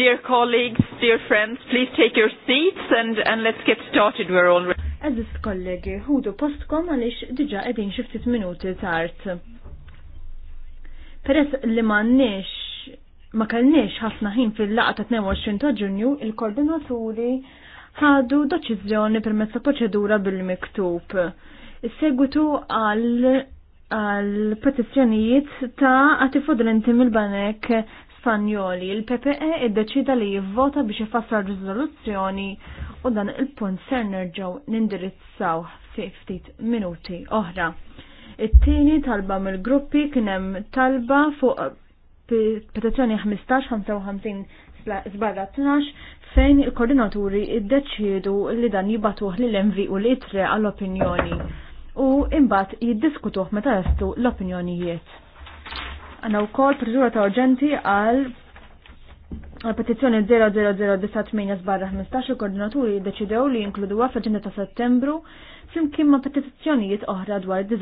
Dear colleagues, dear friends, please take your seats and, and let's get started. We're all ready. Eżist kollegi, ħudu postkom għalix diġa edin xiftit minuti tart. Peress li ma nix, ma kellniex ħafna ħin fil-laqa ta' 22 ta' ġunju, il-koordinaturi ħadu deċiżjoni per mezza proċedura bil-miktub. Is-segwitu għal għal petizzjonijiet ta' għatifodrenti mill-banek Spanjoli. Il-PPE iddeċida li jivvota biex r riżoluzzjoni u dan il-punt ser nerġaw nindirizzaw fi ftit minuti oħra. It-tieni talba mill-gruppi kien hemm talba fuq petizzjoni 15-55-12 fejn il-koordinaturi iddeċiedu li dan jibatuħ li l-envi u l-itre għall-opinjoni u imbat jiddiskutuh meta jestu l-opinjonijiet. Għanna u kol prizura ta' urġenti għal petizzjoni 00098 barra 15 il-koordinaturi deċidew li jinkluduwa fl-ġenda ta' settembru flimkien ma' petizzjonijiet oħra dwar id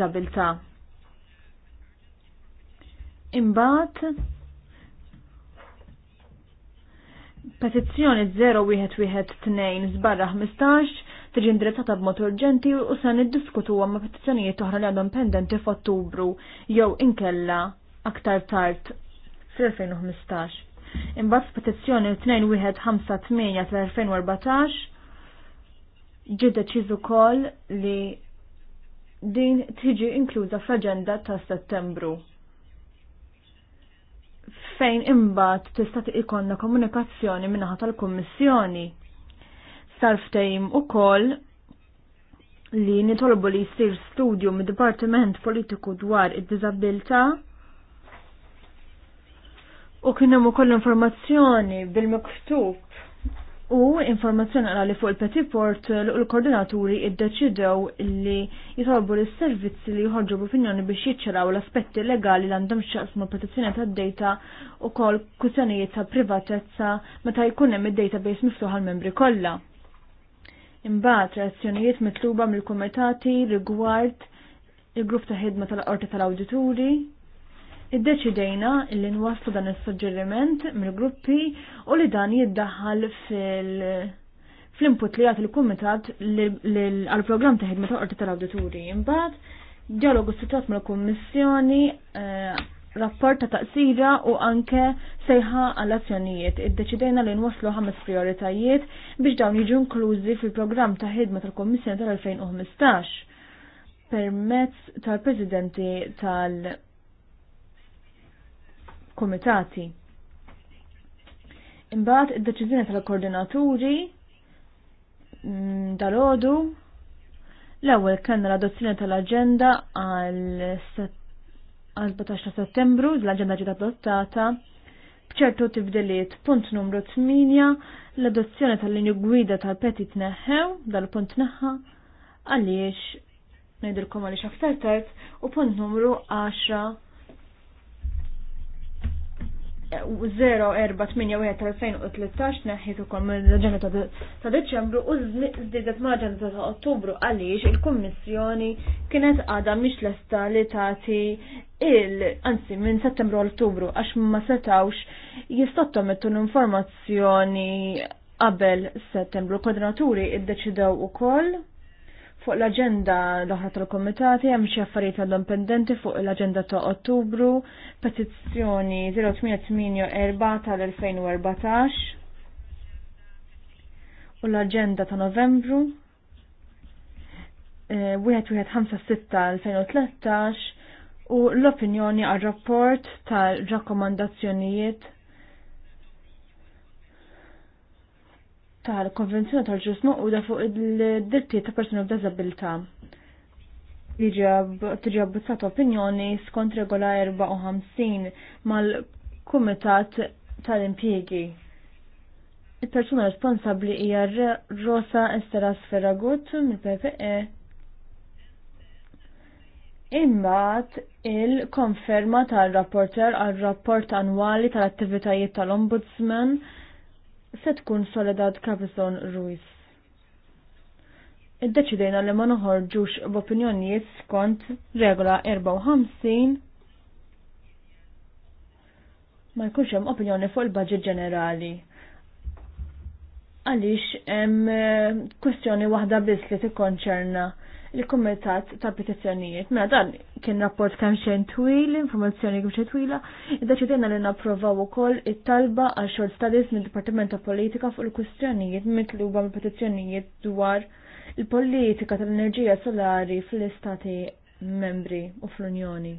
Imbat Imbagħad petizzjoni 0112 sbarra 15 tiġi indirizzata b'mod urġenti u se niddiskutuha ma' petizzjonijiet oħra li għadhom pendenti f'Ottubru jew inkella aktar tard fl-2015. Imbagħad f'petizzjoni 2158 tal-2014 ġi deċiż ukoll li din tiġi inkluża fl-aġenda ta' Settembru fejn imbagħad tista' ikonna komunikazzjoni minnaħa tal-Kummissjoni. Sarftejm ukoll li nitolbu li jsir studju mid-Dipartiment Politiku dwar id-Diżabilità u kien hemm ukoll informazzjoni bil-miktub u informazzjoni għal li fuq il-Petit u l-koordinaturi iddeċidew li jitolbu lis servizzi li jħorġu b'opinjoni biex jiċċaraw l-aspetti legali li għandhom x'jaqsmu protezzjoni tad-data u koll kwistjonijiet ta' privatezza meta jkun hemm id-database miftuħ għal membri kollha. Imbagħad reazzjonijiet mitluba mill-kumitati rigward il-grupp ta' ħidma tal-qorti tal-awdituri Iddeċidejna li nwaslu dan is-suġġeriment mill-gruppi u li dan jiddaħħal fil- fl-input li għat il-komitat għal-program ta' ħidma ta' qorti tal-awdituri. Imbagħad dialogu sittat mal-kummissjoni eh, rapport ta' taqsira u anke sejħa għall azzjonijiet Iddeċidejna li nwaslu ħames prioritajiet biex dawn jiġu inklużi fil-programm ta' ħidma tal-Kommissjoni tal-2015 permezz tal-Presidenti tal-Kommissjoni komitati. Imbagħad id-deċiżjoni tal-koordinaturi mm, dal-għodu l-ewwel kellna l-adozzjoni tal-aġenda għal 14 settembru, l-aġenda ġiet adottata b'ċertu tibdiliet punt numru 8 l-adozzjoni tal-linju gwida tal-peti tneħħew dal-punt neħħa għaliex ngħidilkom għaliex aktar tard u punt numru 10 0-4-8-2013 neħħitu minn l-ġenna ta' deċembru u zdidet maġan ta' ottubru għaliex il-kommissjoni kienet għada miex l-esta li tati il anzi minn settembru ottubru għax ma setawx jistottomettu l-informazzjoni qabel settembru. kodinaturi id-deċidaw u koll Fuq l-agenda l-oħra tal-komitati hemm xi affarijiet għandhom pendenti fuq l-agenda ta' Ottubru, petizzjoni 0884 tal-2014 u l-agenda ta' Novembru eh, wieħed wieħed 2013 u l-opinjoni għal rapport tal-rakkomandazzjonijiet tal-Konvenzjoni tal-Ġus Maquda fuq id-dritti ta' persuni b'dażabilità. Tiġi abbozzata opinjoni skont regola 54 mal-Kumitat tal-Impjiegi. Il-persuna responsabbli hija Rosa Esteras Ferragut mill-PPE Imbagħad il-konferma tal-rapporter għal rapport annwali tal-attivitajiet tal-Ombudsman se tkun Soledad Cavison Ruiz. Iddeċidejna li ma noħorġux b'opinjonijiet skont regola 54 ma jkunx hemm opinjoni fuq il-budget ġenerali. Għaliex hemm eh, kwestjoni waħda biss li tikkonċerna il-Kumitat ta' Petizzjonijiet. Mela dan kien rapport kemm xejn twil, informazzjoni kemm xejn twila, iddeċidejna li napprovaw ukoll it-talba għal short studies mid-Dipartiment ta' Politika fuq il-kwistjonijiet mitluba mill petizzjonijiet dwar il-politika tal-enerġija solari fl-istati membri u fl-Unjoni.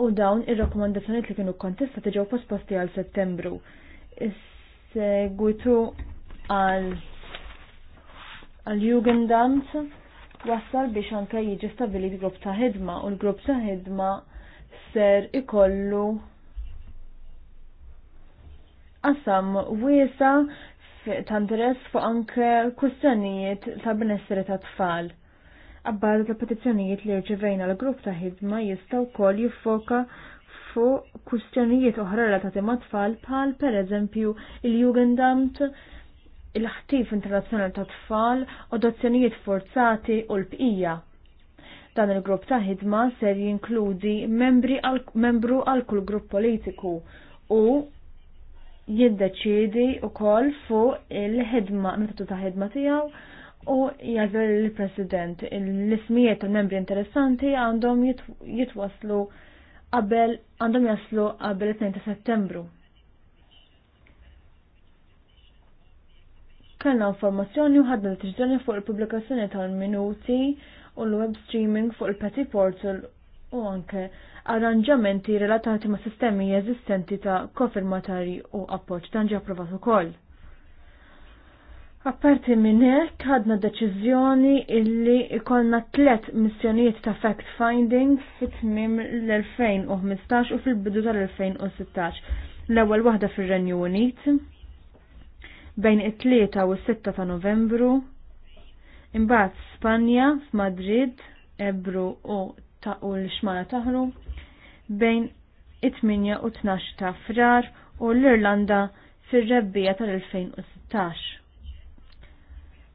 U dawn ir-rakkomandazzjonijiet li kienu kontestati ġew posposti għal Settembru. Is-segwitu għal għal-Jugendamt wassal biex anke jiġi stabilit grupp ta' ħidma u l-grupp ta' ħidma ser ikollu qasam wiesa ta' interess fuq anke kwistjonijiet ta' benessri ta' tfal. Abbażi ta' petizzjonijiet li rċevejna l-grupp ta' ħidma jistaw wkoll jiffoka fuq kwistjonijiet oħra relatati ma' tfal bħal pereżempju il-Jugendamt il-ħtif internazzjonali ta' tfal, adozzjonijiet forzati u l-bqija. Dan il-grupp ta' ħidma ser jinkludi membru għal kull grupp politiku u jiddeċidi u koll fuq il-ħidma, metodu ta' ħidma tijaw u jazel il-president. L-ismijiet ta' membri interessanti għandhom jitwaslu qabel għandhom jaslu qabel 2 ta' settembru. kellna informazzjoni u ħadna deċiżjoni fuq il-pubblikazzjoni tal-minuti u l-web streaming fuq il-Petty Portal u anke arranġamenti relatati ma' sistemi eżistenti ta' konfirmatari u appoġġ dan ġi approvat ukoll. Apparti minn hekk ħadna deċiżjoni illi ikollna tliet missjonijiet ta' fact finding fit-tmiem l-2015 u fil-bidu tal-2016. L-ewwel waħda fir-Renju Unit, bejn it-3 u s-6 ta' Novembru, imbagħad Spanja f'Madrid, Ebru u ta' u l-xmana taħlu, bejn it-8 u 12 ta' Frar u l-Irlanda fir-rebbija tal-2016.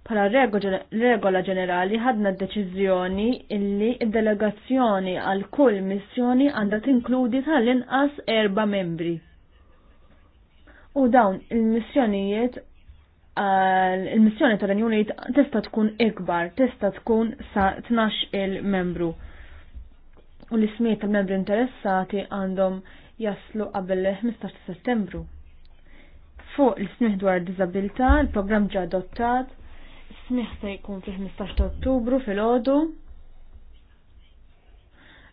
Pala regola ġenerali ħadna d-deċizjoni illi id-delegazzjoni għal kull missjoni għandha tinkludi tal-inqas erba membri. U dawn il-missjonijiet il-missjoni tal-Unjoni tista' tkun ikbar, tista' tkun sa 12 il-membru. U l-ismiet tal-membri interessati għandhom jaslu qabel 15 settembru. Fuq l-ismiħ dwar disabilità, il-programm ġa adottat, smiħ se jkun fil-15 ottubru fil-ħodu.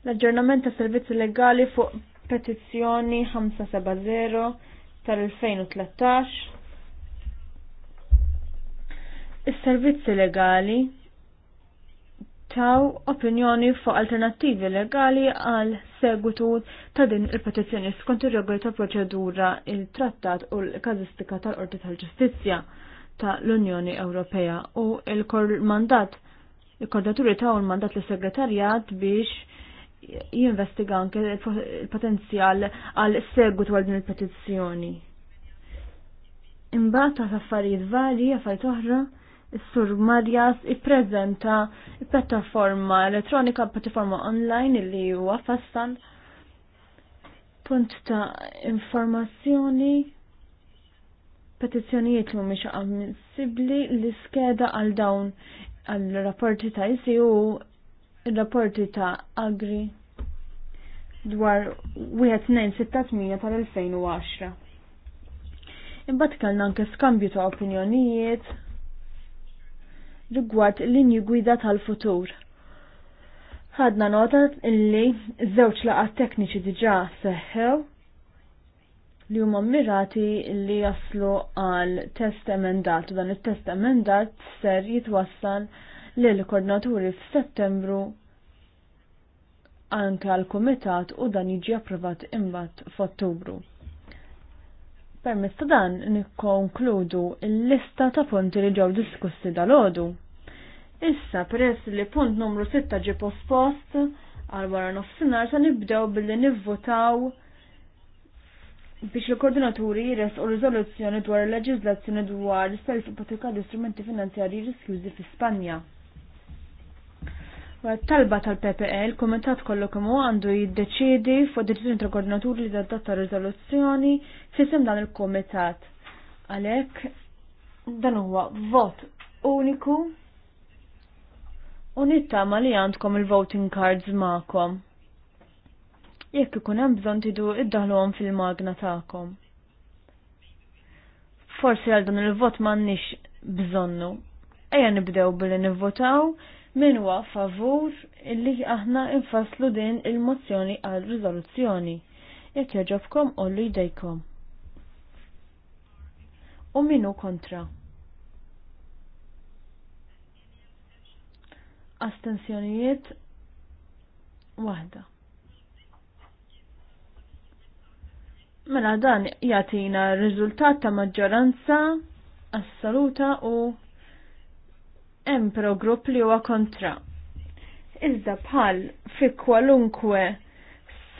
L-aġġornament ta' servizzi legali fuq petizzjoni 570 tal-2013 Is-servizzi legali taw opinjoni fuq alternattivi legali għal segwitu ta' din il-petizzjoni skont ir-regoli ta' proċedura il-trattat u l-kazistika tal-Qorti tal-Ġustizzja ta' l-Unjoni Ewropea u il-mandat il-kordaturi ta' l-mandat l-segretarjat biex jinvestiga anke il-potenzjal għal segwit għal din il-petizzjoni. Imbagħad ta' affarijiet varji, affarijiet oħra, Sur Marjas ippreżenta pjattaforma elettronika, pjattaforma online illi huwa fassan punt ta' informazzjoni petizzjonijiet li mhumiex ammissibbli li skeda għal dawn għal rapporti ta' ISI u rapporti ta' Agri dwar 1268 tal-2010. Imbagħad kellna anke skambju ta' opinjonijiet rigward linji gwida tal-futur. Ħadna nota illi żewġ laqat tekniċi diġà seħħew li huma mirati li jaslu għal test emendat u dan it-test emendat ser jitwassal l koordinaturi f'Settembru anke għal kumitat u dan jiġi approvat imbagħad f'Ottubru. Permess ta' dan nikkonkludu l-lista ta' punti li ġew diskussi dal-għodu. Issa peress li punt numru 6 ġie pospost għal wara nofsinhar se nibdew billi nivvotaw biex il-koordinaturi jresqu riżoluzzjoni dwar il-leġiżlazzjoni dwar l-istarif ipoteka l-istrumenti finanzjarji riskjużi fi Spanja. Talba tal-PPL, komentat kollu kemmu għandu jiddeċidi fuq deċiżjoni ta' koordinaturi li datta riżoluzzjoni fisem dan il-komitat. Għalhekk dan huwa vot uniku u nittama li għandkom il-voting cards ma'kom. Jekk ikun hemm bżonn tidu iddaħluhom fil-magna tagħkom. Forsi għal dan il-vot m'għandniex bżonnu. Ejja nibdew billi nivvotaw Min huwa favur illi aħna infaslu din il-mozzjoni għal riżoluzzjoni. Jekk joġobkom ollu jdejkom. U minu kontra. Astenzjonijiet waħda. Mela dan jatina riżultat ta' maġġoranza assoluta u hemm progrupp li huwa kontra. Iżda bħal fi kwalunkwe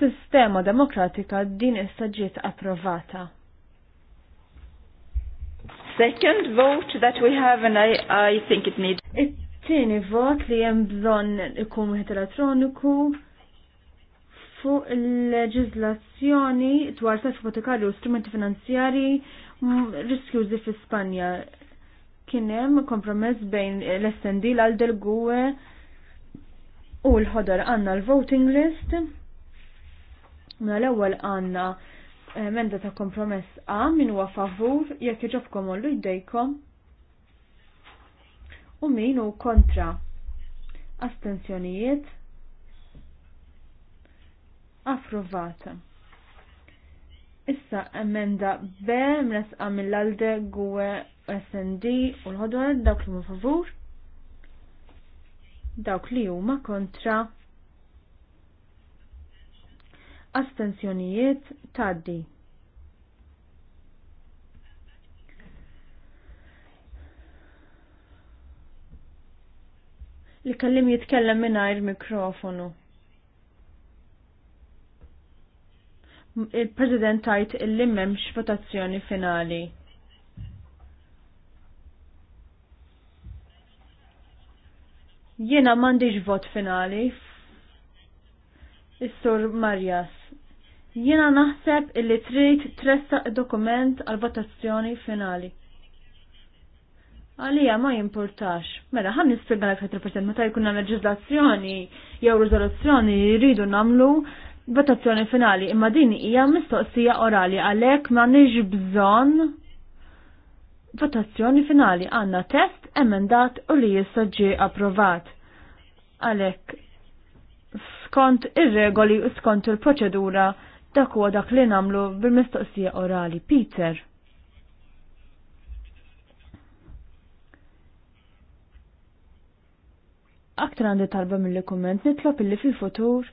sistema demokratika din issa ġiet approvata. Second vote that we have and I, I think it needs. It-tieni vot li hemm bżonn ikun wieħed elettroniku fuq il leġiżlazzjoni dwar tas ipotekarju u strumenti finanzjari riskjużi fi Spanja kienem kompromess bejn l-SND l-għal gwe u l-ħodar għanna l-voting list. Mela l-ewwel għandna eh, emenda ta' kompromess A min huwa favur jekk iġobkom l jdejkom u min hu kontra astenzjonijiet approvata. Issa emenda B mresqa mill-alde gwe SND u l-ħodwar dawk li huma favur. Dawk li huma kontra. Astenzjonijiet taddi. Li kellim jitkellem mingħajr mikrofonu. il-President tajt illi memx votazzjoni finali. Jena mandiġ vot finali. Is-Sur Marjas. Jena naħseb illi trid tressa dokument għal votazzjoni finali. Għalija ma jimportax. Mela, ħan nispiega l-ekħet represent, meta jkunna leġizlazzjoni jew rizoluzzjoni jridu namlu votazzjoni finali imma din hija mistoqsija orali għalhekk m'għandniex bżonn votazzjoni finali għandna test emendat u li jista' ġie approvat. Għalhekk skont ir-regoli u skont il-proċedura dak huwa dak li nagħmlu bil-mistoqsija orali. Peter. Aktar għandi talba mill-kumment nitlob illi fil-futur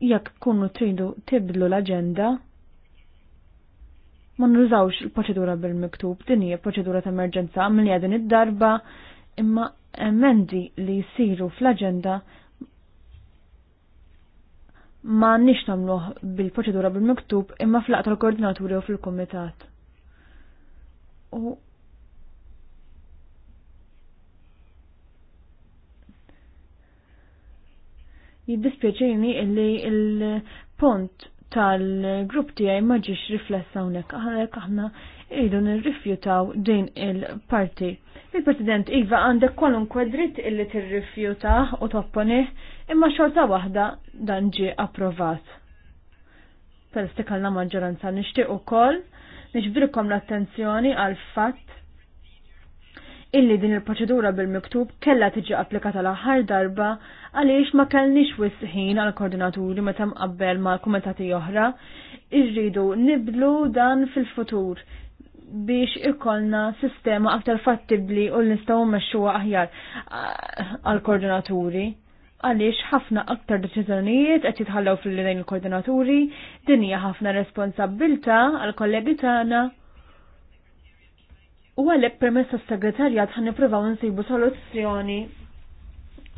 jekk kunnu tridu tibdlu l-agenda, ma nużawx il-proċedura bil-miktub, din hija proċedura ta' emerġenza milli għadin id-darba, imma emendi li jisiru fl-agenda ma nix namluħ bil-proċedura bil-miktub imma fl l koordinaturi u fil-komitat. U jiddispjaċini illi il-pont tal-grupp tiegħi ma ġiex riflessa hawnhekk għalhekk aħna iridu nirrifjutaw din il-parti. Il-President Iva għandek kwalunkwe dritt illi tirrifjuta u topponi imma xorta waħda dan ġie approvat. Tal-istikalna maġġoranza nixtieq ukoll nixbirkom l-attenzjoni għal fatt illi din il-proċedura bil-miktub kella tiġi applikata l-aħħar darba għaliex ma kellniex wisħin għal koordinaturi meta mqabbel ma' kumitati oħra, irridu niblu dan fil-futur biex ikollna sistema aktar fattibli u l-nistaw meċxuwa aħjar ah, għal-koordinaturi għaliex ħafna aktar deċiżjonijiet qed jitħallew fil-lejn il-koordinaturi, dinja ħafna responsabilta għal kollegi tagħna U għalek permessa s-segretarjat ħan niprofaw nsibu soluzzjoni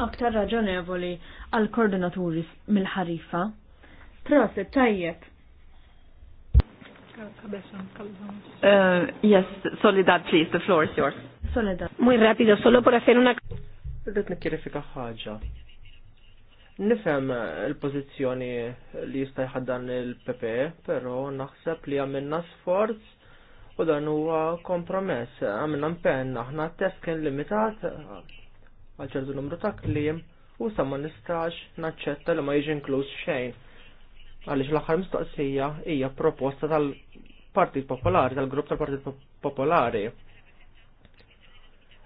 aktar raġonevoli għal koordinaturi mill-ħarifa. Prosit, tajjeb. Uh, yes, Soledad, please, the floor is yours. Soledad. Muy rapido, solo por hacer una... Rrit nikkjerifika ħaġa. Nifhem eh, il-pożizzjoni li jista' ħaddan il-PP, e, pero naħseb li għamilna sforz u dan huwa kompromess għamilna mpenn aħna test kien limitat għal ċertu numru ta' kliem u sa ma nistax naċċetta li ma jiġi inkluż xejn għaliex l-aħħar mistoqsija hija proposta tal-Partit Popolari, tal-Grupp tal-Partit Popolari.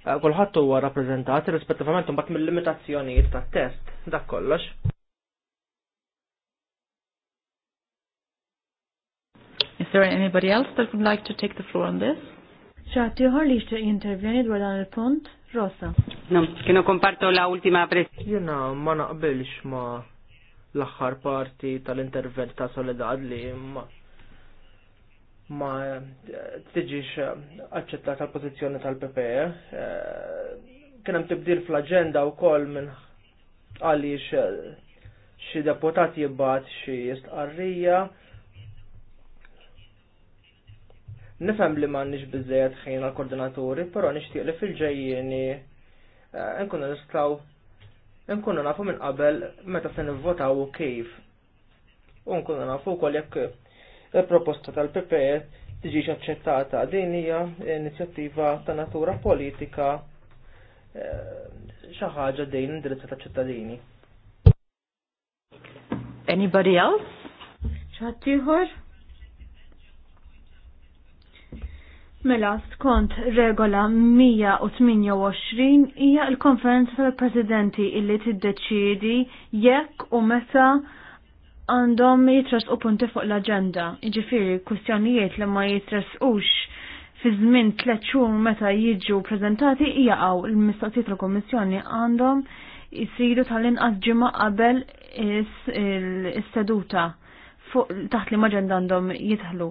Eh, kulħadd huwa rappreżentat rispettivament mbagħad mill-limitazzjonijiet tat-test, dak kollox. there anybody else that would like to take the floor on this? ċaħti uħor li xter intervjeni dwar dan il-punt? Rosa. No, kienu komparto la ultima pres. Jena, ma naqbilx ma l-axħar parti tal-intervent ta' Soledad li ma ma eh, eh, pozizjoni tal-PPE. Eh, kien hemm tibdil fl-aġenda wkoll minn għaliex xi deputat jibgħat xi istqarrija Nifhem li m'għandniex biżejjed ħin għall-koordinaturi, però nixtieq li fil-ġejjieni eh, nkunu nistaw nkunu nafu minn qabel meta se nivvotaw u kif. U nkunu nafu wkoll jekk il-proposta tal-PPE tiġix aċċettata. Din hija inizjattiva ta' natura politika eh, xi ħaġa dejn indirizzata ċittadini. Anybody else? ċaħtiħor? Mela, skont regola 128 hija l-konferenza tal-presidenti illi tiddeċidi jekk u meta għandhom jitras u punti fuq l-agenda. Iġifiri, kustjonijiet li ma jitras ux fi żmien tliet xhur meta jiġu prezentati jaqgħu l-mistoqsijiet tal-Kummissjoni għandhom jisiru tal-inqas ġimgħa qabel is-seduta fuq taħt li maġenda għandhom jitħlu.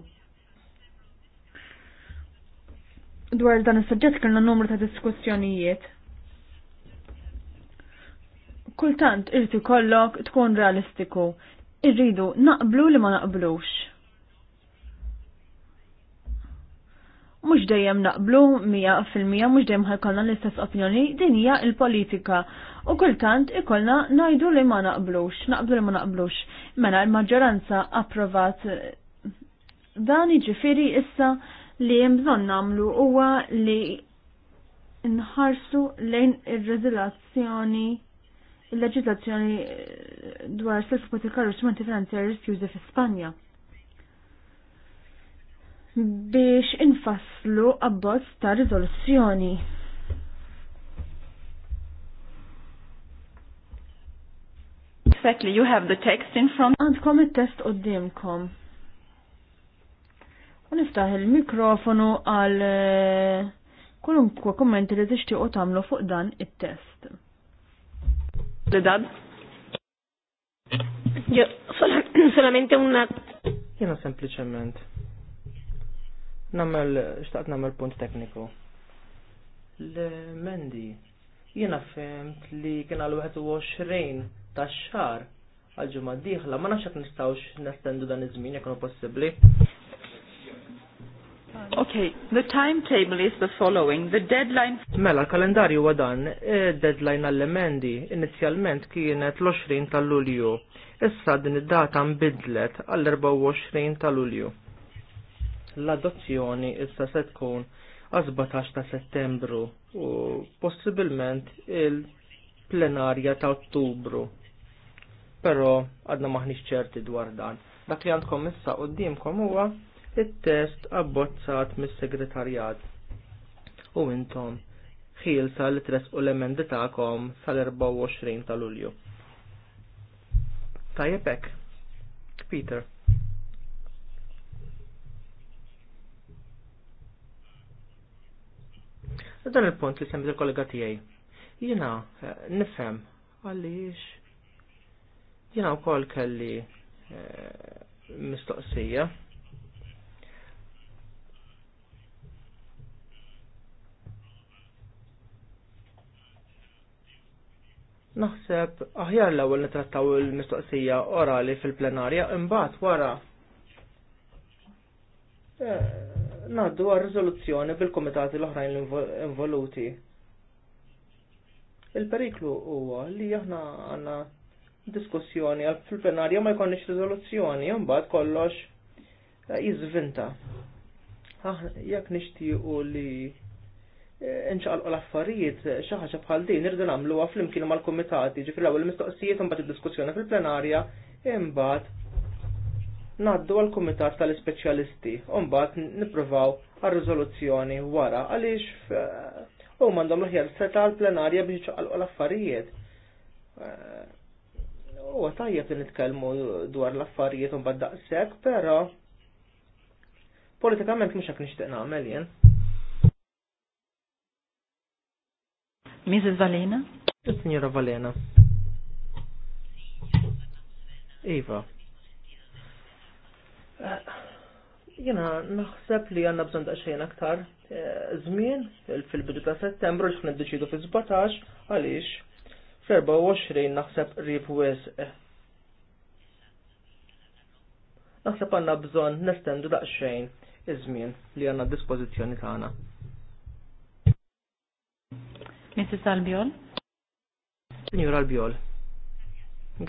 dwar dan is-suġġett kellna numru ta' diskussjonijiet. Kultant irti kollok tkun realistiku, irridu naqblu li ma naqblux. Mux dejjem naqblu fil-mija, mux dejjem ħajkolna l-istess opinjoni din hija il-politika u kultant ikolna najdu li ma naqblux, naqblu li ma naqblux. Mela l-maġġoranza approvat dan jiġifieri issa li jemżon bżonn nagħmlu huwa li nħarsu lejn ir-reżilazzjoni il leġizazzjoni dwar s ipotekar u strumenti finanzjari riskjużi fi Spanja. Biex infasslu abbozz ta' riżoluzzjoni. Exactly, you have the text in front. Għandkom il-test qoddimkom. U niftaħ il-mikrofonu għal eh, kolunkwa kommenti li tixtiequ tagħmlu fuq dan it-test. Lidad? Jo, solamente una. Jena sempliciment. Namel, xtaqt namel punt tekniku. L-mendi, jena fimt li kien għal 21 ta' xar għal d diħla, ma nafx nistawx nestendu dan iż-żmien jekk possibbli. Okay, the timetable is the following. The deadline... Mela, kalendarju wa dan. E, deadline għall-emendi inizjalment kienet l-20 ta' Lulju. Issa din id-data nbidlet għall-24 ta' Lulju. L-adozzjoni issa se tkun għaz-17 ta' Settembru u possibilment il-plenarja ta' Ottubru. Pero għadna maħniċ ċerti dwar dan. Dak li għandkom issa qoddimkom huwa it-test abbozzat mis-segretarjat. U intom, ħilsa li tresqu l-emendi tagħkom sal-24 ta' Lulju. Tajjeb hekk. Peter. Dan il-punt li semmi il-kollega tiegħi. Jiena eh, nifhem għaliex jiena wkoll kelli eh, mistoqsija Naħseb aħjar l-ewwel nitrattaw il-mistoqsija orali fil-plenarja imbagħad wara eh, ngħaddu għar riżoluzzjoni bil-kumitati l-oħrajn involuti. Il-periklu huwa li aħna għandna diskussjoni fil-plenarja ma jkollniex riżoluzzjoni imbagħad kollox jiżvinta. Jekk nixtiequ li inċaqalqu l-affarijiet xi ħaġa bħal din irdu nagħmluha flimkien mal-kumitati, ġifri l-ewwel mistoqsijiet imbagħad id-diskussjoni fil-plenarja imbagħad ngħaddu għall-kumitat tal-ispeċjalisti u mbagħad nippruvaw għar-riżoluzzjoni wara għaliex eh, u m'għandhom l-ħjar seta l-plenarja biex ċaqalqu l-affarijiet. Eh, u tajjeb li nitkellmu dwar l-affarijiet u mbagħad daqshekk, però politikament mhux hekk nixtieq nagħmel jien. Mrs. Valena? Signora Valena. Iva. Eh, jena, naħseb li għanna bżon daċxajn aktar. Eh, zmin, fil-bidu ta' settembru, li d-deċidu fil-17, għalix, fl-24 naħseb rib wes. Eh. Naħseb għanna bżon nestendu daċxajn iż-żmien li għanna dispozizjoni tagħna. Mrs. Albiol. Signor Albiol.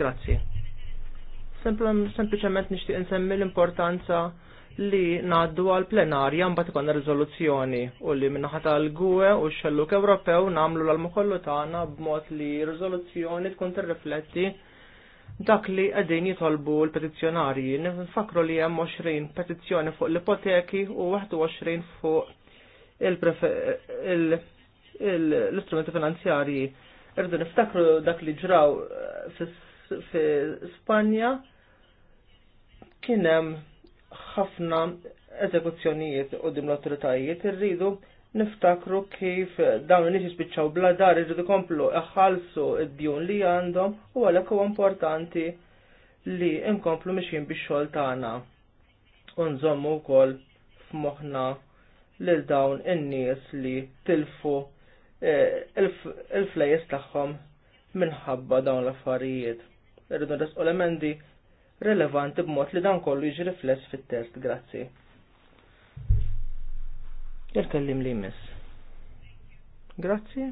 Grazzi. Sempliċement nixtieq insemmi l-importanza li naddu għal plenarja mbagħad ikolna riżoluzzjoni u li minnaħa tal-gwe u x-xelluk Ewropew nagħmlu l kollu tagħna b'mod li riżoluzzjoni tkun tirrifletti dak li qegħdin jitolbu l-petizzjonarji. Nifakru li hemm 20 petizzjoni fuq l-ipoteki u 21 fuq il-preferenzi l-istrumenti finanzjarji. Irdu niftakru dak li ġraw eh, fi Spanja kienem ħafna eżekuzzjonijiet u dim l-autoritajiet irridu niftakru kif dawn li jispiċċaw bla dar irridu komplu ħalsu id-djun li għandhom u għalek huwa importanti li nkomplu mixjin bix-xogħol tagħna. U nżommu wkoll f'moħħna lil dawn in-nies li tilfu Eh, il-flejes tagħhom minħabba dawn l-affarijiet. Irridu nresqu l-emendi relevanti b'mod li dan kollu jiġi rifless fit-test, grazzi. il li jmiss. Grazzi.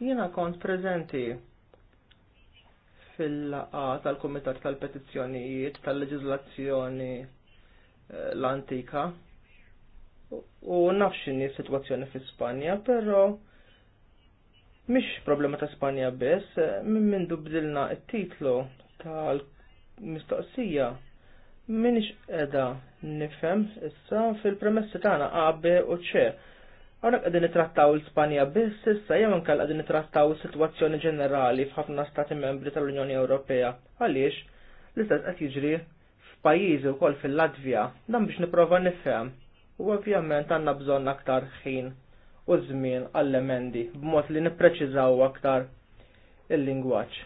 Jiena kont preżenti fil-laqa tal kumitat tal-Petizzjonijiet tal-Leġizlazzjoni eh, l-Antika u nafxin situazzjoni fi Spanja, pero mish problema ta' Spanja bes, minn min bdilna il-titlu tal-mistoqsija, ix edha nifem issa fil-premessi tagħna A, B u C. Għana għadin nitrattaw l-Spanja biss, issa jaman kall għadin nitrattaw situazzjoni ġenerali f'ħafna stati membri tal-Unjoni Ewropea. Għaliex, l għat qed jiġri f'pajjiżi wkoll fil-Latvja, dan biex niprofa nifhem u ovvjament għandna bżonn aktar ħin u żmien għall-emendi b'mod li nippreċiżaw aktar il-lingwaġġ.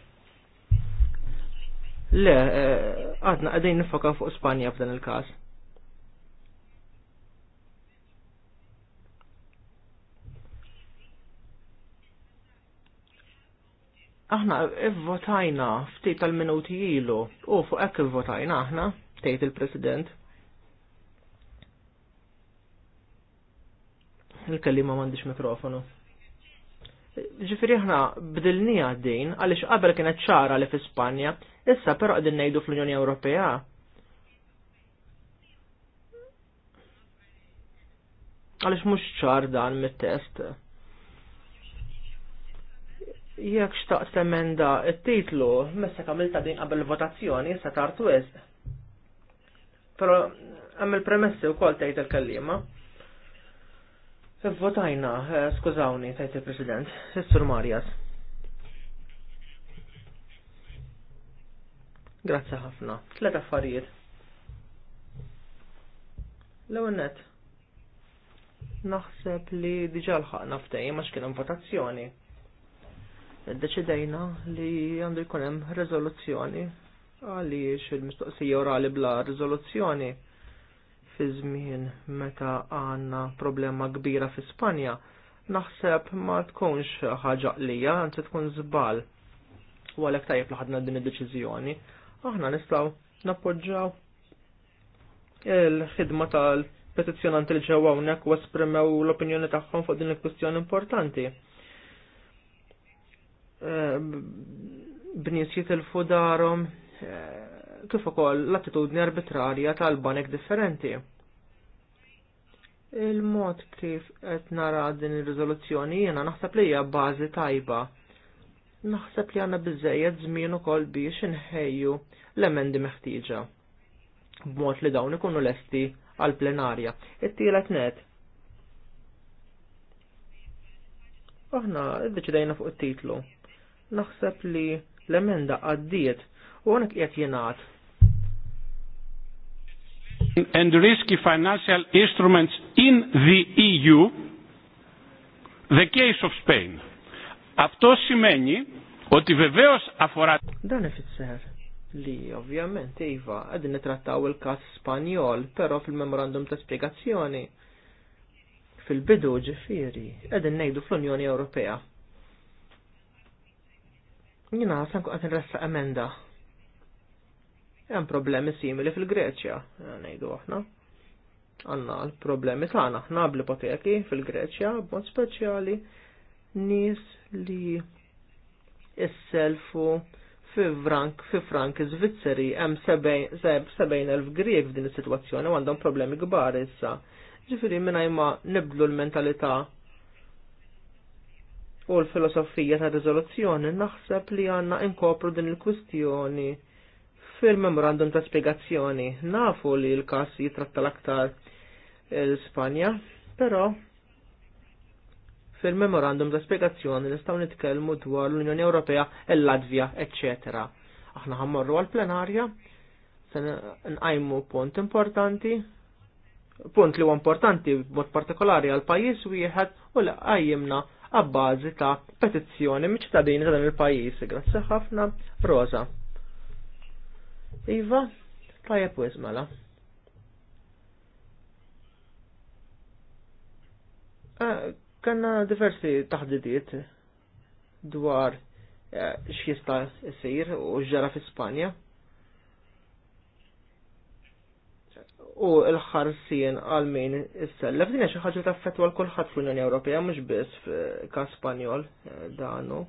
Le, eh, għadna għadin nifoka fuq Spanja f'dan il-każ. aħna votajna ftit tal-minuti ilu u fuq hekk votajna aħna, tgħid il-President. il-kellima m'għandix mikrofonu. Ġifiri ħna bdilni għaddin għaliex qabel kienet ċara li f ispanja issa però għaddin ngħidu fl-Unjoni Ewropea. Għaliex mhux ċar dan mit-test. Jekk xtaqt emenda il titlu messa kamilta din qabel votazzjoni, issa tartu eżd. Però hemm il-premessi wkoll tgħid il-kellima. Votajna, eh, skużawni, tajt il-President, Sessur Marjas. Grazzi ħafna. Tlet affarijiet. L-ewwel Naħseb li diġà lħaqna ftehim għax kien votazzjoni. Deċidejna li għandu jkun hemm riżoluzzjoni għaliex il-mistoqsija orali bla riżoluzzjoni fi żmien meta għandna problema kbira fi Spanja, naħseb ma tkunx ħaġa qlija, anzi tkun zbal. U għalhekk tajib laħadna din id-deċiżjoni, aħna nistgħu nappoġġaw il-ħidma tal-petizzjonanti li ġewwa hawnhekk u esprimew l-opinjoni tagħhom fuq din il-kwistjoni importanti. Bnies jitilfu darhom kif ukoll l-attitudni arbitrarja tal-banek differenti. Il-mod kif qed nara din ir-riżoluzzjoni jiena naħseb li hija bażi tajba. Naħseb li għandna biżejjed żmien ukoll biex inħejju l-emendi meħtieġa. B'mod li dawn ikunu lesti għall plenarja It-tielet net. Aħna ddeċidejna fuq it-titlu. Naħseb li l-emenda għaddiet u għonek jgħat jenaħt and risky financial instruments in the EU, the case of Spain. Αυτό σημαίνει ότι βεβαίως αφορά... Dan ifisser li ovvjament iva għadin nitrattaw il-kas Spanjol, pero fil-memorandum ta' spiegazzjoni fil-bidu ġifiri għadin nejdu fl-Unjoni Ewropea. Jina, sanku għadin ressa emenda Hemm problemi simili fil-Greċja, ngħidu aħna. Għanna l-problemi tagħna aħna bl-ipoteki fil-Greċja b'mod speċjali nies li isselfu fi frank fi frank Svizzeri hemm 70,000 Griek f'din is-sitwazzjoni għandhom problemi kbar issa. Ġifieri mingħajr ma nibdlu l-mentalità u l-filosofija ta' rizoluzzjoni naħseb li għandna inkopru din il-kwistjoni fil-memorandum ta' spiegazzjoni. Nafu li l-kas jitratta l-aktar l-Spanja, però fil-memorandum ta' spiegazzjoni nistgħu nitkellmu dwar l-Unjoni Ewropea, e l-Latvja, eccetera. Aħna ħammorru għal-plenarja, se nqajmu punt importanti, punt li huwa importanti b'mod partikolari għal pajjiż wieħed u li għajjimna għabbażi ta' petizzjoni miċ ta' dan il-pajjiż. Grazzi ħafna, Rosa. Iva, tajja pwis mela. Ah, kanna diversi taħdidiet dwar eh, x'jista' jsir u ġara fi Spanja. U l-ħarsien għal min is-sellef din xi ħaġa taffettwa l-kulħadd fl-Unjoni Ewropea mhux biss f'każ Spanjol eh, danu.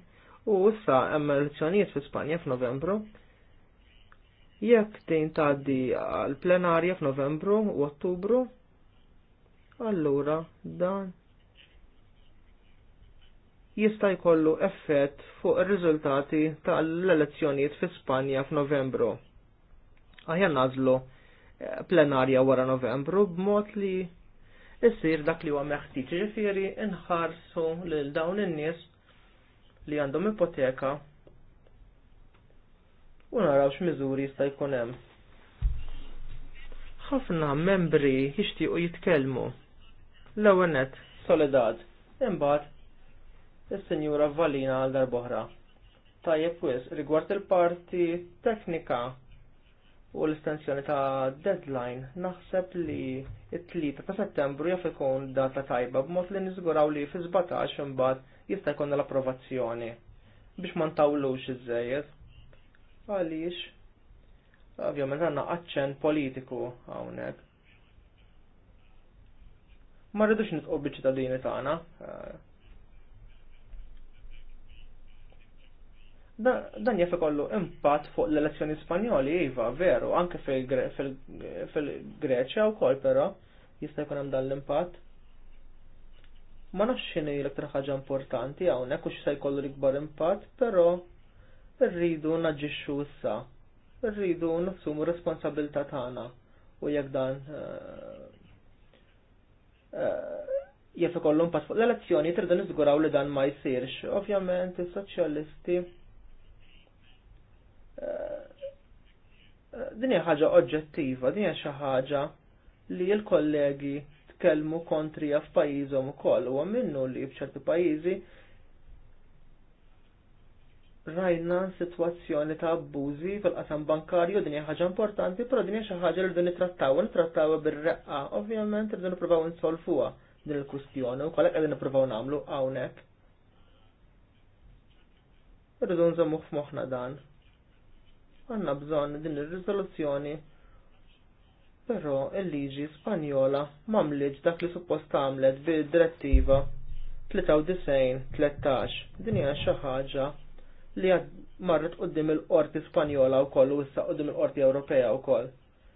U issa hemm elezzjonijiet fi Spanja f'Novembru. Jekk tejn taddi għal plenarja f'Novembru u Ottubru, allura dan jista' jkollu effett fuq ir-riżultati tal-elezzjonijiet fi Spanja f'Novembru. Aħjan nażlu eh, plenarja wara Novembru b'mod li ssir dak li huwa meħtieġ ġifieri inħarsu lil dawn in-nies li għandhom ipoteka u naraw x'miżuri jista' jkun hemm. Ħafna membri jixtiequ jitkellmu. L-ewwel net Soledad, imbagħad is-Sinjura Valina għal darb'oħra. Tajjeb wis rigward il-parti teknika u l istensjoni ta' deadline naħseb li it-tlieta ta' settembru jaf ikun data tajba b'mod li niżguraw li fi 17 imbagħad jista' jkun l-approvazzjoni biex ma ntawlux iż Għaliex, Għavjom, għandna aċċent politiku hawnhekk. Ma rridux nitqgħu biċ tagħna. Dan jaf ikollu impatt fuq l-elezzjoni Spanjoli, iva, veru, anke fil-Greċja wkoll però jista' jkun hemm dan l-impatt ma nafx xini l-iktar ħaġa importanti hawnhekk u x'sa jkollu l-ikbar impatt, però rridu naġixxu issa, rridu nafsumu responsabilità tagħna u jekk dan eh, eh, jekk ikollhom pass fuq l-elezzjoni tridu niżguraw li dan ma jsirx. Ovvjament is-soċjalisti eh, din hija ħaġa oġġettiva, din hija xi ħaġa li l-kollegi tkellmu kontrija f'pajjiżhom ukoll u minnu li f'ċerti pajjiżi rajna situazzjoni ta' abbużi fil-qasam bankarju din hija ħaġa importanti, però din hija xi ħaġa li rridu nittrattaw, nittrattaw bir-reqqa. Ovvjament rridu nippruvaw insolfuha din il-kwistjoni u kollha qegħdin nippruvaw nagħmlu hawnhekk. Irridu nżommu f'moħħna dan. Għandna bżonn din ir-riżoluzzjoni Però il-liġi Spanjola mamliġ dak li suppost għamlet bid-direttiva 93-13 din hija xi ħaġa li għad marret qoddim il-qorti Spanjola u koll u issa qoddim il-qorti Ewropea u koll.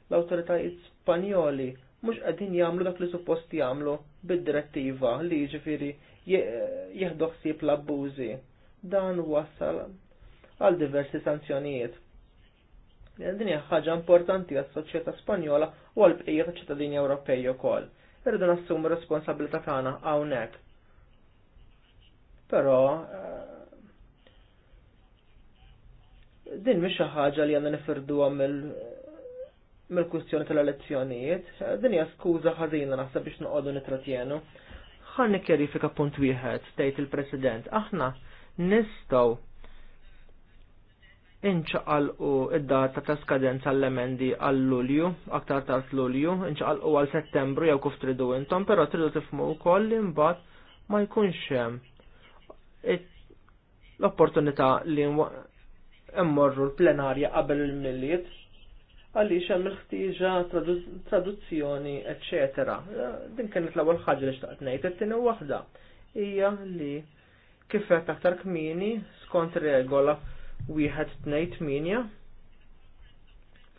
L-autoritajiet Spanjoli mhux qegħdin jagħmlu dak li suppost jagħmlu bid-direttiva li jiġifieri jieħdu ħsieb l-abbużi. Dan wassal għal diversi sanzjonijiet. Din hija importanti għas soċieta Spanjola u għal bqija taċ-ċittadini Ewropej ukoll. Irridu nassumu responsabilità tagħna hawnhekk. Però eh, din mhix xi ħaġa li għandna nifirduha mill-kwistjoni tal-elezzjonijiet, din hija skuża ħażina naħseb biex noqogħdu nitratjenu. Ħan nikkjerifika punt wieħed tgħid il-President, aħna nistgħu inċaqalqu id-data ta' skadenza l-emendi għall-Lulju, aktar ta' l-Lulju, inċaqalqu għal Settembru jew kif tridu intom, però tridu tifmu wkoll li mbagħad ma jkunx hemm l-opportunità li emmorru l-plenarja qabel il-milliet għaliex hemm il-ħtieġa traduzzjoni, etc. Din kienet l-ewwel ħaġa li xtaqt ngħid, it-tieni waħda hija li kif qed aktar kmieni skont regola wieħed tnejt minja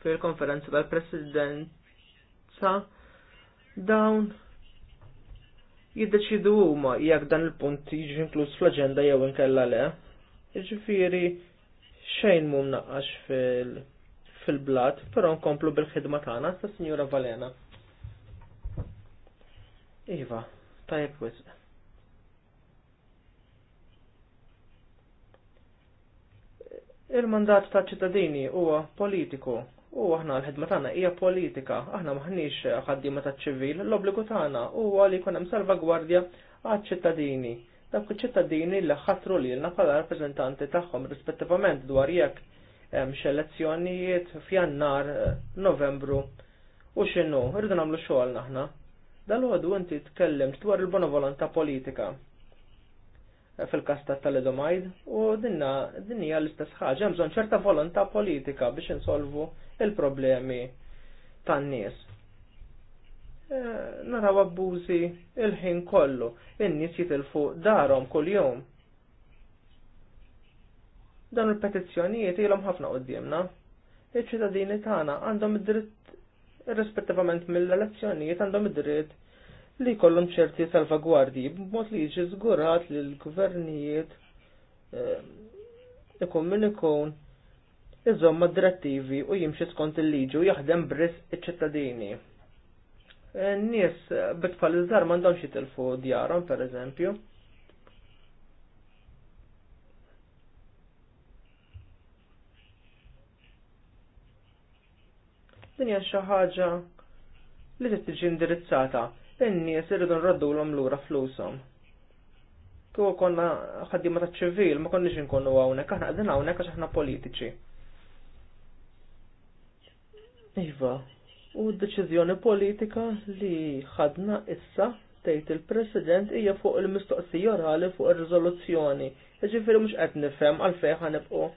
fil-konferenza tal-presidenza dawn jiddeċidu huma jekk dan il-punt jiġi inkluż fl-aġenda jew inkella le. Jiġifieri xejn mum naqqax fil blad fil però nkomplu bil-ħidma tagħna sa' Sinjura Valena. Iva, tajb wisq. Il-mandat ta' ċittadini huwa politiku u aħna l-ħidma tagħna hija politika, aħna maħniex ħaddiema taċ ċivil, l-obbligu tagħna huwa li jkun hemm salvagwardja għaċ ċittadini Dak iċ-ċittadini li ħatru lilna bħala rappreżentanti tagħhom rispettivament dwar jekk hemm x'elezzjonijiet f'Jannar, eh, Novembru u x'inhu, Rridu nagħmlu xogħol naħna. Dal-għodu inti tkellimt dwar il-bona volontà politika eh, fil-kas ta' talidomajd u dinna din hija l-istess ħaġa hemm bżonn ċerta volontà politika biex insolvu il-problemi tan-nies. Eh, naraw abbużi il-ħin kollu. In-nies jitilfu darhom kuljum. Dan il-petizzjonijiet ilhom ħafna qudiemna. Iċ-ċittadini tagħna għandhom id-dritt irrispettivament mill-elezzjonijiet għandhom id-dritt li kollhom ċerti salvagwardji b'mod li jiġi żgurat li l-gvernijiet eh, ikun min ikun iżomma direttivi u jimxi skont il-liġi u jaħdem bris iċ-ċittadini n-nies bitfall iż-żar m'għandhomx jitilfu djarhom pereżempju. Din hija xi ħaġa li trid tiġi indirizzata. In-nies irridu nroddulhom lura flushom. Kieku konna ħaddiema ta' ċivil ma konniex inkunu hawnhekk, aħna qegħdin hawnhekk għax aħna politiċi. Iva, U d-deċiżjoni politika li ħadna issa tgħid il-President hija fuq il-mistoqsija orali fuq ir-riżoluzzjoni. Jiġifieri mhux qed nifhem għalfejn ħanibqgħu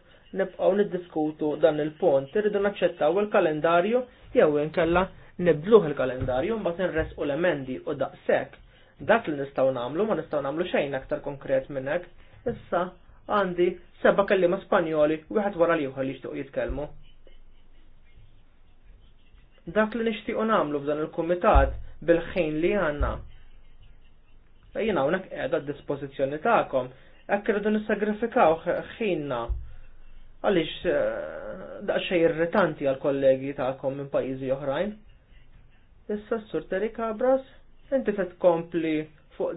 nibqgħu niddiskutu dan il-punt. Irridu naċċettaw il-kalendarju jew inkella nibdluh il-kalendarju mbagħad nirresqu l-emendi u daqshekk. Dak li nistgħu nagħmlu ma nistgħu nagħmlu xejn aktar konkret minn hekk. Issa għandi seba' kelliema Spanjoli wieħed wara l-ieħor li jixtiequ jitkellmu dak li nixtiequ nagħmlu f'dan il-kumitat bil-ħin li għandna. Jina hawnhekk qiegħda d-dispożizzjoni tagħkom, hekk rridu nissagrifikaw ħinna għaliex eh, daqsxejn irritanti għal kollegi tagħkom minn pajjiżi oħrajn. Issa s-sur Terry Cabras, inti se tkompli fuq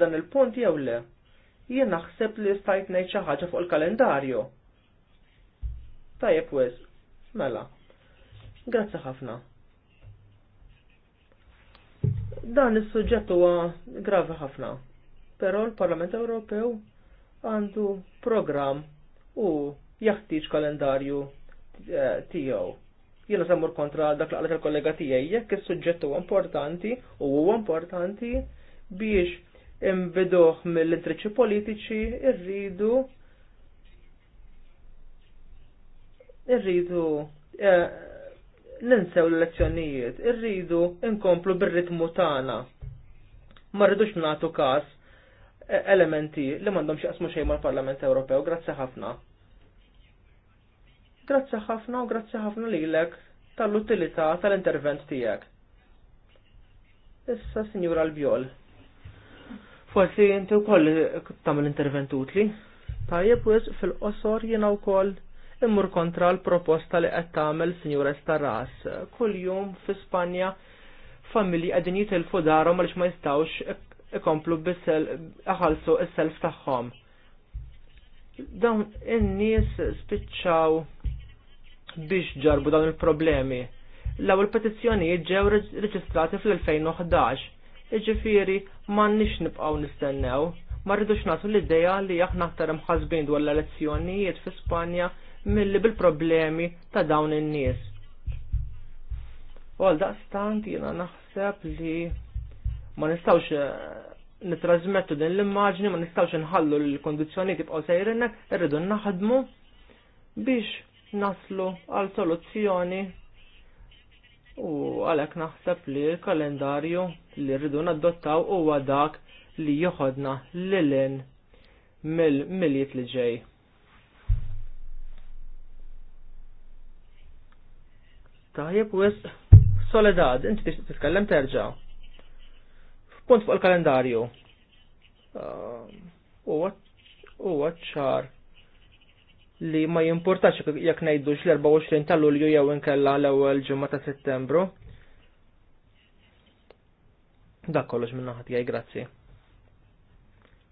dan il-punt jew le? Jien naħseb li stajt ngħid xi ħaġa fuq il-kalendarju. Tajjeb wis, mela. Grazzi ħafna. Dan is-suġġett huwa gravi ħafna, però l-Parlament Ewropew għandu programm u jaħtieġ kalendarju eh, tiegħu. Jiena semmur kontra dak l tal kollega tiegħi jekk is-suġġett huwa importanti u huwa importanti biex imbidoħ mill-intriċċi politiċi irridu irridu eh, ninsew l-elezzjonijiet, irridu nkomplu bir-ritmu tagħna. Ma rridux nagħtu każ e, elementi li m'għandhom x'jaqsmu xejn mal-Parlament Ewropew. Grazzi ħafna. Grazzi ħafna u grazzi ħafna lilek tal-utilità tal-intervent tiegħek. Issa Sinjura Albiol. Forsi inti wkoll tagħmel intervent utli. Tajjeb wis fil-qosor jiena wkoll immur kontra l-proposta li qed tagħmel Sinjura Starras. Kuljum fi Spanja familji qegħdin jitilfu darhom għaliex ma jistgħux ikomplu bissel aħalsu s-self tagħhom. Dawn in-nies spiċċaw biex ġarbu dawn il-problemi. L-ewwel petizzjonijiet ġew reġistrati fl-2011. Iġifieri m'għandniex nibqgħu nistennew, ma rridux nagħtu l-idea li aħna aktar imħasbin dwar l-elezzjonijiet fi Spanja milli bil-problemi ta' dawn in-nies. U għal daqstant jiena naħseb li ma nistawx eh, nitrasmettu din l-immaġni, ma nistawx nħallu l-kondizjoni tibqgħu sejrinnek, irridu naħdmu biex naslu għal soluzzjoni u għalek naħseb li l-kalendarju li rridu naddottaw huwa dak li joħodna lilin mill miliet li ġej. Tajjeb wis Soledad, inti t titkellem terġa'. Punt fuq il-kalendarju. Ah, huwa ċar li ma jimportax jekk ngħidux l-24 ta' Lulju jew inkella l-ewwel ġimgħa ta' Settembru. Dak kollox minn ħat jgħaj, grazzi.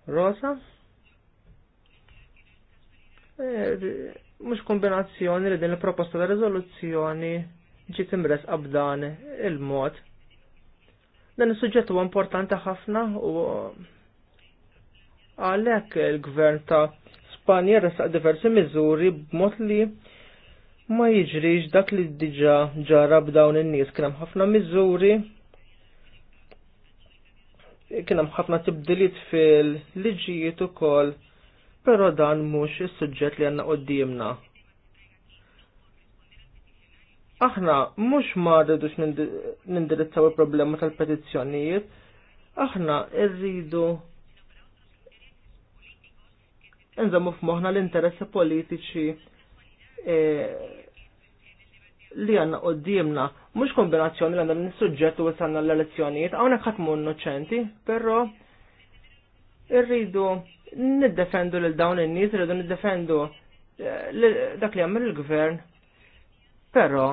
Rosa? Eh, Mux kombinazzjoni li din il-proposta ta' rezoluzzjoni ġiet timres qabdan il-mod. Dan is-suġġett huwa importanti ħafna u għalhekk il-gvern ta' Spanja resaq diversi miżuri b'mod li ma jiġrix dak li diġa ġara b'dawn in-nies kien hemm ħafna miżuri kien hemm ħafna tibdiliet fil-liġijiet ukoll, però dan mhux is-suġġett li għandna qudiemna aħna mhux ma rridux nindirizzaw il-problema tal-petizzjonijiet, aħna rridu nżammu f'moħħna l-interessi politiċi e, li għanna qoddimna, mux kombinazzjoni li għanna n-sujġet u għanna l-elezzjonijiet, għawna ħatmu innoċenti, però irridu niddefendu l dawn in-nies, irridu niddefendu e, dak li għamil il-gvern, però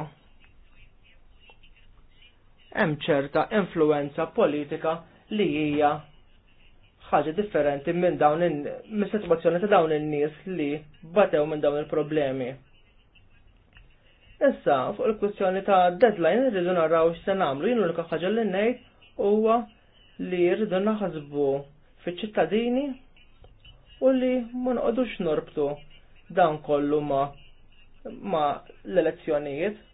hemm ċerta influenza politika li hija ħaġa differenti minn dawn mis-sitwazzjoni ta' dawn in-nies li batew minn dawn il-problemi. Issa, fuq il-kwistjoni ta' deadline rridu naraw x'se nagħmlu, jien l ħaġa li ngħid huwa li rridu naħasbu fiċ-ċittadini u li ma noqogħdux norbtu dan kollu ma ma l-elezzjonijiet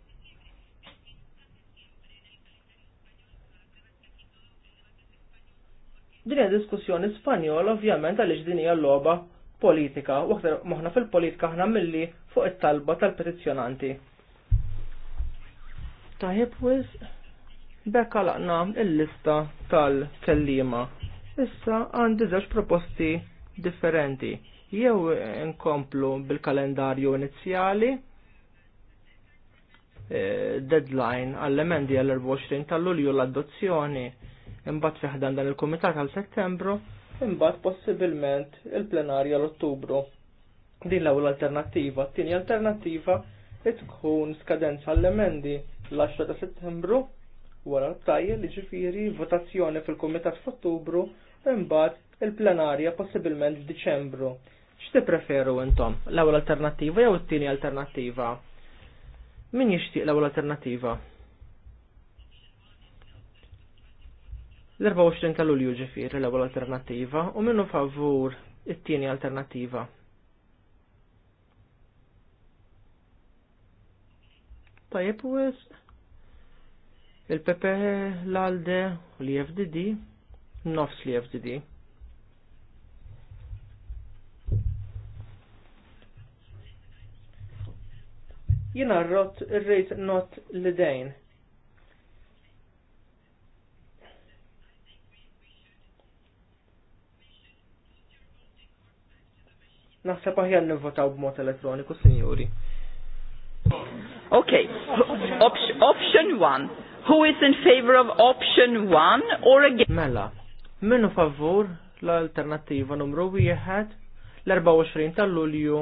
Din hija diskussjoni Spanjol ovvjament għaliex din hija logħba politika u aktar maħna fil-politika aħna milli fuq it-talba tal-petizzjonanti. Tajib wis bekka laqna il-lista tal-kellima. Issa għandi żewġ proposti differenti. Jew inkomplu bil-kalendarju inizjali eh, deadline għall-emendi għall-24 tal-Lulju l-adozzjoni imbagħad fih dan il-kumitat għal Settembru, imbagħad possibilment il-plenarja l-Ottubru. Din l-ewwel alternattiva, t-tieni alternattiva tkun skadenza l-emendi l-10 ta' Settembru wara l-tajjel li ġifieri votazzjoni fil-Kumitat f'Ottubru imbagħad il-plenarja possibilment f'Diċembru. X'ti preferu intom? L-ewwel alternattiva jew it-tieni alternattiva? Min jixtieq l-ewwel alternattiva? L-24 ta' Lulju ġifir l-ewwel alternattiva u minnu favur it-tieni alternattiva. Tajjeb u il-PPE l-ALDE u l-IFDD nofs li FDD. Jina rrot il-rejt not l-dejn. Naħseb aħjar nivvotaw b'mod elettroniku, sinjuri. Okay, option one. Who is in favor of option one or again? Mela, minu favor l-alternativa numru wieħed l-24 tal-Lulju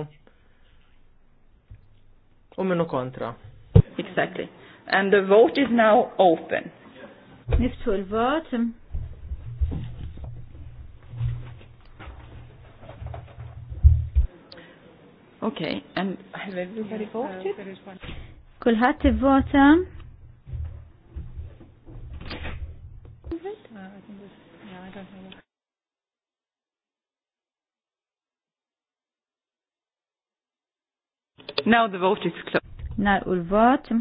u minu kontra. Exactly. And the vote is now open. Niftu l-vot. Okay, and have everybody voted? Kulħadd ivvota. Uh, Now the vote is closed. Now u l-vot.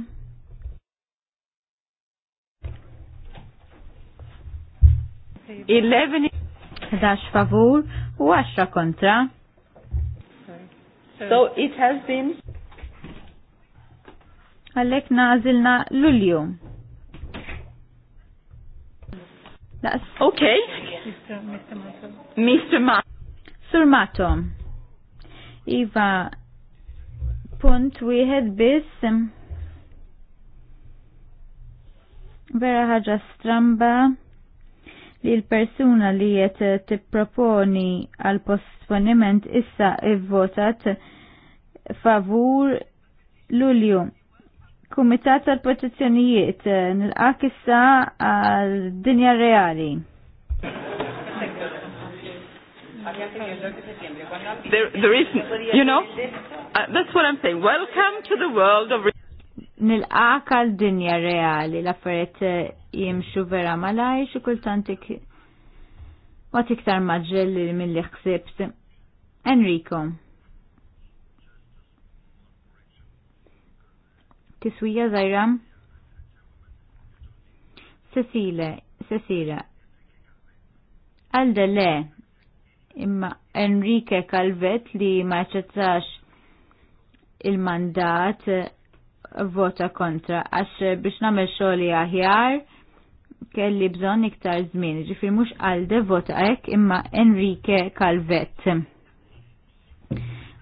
Eleven. Dash favur u 10 kontra. So eh. it has been għallek nażilna That's okay. Mr. Mato. Sur Mato. Iva, punt had biss. Vera ħaġa stramba li l-persuna li qed tipproponi għal postponiment issa i-votat favur Lulju. Kumitat tal-Protezzjonijiet eh, nilqak issa għal dinja reali. There, there is, you know, uh, that's what I'm saying. Welcome to the world of nilqak għal dinja reali l-affarijiet eh, jimxu vera malaj xi kultant ma tiktar maġġelli mill-li ħsibt. Enrico. Tiswija Zajra. Cecile, Cecile. Għalda le, imma Enrique Calvet li ma il-mandat vota kontra għax biex namel xogħli aħjar kelli bżonn iktar żmien, ġifir mhux għalde vota hekk imma Enrique Calvet.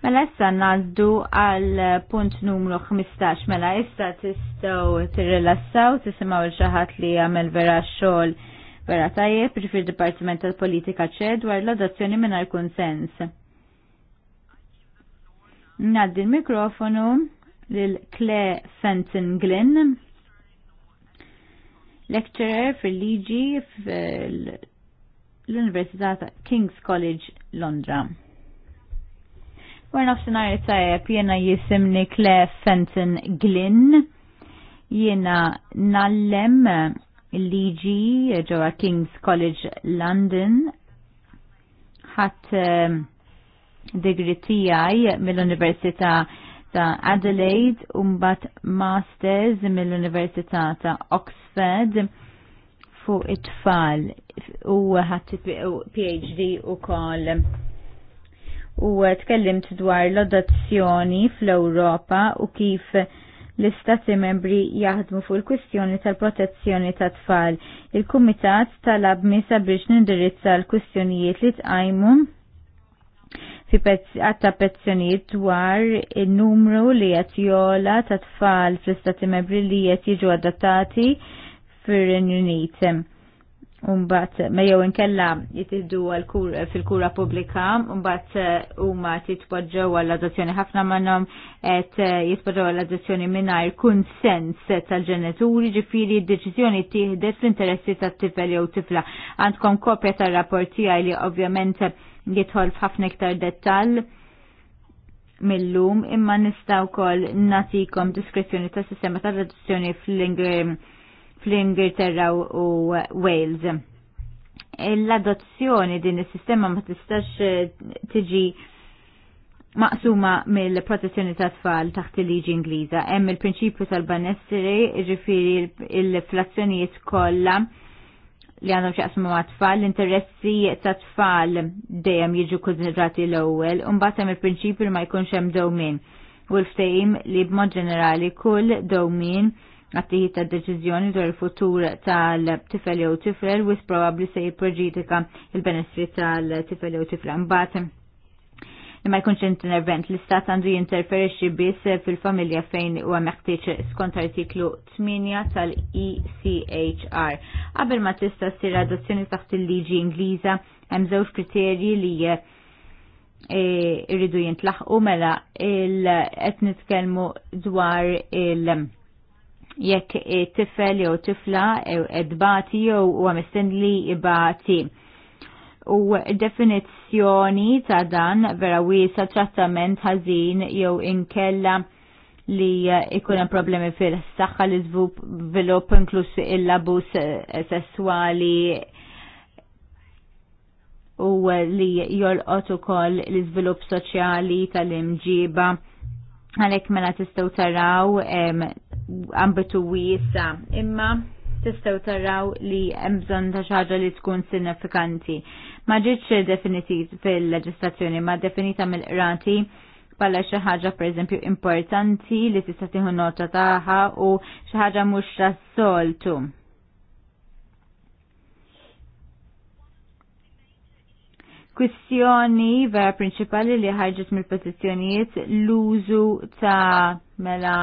Mela issa ngħaddu għal punt numru 15 mela issa tistgħu tirrilassaw tisimgħu il xaħat li jagħmel vera xogħol vera tajjeb ġifir Dipartiment tal-Politika ċed dwar l-adozzjoni mingħajr konsens Naddi l-mikrofonu lil Claire Fenton Glynn, lecturer fil-liġi fil-Università ta' King's College Londra. Warna f'sinari tajab jena jisimni Claire Fenton Glynn, jena nallem liġi ġewwa King's College London Ħat uh, ehm, degree tiegħi mill-Università ta' Adelaide u mbagħad Masters mill-Università ta' Oxford fuq it-tfal u ħadd PhD ukoll. U tkellimt dwar l-adozzjoni fl-Ewropa u kif l-istati membri jaħdmu fuq il-kwistjoni tal-protezzjoni ta' tfal. Il-Kumitat talab misa biex nindirizza l-kwistjonijiet li tqajmu fi għatta pezzjoniet dwar il-numru li qed jola ta' tfal fl-istati membri li qed jiġu adattati fir-Renju Unit. Umbat, ma jew inkella jitiddu fil-kura publika, umbat uh, huma titpoġġaw għall-adozzjoni ħafna minnhom qed uh, jitpoġġaw għall-adozzjoni mingħajr kunsens tal-ġenituri, ġifiri d-deċiżjoni tieħdet fl-interessi tat-tifel jew tifla. Għandkom kopja tar-rapport tiegħi li ovvjament jidħol f'ħafna iktar dettall mill-lum imma nistaw kol natikom diskrezzjoni ta' sistema ta' traduzzjoni fl-Ingilterra u Wales. L-adozzjoni din is-sistema ma tistax eh, tiġi maqsuma mill-protezzjoni ta' tfal taħt il-liġi Ingliża. Hemm il-prinċipju tal-banessiri, ġifieri il-flazzjonijiet kollha li għandhom xaqsmu ma' tfal, l-interessi ta' tfal dejjem jiġu konsidrati l-ewwel, u mbagħad hemm il-prinċipju li ma jkunx hemm dowmin. U l ftejim li b'mod ġenerali kull dowmin għattijiet ta' deċiżjoni dwar il-futur tal-tifel jew tifel wis probabbli se jipproġitika il-benessri tal-tifel jew tifel. Mbagħad imma jkunx intervent l-istat għandu jinterferixxi biss fil-familja fejn huwa meħtieġ skont artiklu 8 tal-ECHR. Qabel ma tista' ssir adozzjoni taħt il-liġi Ingliża hemm żewġ kriterji li e, irridu jintlaħqu mela qed nitkellmu dwar il- jekk e, tifel jew tifla e, edbati jew huwa mistenni li ibati u definizzjoni ta' dan vera wiesa trattament ħażin jew inkella li ikun hemm problemi fil-saħħa li zvilup inkluż il labus eh, sessuali u li jolqot ukoll l-iżvilupp soċjali tal-imġiba għalhekk mela tistgħu taraw ambitu wiesa imma tistaw taraw li hemm bżonn ta' xaġa li tkun sinifikanti. Ma ġietx definitiv fil-leġislazzjoni, ma definita mill-qrati bħala xi ħaġa pereżempju importanti li tista' tieħu nota tagħha u xi ħaġa mhux tas-soltu. kwistjoni vera prinċipali li ħarġet mill-pozizjonijiet l-użu ta' mela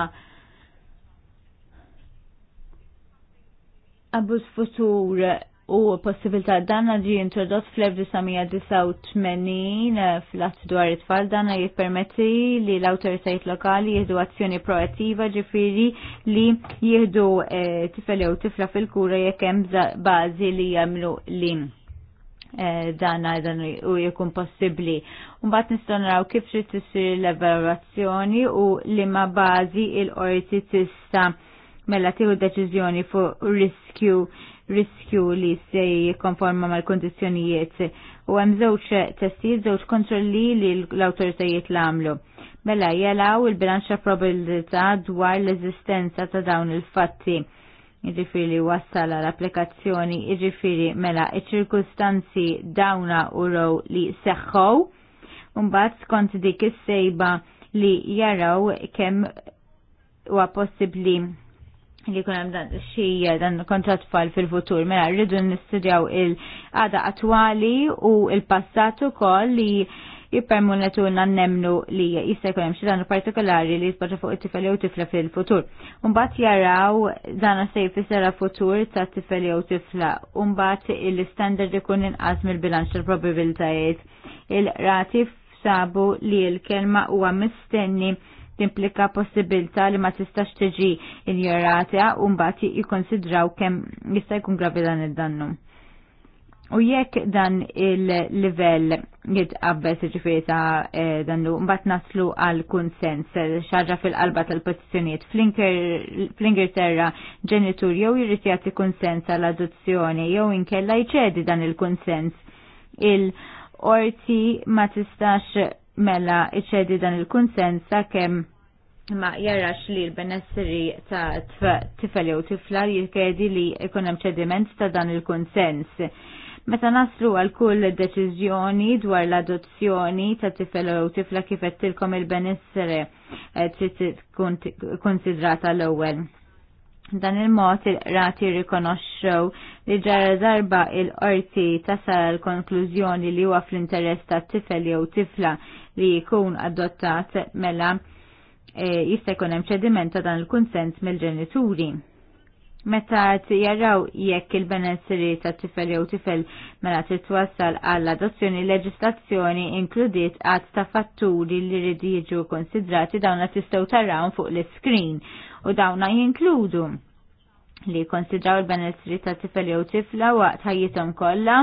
abbuż futur u possibilità danna ġi introdott fl-1989 eh, fl-att dwar it-tfal danna jippermetti li l autoritajt lokali jihdu azzjoni proattiva ġifiri li jihdu eh, tifel jew tifla fil-kura jekk hemm bażi li jagħmlu li eh, danna dan u jekun possibli. Mbagħad nistgħu naraw kif trid tisir l-evalwazzjoni u li ma bażi il-qorti tista' mela tieħu deċiżjoni fuq riskju riskju li se jikkonforma mal-kondizjonijiet u hemm żewġ testijiet żewġ kontrolli li l-awtoritajiet l-għamlu. Mela jelaw il-bilanċa probabilità dwar l-eżistenza ta' dawn il-fatti iġifiri wassal l applikazzjoni iġifiri mela iċ-ċirkustanzi dawna u row li seħħow mbagħad skont dik is-sejba li jaraw kemm huwa possibbli li kun hemm dan xi dan kontrat fall fil-futur mela rridu nistudjaw il-qada attuali u il-passat ukoll li jippermunetu nannemnu li jista' jkun hemm xi dan partikolari li jisbata fuq it-tifel jew tifla fil-futur. Mbagħad jaraw dan se jfisser futur ta' tifel jew tifla u mbagħad il-standard ikun inqas mill-bilanċ tal-probabilitajiet. Il-rati sabu li l-kelma huwa mistenni timplika possibilità li ma tistax tiġi injorata u mbagħad jikkonsidraw kemm jista' jkun gravi dan id-dannu. U jekk dan il-livell jitqabbes ġifieri ta' e, dannu mbagħad naslu għal kunsens xaġa fil-qalba tal pozizjonijiet fl-Ingilterra ġenitur jew jrid jagħti kunsens għal adozzjoni jew inkella jċedi dan il-kunsens. il qorti ma tistax mela iċedi dan il-kunsens sakemm ma jarax li l-benessri ta' tifel jew tifla jikedi li ikonem ċediment ta' dan il-konsens. Meta naslu għal kull deċiżjoni dwar l-adozzjoni ta' tifel jew tifla kif tilkom il-benessri eh, trid tkun konsidrata l-ewwel. Dan il-mod il-rati rikonoxxew li ġara darba il-qorti tasal l-konklużjoni li huwa fl-interess ta' tifel jew tifla li jkun adottat mela eh, jista' jkun hemm ċediment ta' dan il-kunsens mill-ġenituri meta jaraw jekk il-benessiri ta' tifel jew tifel mela titwassal għall adozzjoni leġislazzjoni inkludiet għad ta' fatturi li rridu jiġu konsidrati dawna tistgħu taraw fuq l-iskrin u dawna jinkludu li konsidraw il-benessiri ta' tifel jew tifla waqt ħajjithom kollha,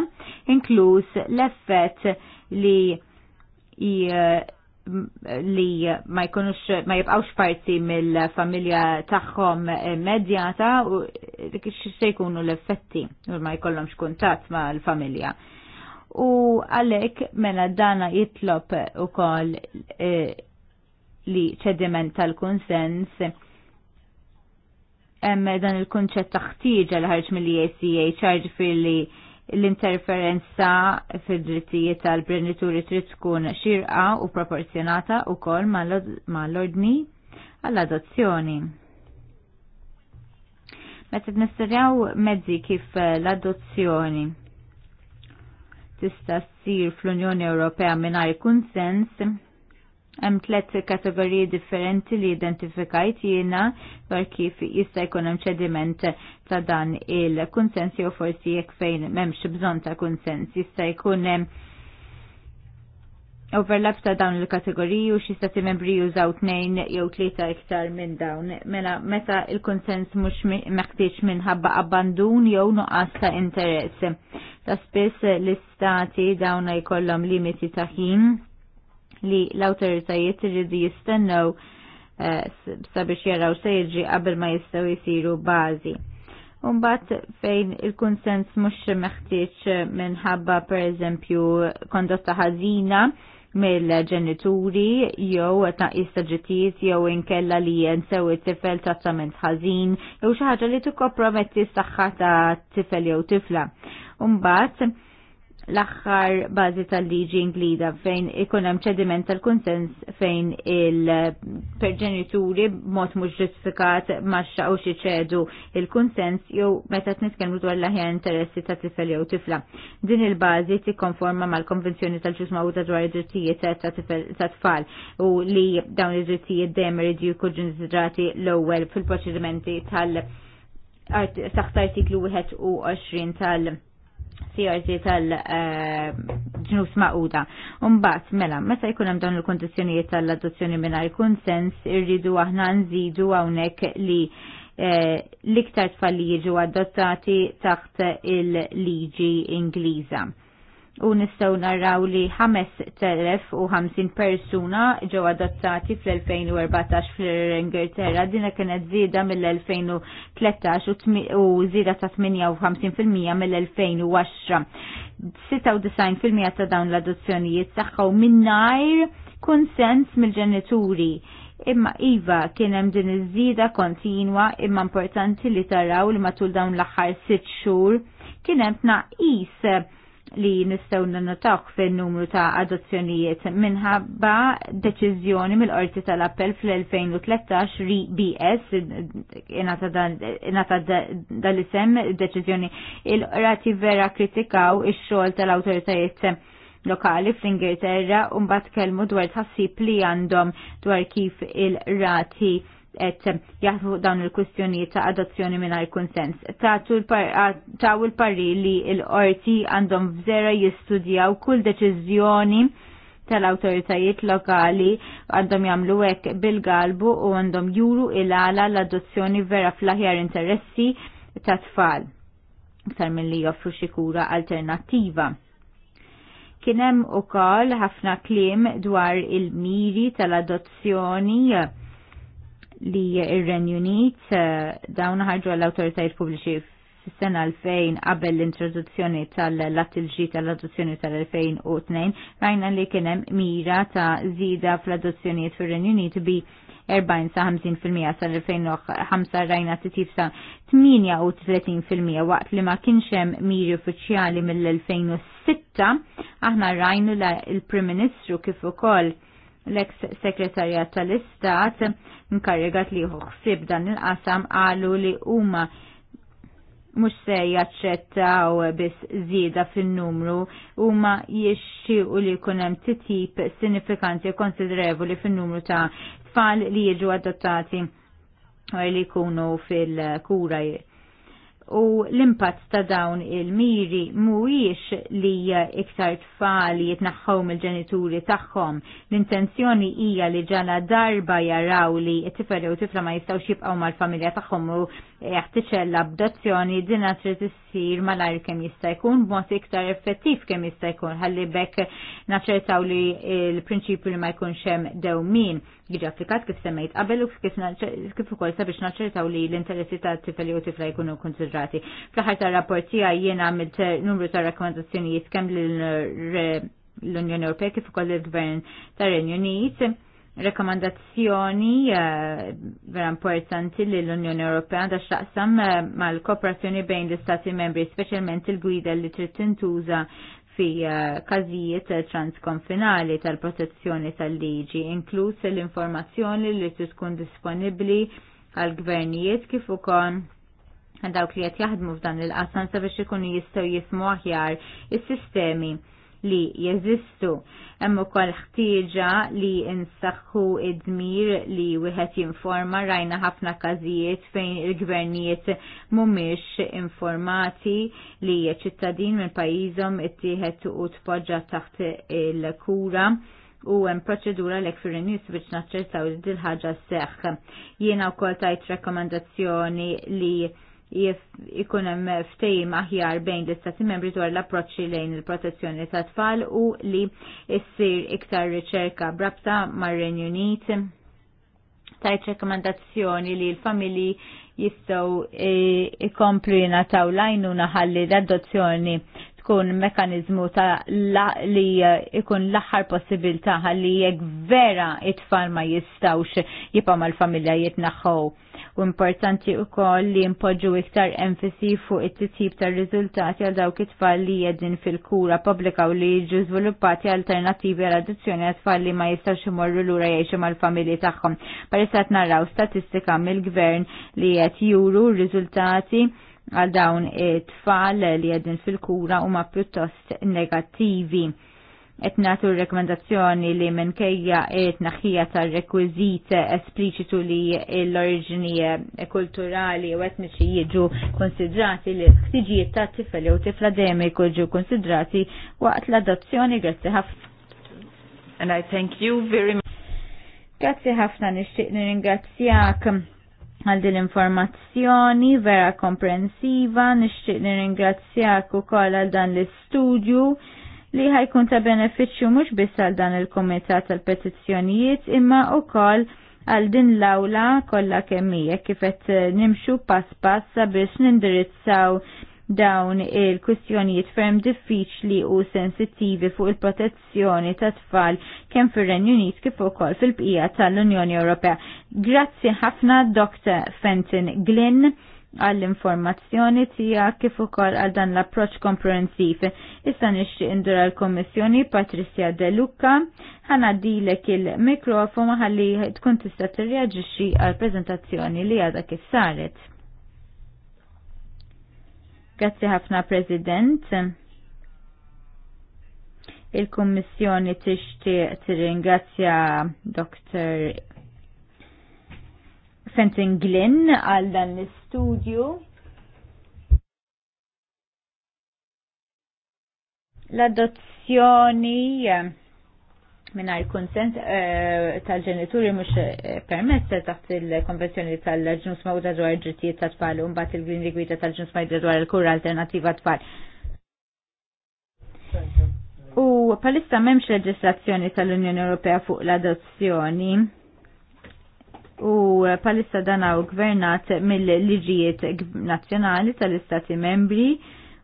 inkluż l-effett li li ma jkunux ma jibqawx parti mill-familja tagħhom immedjata u se jkunu l-effetti u ma jkollhomx kuntatt ma l-familja. U għalhekk mela dana jitlob ukoll e, li ċediment tal-kunsens hemm dan il-kunċett ta' li ħarġ mill ACA ċarġi fil-li l-interferenza fil-drittijiet tal-prenituri trid tkun xirqa u proporzjonata u kol mal-ordni għall-adozzjoni. Meta nistarjaw mezzi kif l-adozzjoni tista' ssir fl-Unjoni Ewropea mingħajr kunsens, Hemm tliet kategoriji differenti li identifikajt jiena dwar kif jista' jkun hemm ċediment ta' dan il-kunsens jew forsi jekk fejn m'hemmx bżonn ta' kunsens jista' jkun hemm overlap ta' dawn il-kategoriji u xi stati membri jużaw tnejn jew tlieta iktar minn dawn. Mela meta il kunsens mhux meħtieġ minħabba abbandun jew nuqqas ta' interess. Ta' spiss l-istati dawn jkollhom limiti ta' ħin li l-autoritajiet irridu jistennew eh, sabiex jaraw se jiġi qabel ma jistgħu jsiru bażi. Umbat fejn il-konsens mhux meħtieġ minħabba per eżempju kondotta ħażina mill-ġenituri jew taqis ta' ġittijiet jew inkella li jensew it-tifel trattament ħażin jew xi ħaġa li tikkompromettis s-saħħa ta' tifel jew tifla. Umbagħad, l-axħar bazi tal-liġi inglida fejn ikun hemm ċediment tal-kunsens fejn il-perġenituri mod mhux ġustifikat ma xaqgħu ċedu il-kunsens jew meta tnitkellmu dwar l-aħjar interessi ta' tifel jew tifla. Din il-bażi tikkonforma mal-Konvenzjoni tal-Ġus Mawda dwar id-drittijiet ta' tfal u li dawn id-drittijiet dejjem iridu jkunu ġinżidrati l-ewwel fil-proċedimenti tal- taħt artiklu 21 tal- CRG tal-ġnus eh, maquda. Umbat, mela, meta jkun hemm dawn il kundizzjonijiet tal-adozzjoni mingħajr konsens, irridu aħna nżidu hawnhekk li eh, l-iktar tfalli jiġu adottati taħt il-liġi Ingliża u nistaw narraw li 5,050 persuna ġew adottati fl-2014 fl-Ingilterra. Dina kienet zida mill-2013 u zida ta' 58% mill-2010. 96% ta' dawn l-adozzjonijiet saħħaw minnajr konsens mill-ġenituri imma Iva kien hemm din iż żida kontinwa imma importanti li taraw li matul dawn l-aħħar sitt xhur kien hemm tnaqqis li nistaw nannotok fin numru ta' adozzjonijiet minħabba deċiżjoni mill-qorti tal-appell fl-2013 RBS, BS inata dal-isem deċiżjoni il-rati vera kritikaw ix-xogħol tal-awtoritajiet lokali fl-Ingilterra un bat kelmu dwar tħassib li għandhom dwar kif il-rati et jaħfu dawn il-kwistjonijiet ta' adozzjoni mingħajr konsens. Taw il-parri li l-orti għandhom vżera jistudjaw kull deċiżjoni tal-autoritajiet lokali għandhom jagħmlu hekk bil-galbu u għandhom juru il-għala l-adozzjoni vera fl-aħjar interessi ta' tfal. Iktar minn li joffru xi kura alternattiva kienem u kol ħafna klim dwar il-miri tal-adozzjoni li ir-Renju Unit eh, dawn ħarġu għall-awtoritajiet pubbliċi fis-sena 2000 qabel l-introduzzjoni tal-lat il-ġi tal-adozzjoni tal-2002 rajna li kien hemm mira ta' zida fl-adozzjonijiet fir-Renju Unit bi 40 sa 50% sal-2005 rajna titif sa 38% waqt li ma kienx hemm miri uffiċjali mill-2006 aħna rajnu l-Prim Ministru kif ukoll l-eks sekretarjat tal-Istat nkarregat li uħsib dan il-qasam għalu li huma mux se jaċċettaw biss zida fin-numru huma u li jkun hemm titjib sinifikanti konsiderevoli fin-numru ta' tfal li jiġu adottati u li jkunu fil-kura u l-impatt ta' dawn il-miri mhuwiex li iktar tfali jitnaħħaw il ġenituri tagħhom. L-intenzjoni hija li ġala darba jaraw li t-tifel u tifla ma jistgħux jibqgħu mal-familja tagħhom u jaħtiċel l-abdazzjoni dina trid issir malajr kemm jista' jkun b'mod iktar effettiv kemm jista' jkun ħalli bekk naċċertaw li l-prinċipju li ma jkunx hemm dewmin jiġi applikat kif semmejt qabel u kif ukoll sabiex naċċertaw li l-interessi ta' tifel u tifla jkunu konsidrati. Fl-aħħar tar-rapport tiegħi jiena għamilt eh, numru ta' rakkomandazzjonijiet kemm l-Unjoni Ewropea kif ukoll il-Gvern tar-Renju Unit rekomandazzjoni eh, vera importanti li l-Unjoni Ewropea da xaqsam eh, mal-kooperazzjoni bejn l-Istati membri, specialment il-gwida li trid tintuża fi eh, kazijiet transkonfinali tal-protezzjoni tal-liġi, inkluż l-informazzjoni li tkun disponibbli għal gvernijiet kif ukoll dawk li qed jaħdmu f'dan il-qasam sabiex ikunu jistgħu jismu aħjar is-sistemi li jeżistu. Hemm ukoll ħtieġa li insaħħu id-dmir li wieħed jinforma rajna ħafna każijiet fejn il-gvernijiet mhumiex informati li ċittadin minn pajjiżhom ittieħed u tpoġġa taħt il-kura u hemm proċedura lek fir-renews biex naċċertaw li ħaġa seħħ. Jiena wkoll tajt rekomendazzjoni li ikun hemm ftehim aħjar bejn l-istati membri dwar l-approċċi lejn il-protezzjoni ta' tfal u li ssir iktar riċerka brabta mar-Renju Unit tajt rekomendazzjoni li l-familji jistgħu eh, ikomplu jingħataw lajnuna ħalli l-adozzjoni tkun mekanizmu ta' la, li eh, ikun l-aħħar possibilità li jekk vera it-tfal ma jistawx jibqa' mal-familja jitnaħħu. U importanti wkoll li impoġġu iktar enfisi fuq it-titjib tar-riżultati għal dawk it-tfal li jedin fil-kura pubblika u li jiġu żviluppati alternattivi għal addizzjoni għat-tfal li ma jistawx imorru lura jgħixu mal-familji tagħhom. Parissat naraw statistika mill-gvern li qed juru r-riżultati għal dawn it-tfal li għedin fil-kura u ma pjuttost negativi. Etnatu rekomendazzjoni li minn kejja etnaħija tar rekwizit espliċitu li l-origini kulturali u etniċi jiġu konsidrati li ħtiġijiet ta' tifel jew tifla demi jiġu konsidrati waqt l-adozzjoni grazzi ħafna. And I thank you very much. Grazzi ħafna nixtieq nirringrazzjak għal din l-informazzjoni vera komprensiva, nixtieq nirringrazzjak ukoll għal dan l-istudju li ħajkun ta' benefiċċju mhux biss għal dan il-Kumitat tal-Petizzjonijiet imma wkoll għal din l-awla kollha kemm hija kif qed nimxu pass pass sabiex nindirizzaw dawn il-kwistjonijiet ferm diffiċli u sensittivi fuq il-protezzjoni ta' tfal kemm fir-Renju Unit kif ukoll fil-bqija tal-Unjoni Ewropea. Grazzi ħafna Dr. Fenton Glynn għall-informazzjoni tija kif ukoll għal dan l-approċċ komprensiv. Issa nixtieq indur għall kommissjoni Patricia De Lucca ħanaddilek il-mikrofon ħalli tkun tista' tirreaġixxi għall-preżentazzjoni li għadha kif saret. Grazzi ħafna President. Il-Kummissjoni tixtieq tirringrazzja Dr. Fenton Glynn għal dan l-istudju. L-adozzjoni minar konsent eh, tal-ġenituri mux eh, permessa taħt il-konvenzjoni tal-ġnus mawda dwar ġrittijiet ta' tfal un bat il-Green Gwida tal-ġnus mawda dwar il-kura alternativa tfal. U palista memx leġislazzjoni tal-Unjoni Ewropea fuq l-adozzjoni u dana u gvernat mill-liġijiet nazzjonali tal-Istati membri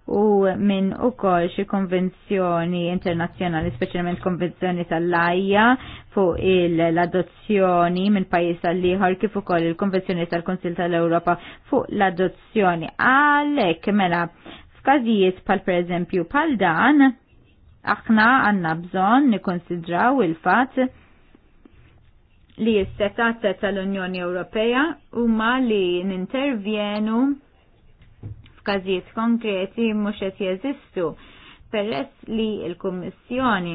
u minn ukoll xi konvenzjoni internazzjonali, speċjalment konvenzjoni tal-lajja fuq l-adozzjoni minn pajjiż għal ieħor kif ukoll il-Konvenzjoni tal-Kunsil tal-Ewropa fuq l-adozzjoni. Għalhekk mela f'każijiet pal pereżempju pal dan aħna għandna bżonn nikkonsidraw il-fatt li s-setat tal-Unjoni Ewropea huma li nintervjenu każijiet konkreti mhux qed jeżistu peress li l-Kummissjoni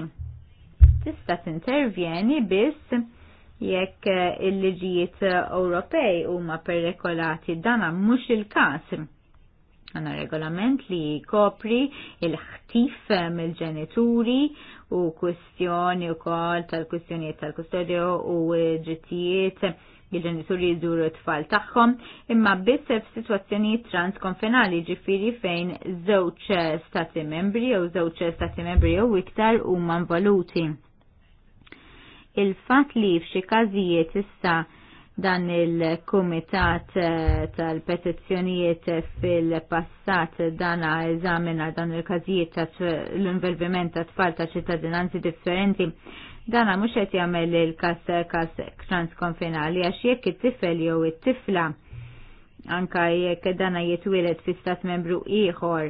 tista' tintervjeni biss jekk il-liġijiet Ewropej huma perrekolati dan mhux il-każ. Għanna regolament li kopri il-ħtif mill-ġenituri u kwistjoni u kol tal-kwistjoniet tal kustodio u ġittijiet il-ġenituri jżuru t-tfal tagħhom, imma biss f'sitwazzjonijiet transkonfenali ġifiri fejn żewġ stati membri jew żewġ stati membri jew iktar huma involuti. Il-fatt li f'xi każijiet issa dan il-Kumitat eh, tal-Petizzjonijiet fil-passat dana eżamina dan il-każijiet ta' l-involviment ta' tfal ta' ċittadinanzi differenti Dana mhux qed jagħmel il-kas kas transkonfinali għax jekk it-tifel jew it-tifla anka jekk dana jitwieled fi stat membru ieħor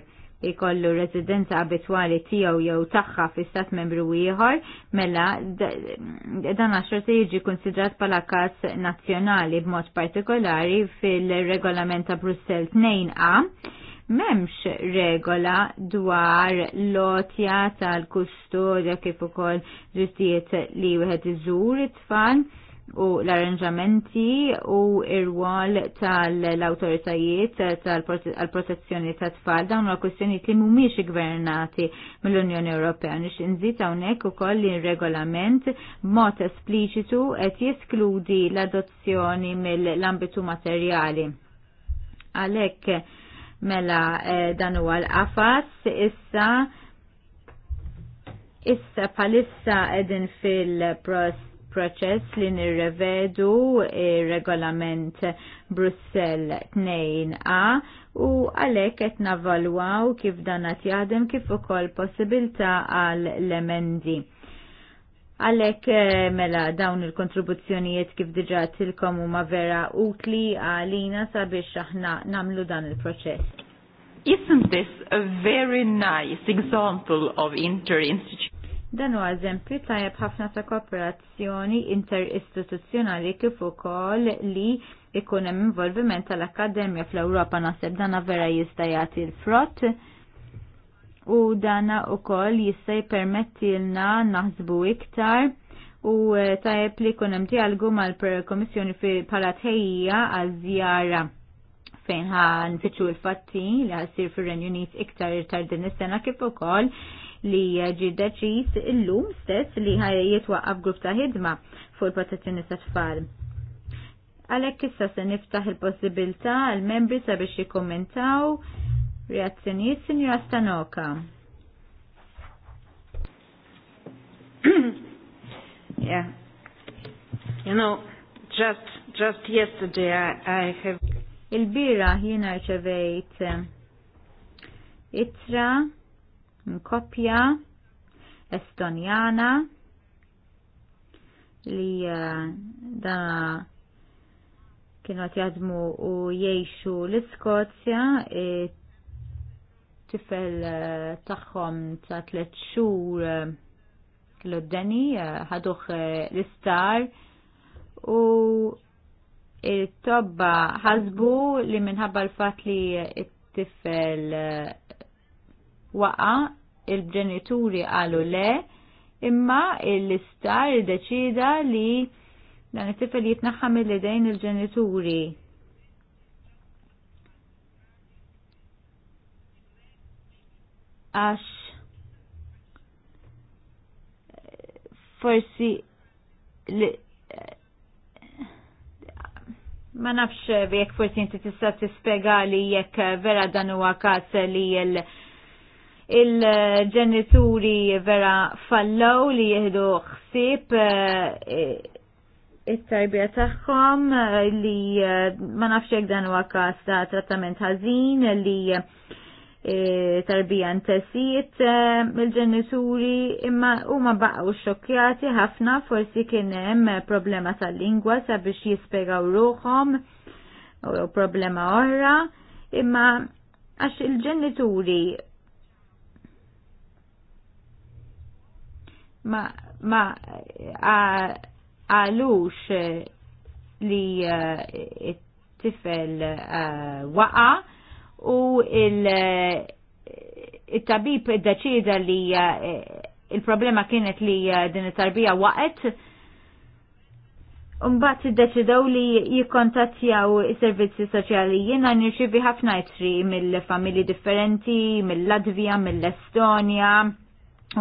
ikollu residenza abitwali tiegħu jew tagħha fi stat membru ieħor, mela dan għaxra se jiġi konsidrat bħala każ nazzjonali b'mod partikolari fil-regolament ta' Brussel 2A memx regola dwar lotja tal-kustodja kif ukoll ġustijiet li wieħed iżur it-tfal u l-arranġamenti u ir-rwol tal-autoritajiet tal-protezzjoni tat tfal dawn la kwestjoni li mhumiex gvernati mill-Unjoni Ewropea nix inżid hawnhekk ukoll li regolament mod espliċitu qed jeskludi l-adozzjoni mill-ambitu materjali. Għalhekk mela eh, dan huwa l-qafas issa issa palissa edin fil-proċess li nirrevedu regolament Brussel 2A u għalek qed navalwaw kif dan qed jaħdem kif ukoll possibilità għal l-emendi Għalek eh, mela dawn il-kontribuzzjonijiet kif diġa tilkom huma vera utli għalina sabiex aħna namlu dan il-proċess. Isn't this a very nice example of interinstitution? Dan huwa eżempju tajjeb ħafna ta' kooperazzjoni inter-istituzjonali kif ukoll li ikun hemm involviment tal-Akkademja fl-Ewropa naħseb dana vera jista' jagħti l-frott u dana u koll jistaj permettilna naħsbu iktar u eh, tajep li kunem dialgu mal-komissjoni fi palatħejja għal-zjara fejn ħa nfittxu l-fatti li ħassir fir renju Unit iktar tar din is-sena kif ukoll li ġi deċis illum stess li jitwaqqaf grupp ta' ħidma fuq il-protezzjoni ta' tfal. Għalhekk issa se niftaħ il-possibilità għal membri sabiex jikommentaw Reazzjonijiet Signora Stanoka. yeah. You know, just just yesterday I, I have Il-bira jiena rċevejt eh, itra, kopja estonjana li eh, da kienu jaħdmu u jiexu l-Iskozja, eh, tifel eh, tagħhom ta' tlet xhur eh, kellu d eh, ħaduh l-istar u il tobba ħasbu li minħabba l-fat li it-tifel waqa il-ġenituri għalu le imma l-istar deċida li dan it-tifel jitnaħħa mill-idejn il-ġenituri għax forsi li ma nafx jekk forsi inti tista' tispjega li jekk vera dan huwa każ li l il-ġenituri vera fallaw li jieħdu ħsieb eh, it-tarbija tagħhom eh, li eh, ma nafx jekk dan huwa każ ta' trattament ħażin li E, tarbija ntesijiet e, mill-ġenituri imma huma baqgħu xokkjati ħafna forsi kien hemm problema tal-lingwa sabiex jispjegaw ruhom u problema oħra imma għax il-ġenituri ma ma għalux li e, tifel waqa' u il-tabib eh, id deċida li eh, il-problema kienet li eh, din it-tarbija waqet Umbat id-deċidaw li jikontattjaw servizzi soċjali jiena nirċivi ħafna itri mill-familji differenti, mill-Latvija, mill-Estonja,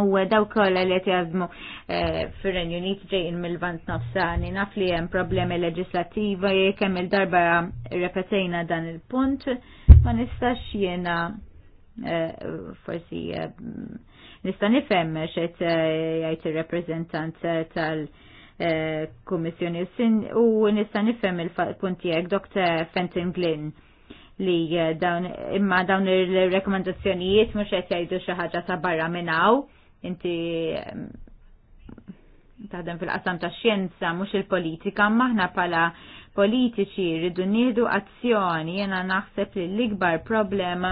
U daw kolla li qed jaħdmu eh, fir-Renju Unit ġejjin mill-vant nofsani naf li hemm problemi leġislattiva kemm il-darba repetajna dan il-punt ma nistax jiena eh, forsi eh, nista' nifhem xet jgħid il-reprezentant tal-Kummissjoni u nista' nifhem il-punt tiegħek Dr. Fenton Glynn li eh, dawn imma dawn il-rekomendazzjonijiet mhux qed jgħidu xi ħaġa ta' barra minnaw, hawn inti taħdem fil-qasam ta' xjenza mhux il-politika maħna pala politiċi rridu nieħdu azzjoni jiena naħseb li l-ikbar problema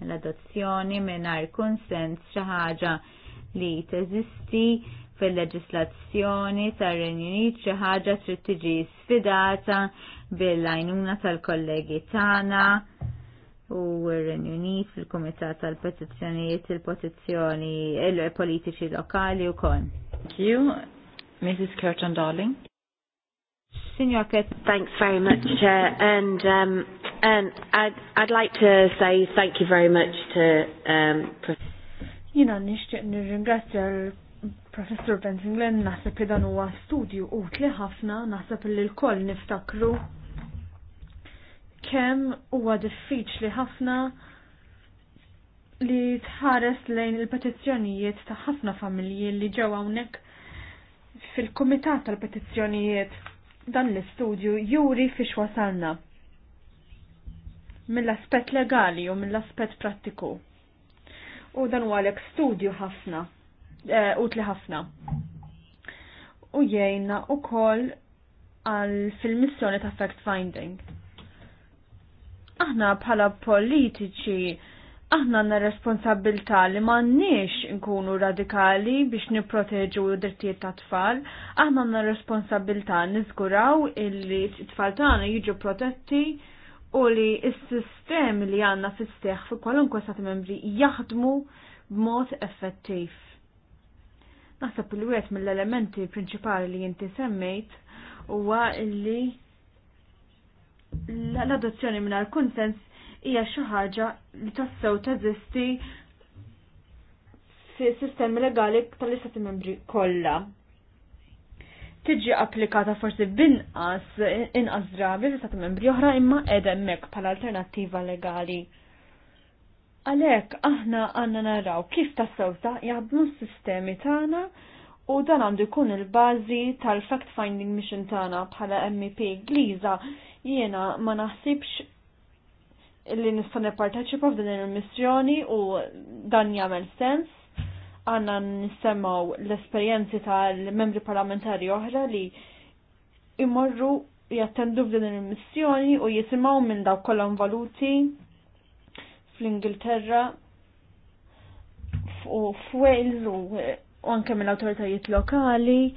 l-adozzjoni mingħajr kunsens xi ħaġa li teżisti fil-leġislazzjoni tar-Renju Unit xi ħaġa trid tiġi sfidata bil-lajnuna tal-kollegi tana u r-Renjunit fil-Kumitat tal-Petizzjonijiet il-Petizzjoni il-Politiċi Lokali u kon. Thank you, Mrs. Curtin Darling. Signor Pitt. Thanks very much, Chair. And, um, and I'd, I'd like to say thank you very much to... Um, Jina nishtiq nirringrazzja Professor Benzinglen naħseb li dan huwa studju utli ħafna, naħseb li l-koll niftakru kemm huwa diffiċli ħafna li tħares lejn il-petizzjonijiet ta' ħafna familji li ġew hawnhekk fil-kumitat tal-petizzjonijiet dan l-istudju juri fiex wasalna mill-aspett legali u mill-aspett prattiku. U dan huwa għalhekk studju ħafna Eh, utli ħafna. U jgħinna u koll fil-missjoni ta' fact finding. Aħna bħala politiċi aħna għanna responsabilta li mannix nkunu radikali biex niproteġu drittijiet ta' tfal, aħna għanna responsabilta nizguraw illi t-tfal tagħna jiġu protetti u li s-sistemi li għanna fis-seħ fi kwalunkwe sat membri jaħdmu b'mod effettiv. Naħseb il wieħed mill-elementi prinċipali li inti semmejt huwa li l-adozzjoni mingħajr kunsens hija xi ħaġa li tassew teżisti fi sistemi legali tal-istati membri kollha. Tiġi applikata forsi binqas inqas drabi fl istati membri oħra imma qiegħda hemmhekk bħala alternattiva legali. Għalek, aħna għanna naraw kif ta' sewta jaħdmu s-sistemi tagħna u dan għandu jkun il-bażi tal-fact-finding mission tagħna bħala MEP Gliza jiena ma naħsibx li nista' nipparteċipa f'din il-missjoni u dan jagħmel sens. Għanna nissemmaw l-esperjenzi tal-membri parlamentari oħra li imorru jattendu f'din il-missjoni u jisimaw minn dawk kollha valuti fl-Ingilterra u f'Wales u anke mill awtoritajiet lokali.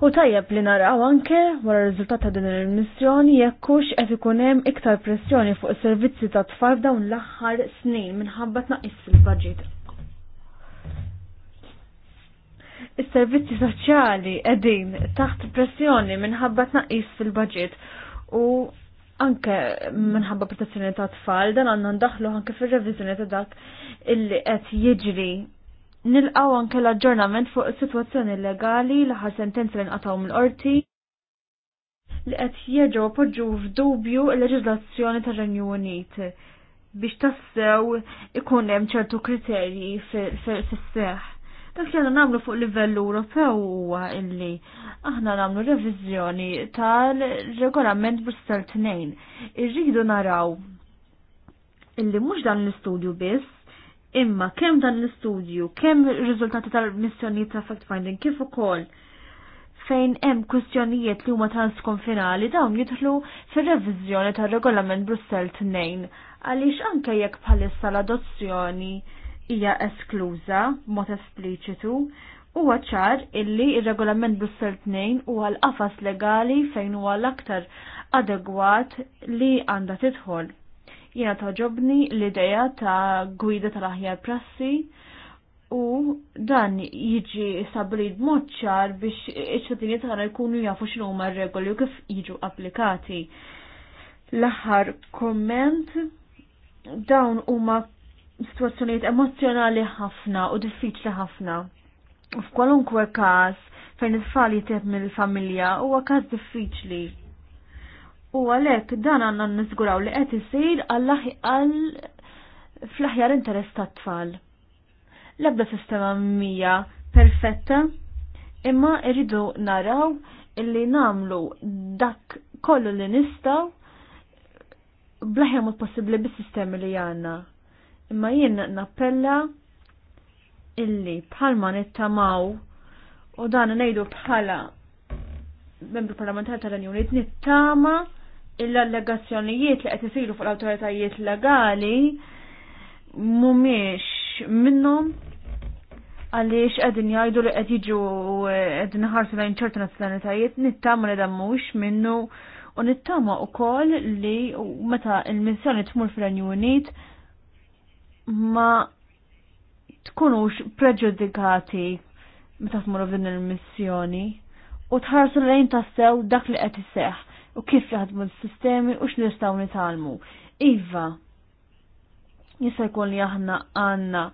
U tajjeb li naraw anke wara r-riżultat ta' din il-missjoni jekkux qed ikun hemm iktar pressjoni fuq is-servizzi ta' tfal f'dawn l-aħħar snin minħabba tnaqqis fil-baġit. Is-servizzi soċjali qegħdin taħt pressjoni minħabba tnaqqis fil-baġit u anke minħabba protezzjoni ta' tfal dan għandna ndaħlu anke fir-reviżjoni ta' dak illi qed jiġri. Nilqgħu anke l-aġġornament fuq is-sitwazzjoni legali l-aħħar sentenzi li nqataw mill-qorti li qed jerġgħu poġġu f'dubju l-leġiżlazzjoni tar-Renju Unit biex tassew ikun hemm ċertu kriterji fis-seħħ. Dak li għanna namlu fuq livell Ewropew huwa illi aħna namlu reviżjoni tal-regolament Brussel 2. Irridu naraw illi mhux dan l-istudju biss, imma kemm dan l-istudju, kemm riżultati tal-missjoni ta' fact finding kif ukoll fejn hemm kwistjonijiet li huma transkonfinali dawn jidħlu fir-reviżjoni tar-regolament Brussel 2 għaliex anke jekk bħalissa l-adozzjoni hija eskluża mod espliċitu huwa ċar illi ir-regolament il tnejn 2 huwa l-qafas legali fejn huwa l-aktar adegwat li għandha tidħol. Jiena toġobni l-idea ta' gwida tal-aħjar prassi u dan jiġi stabilit mod ċar biex iċ-ċittadini tagħna jkunu jafu x'inhu huma r-regoli u kif jiġu applikati. L-aħħar komment dawn huma situazzjoniet emozjonali ħafna u diffiċli ħafna. U f'kwalunkwe każ fejn it-tfal jiteb mill-familja huwa każ diffiċli. U għalhekk dan għandna nniżguraw li qed isir għall fl-aħjar interess tat-tfal. L-ebda sistema mija perfetta, imma irridu naraw illi namlu dak kollu li nistaw blaħja mod possibbli bis-sistemi li għandna Imma jien nappella illi bħalma nittamaw u dan ngħidu bħala membru parlamentari tal-Unjoni nittama l-allegazzjonijiet li qed isiru fuq l-awtoritajiet legali mhumiex minnhom għaliex qegħdin jgħidu li qed jiġu qegħdin ħarsu lejn ċertu nazzjonalitajiet nittama li dan mhuwiex minnu u nittama wkoll li meta l-missjoni tmur fil-Renju Unit ma tkunux preġudikati meta tmur f'din il-missjoni u tħarsu lejn tassew dak li qed iseħħ u kif jaħdmu s-sistemi u x'nistgħu nitgħalmu. Iva, jista' jkun li aħna għandna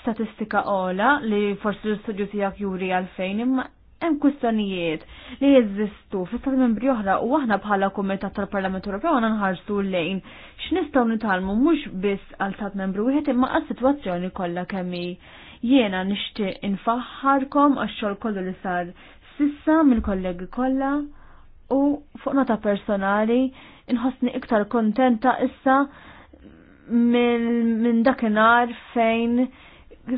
statistika ola li forsi l-istudju tiegħek juri għalfejn imma hemm kwistjonijiet li jeżistu fis-stat membri oħra u aħna bħala kumitat tal-Parlament Ewropew għandna nħarsu lejn x'nistgħu nitalmu mhux biss għal stat membru wieħed imma għas-sitwazzjoni kollha kemm jiena nixtieq infaħħarkom għax-xogħol kollu li sar sissa mill-kollegi kollha u fuq nota personali inħossni iktar kontenta issa minn dakinhar fejn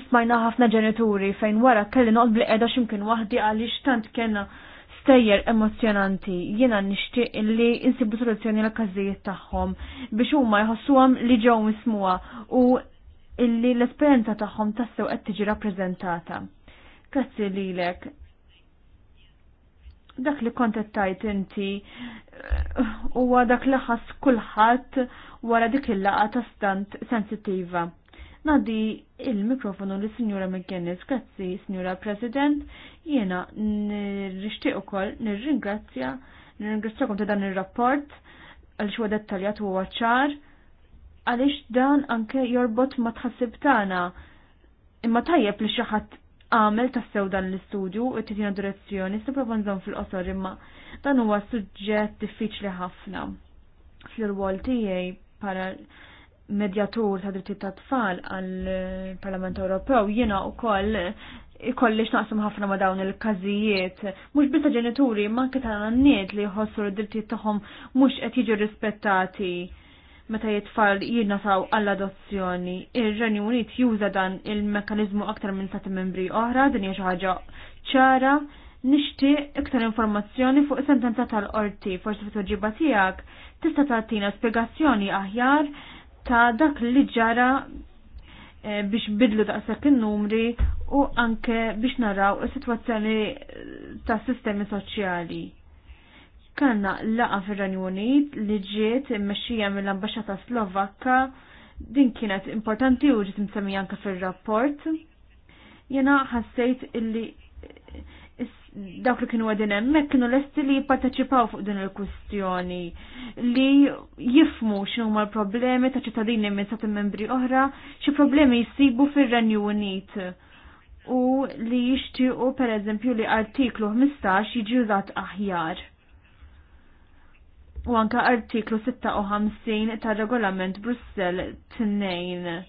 smajna ħafna ġenituri fejn wara kelli noqt bli qiegħda x'imkien waħdi għaliex tant kena stejjer emozjonanti. Jiena nixtieq li insibu soluzzjoni l każijiet tagħhom biex huma jħossuhom li ġew mismuha u illi l-esperjenza tagħhom tassew qed tiġi rappreżentata. Grazzi lilek dak li qed tajt inti eh, huwa dak li ħass kulħadd wara dik il-laqa ta' stant sensittiva. Nadi il-mikrofonu li Signora McGinnis, grazzi Signora President, jena nirrixti u koll nirringrazzja, nirringrazzjakom ta' dan il-rapport għal xwa dettaljat u għacċar, għalix dan anke jorbot ma tħassib tana. Imma tajjeb li xaħat għamel ta' sew dan l-istudju u t-tina direzzjoni, s-niprofa zon fil-qosor imma dan huwa suġġett diffiċli ħafna. Fl-rwol tiegħi para medjatur ta' drittijiet ta' tfal għall parlament Ewropew jiena wkoll ikollix naqsam ħafna ma' dawn il-każijiet, mhux biss ta' ġenituri, ma anke ta' li jħossu d-drittijiet tagħhom mhux qed jiġu rispettati meta jitfall jirnasaw għall-adozzjoni. Ir-Renju Unit juża dan il-mekkaniżmu aktar minn stati membri oħra, din hija xi ħaġa ċara, nixtieq iktar informazzjoni fuq sentenza tal-qorti, forsi fit-tweġiba tiegħek tista' tagħtina spjegazzjoni aħjar ta' dak li ġara eh, biex bidlu daqshekk in-numri u anke biex naraw is-sitwazzjoni eh, ta' sistemi soċjali. Kanna laqa fir-Renju Unit li ġiet immexxija mill-Ambaxxata Slovakka din kienet importanti u ġiet msemmi anke fir-rapport. Jena ħassejt illi dawk li kienu għadin hemmhekk kienu lesti li jipparteċipaw fuq din il-kwistjoni li jifmu x'inhu huma l-problemi ta' ċittadini minn sa' membri oħra, xi problemi jsibu fir-Renju Unit u li jixtiequ pereżempju li artiklu 15 jiġi użat aħjar. U anka artiklu 56 ta' regolament Brussel tnejn.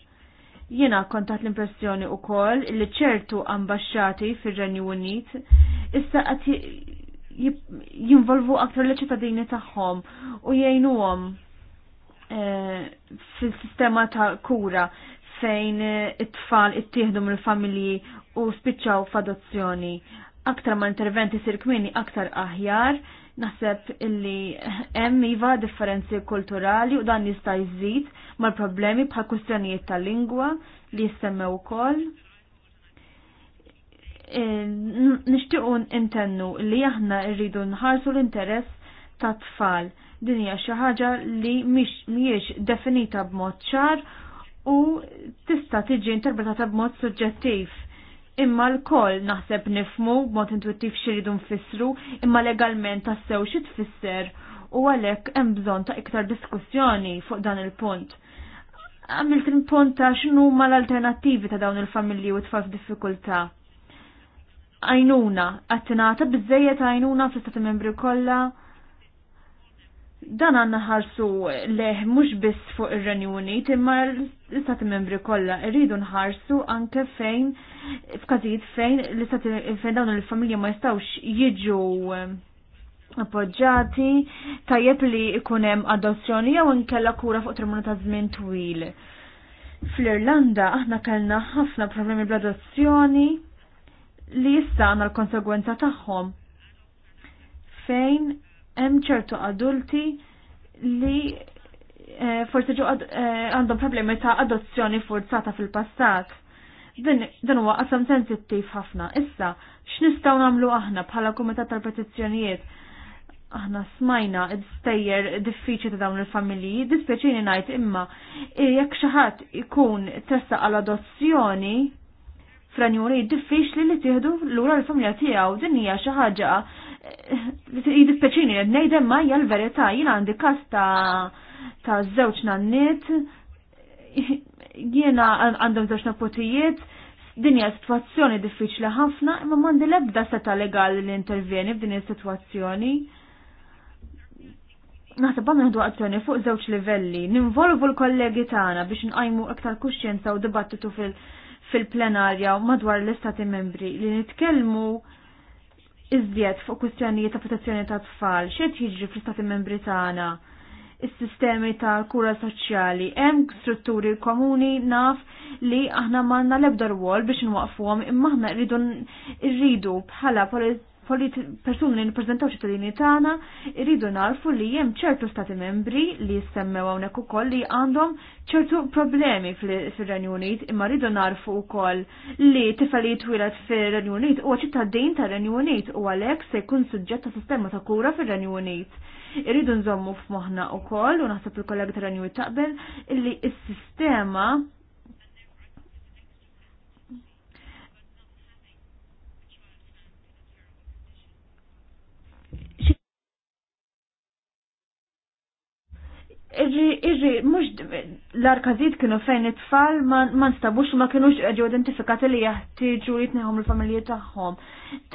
Jiena kontat l-impressjoni u koll li ċertu ambasċati fil-Renju Unit issa għat jinvolvu aktar l-ċittadini tagħhom u jgħinuhom e, fil-sistema ta' kura fejn it-tfal it-tihdu mill-familji u spiċċaw f'adozzjoni. Aktar ma' interventi sir kmini aktar aħjar Naħseb illi hemm iva differenzi kulturali u dan jista' jżid mal-problemi bħal kwistjonijiet tal-lingwa li jissemmew ukoll. E, nixtiequ intennu li aħna rridu nħarsu l-interess ta' tfal. Din hija xi ħaġa li mhijiex definita b'mod ċar u tista' tiġi interpretata b'mod suġġettiv imma l-koll naħseb nifmu b'mod intuittiv xiridu nfissru imma legalment tassew xi tfisser u għalhekk hemm bżonn ta' iktar diskussjoni fuq dan il-punt. Għamilt il-punt ta' x'inhu mal-alternattivi ta' dawn il-familji u tfal f'diffikultà. Ajnuna, għattinata bizzejiet għajnuna fl-istati membri kollha dan għanna ħarsu leħ mux biss fuq ir-Renjuni, imma l-istati membri kollha irridu nħarsu anke fejn f'każijiet fejn l-istati fejn dawn il-familja ma jistawx jiġu eh, appoġġati tajjeb li ikunem hemm adozzjoni jew inkella kura fuq trimuna ta' żmien twil. Fl-Irlanda aħna kellna ħafna problemi bl-adozzjoni li jista' għandna l-konsegwenza tagħhom fejn hemm ċertu adulti li eh, forsi ġu eh, għandhom problemi ta' adozzjoni forzata fil-passat. Din huwa qasam sensittiv ħafna. Issa, x'nistgħu nagħmlu aħna bħala kumitat tal-petizzjonijiet? Aħna smajna stejjer diffiċli ta' dawn il-familji, dispjaċini ngħid imma eh, jekk xi ħadd ikun tressa għal adozzjoni franjuri diffiċli li tieħdu lura l-familja tiegħu din hija xi ħaġa jidispeċini li ma jgħal verita verità jiena għandi każ ta' ta' żewġ nannit jiena għandhom żewġ napotijiet dinja situazzjoni diffiċli ħafna imma m'għandi l-ebda seta legali li intervjeni f'din is-sitwazzjoni. Naħseb għandna nħdu azzjoni fuq żewġ livelli, ninvolvu l-kollegi tagħna biex nqajmu iktar kuxjenza u dibattitu fil-plenarja madwar l-istati membri li nitkellmu iżjed fuq kwistjonijiet ta' protezzjoni ta' tfal, xed jiġri fl-Istati Membri tagħna is-sistemi ta' kura soċjali. Hemm strutturi komuni naf li aħna manna l-ebda rwol biex nwaqfuhom imma aħna rridu rridu bħala persuni li nippreżentaw ċittadini tagħna irridu narfu li hemm ċertu stati membri li jissemmew hawnhekk ukoll li għandhom ċertu problemi fir-Renju Unit imma rridu narfu wkoll li tifel li twilet fir-Renju Unit huwa ċittadin tar-Renju Unit u għalhekk se jkun suġġett ta' sistema ta' kura fir-Renju Unit. Irridu nżommu f'moħħna wkoll u naħseb il-kollegi tar-Renju Unit taqbel illi s-sistema Irri, irri, mux l-arkazit kienu fejn it-tfal ma nstabux ma kienux ġew identifikati li jaħtiġu jitneħom l-familji tagħhom.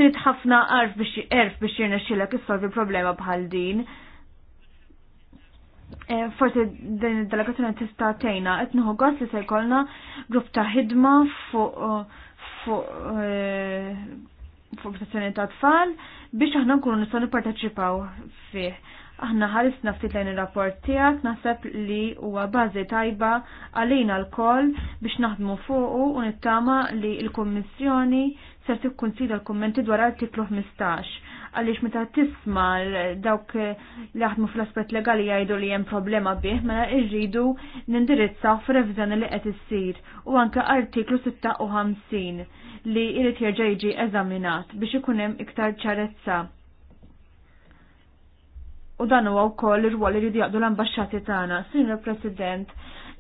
Trid ħafna arf biex erf biex jirnexxilek issolvi problema bħal din. E, Forse din id-delegazzjoni tista' tgħinna qed għas gost li se jkollna grupp ta' ħidma fuq e, fuq protezzjoni ta' tfal biex aħna nkunu nistgħu nipparteċipaw fih Aħna ħaris ftit lejn ir-rapport tiegħek naħseb li huwa bażi tajba għalina l-koll biex naħdmu fuqu u nittama li l-Kummissjoni ser sida l-kummenti dwar artiklu 15 għaliex meta tisma' dawk li jaħdmu fl-aspett legali jgħidu li hemm problema bih mela irridu nindirizzaw f'reviżjoni li qed issir u anke artiklu 56 li jrid jerġa' jiġi eżaminat biex ikun hemm iktar ċarezza u dan huwa wkoll ir-rwol li jridu jaqdu l-ambaxxati tagħna. Sinjor President,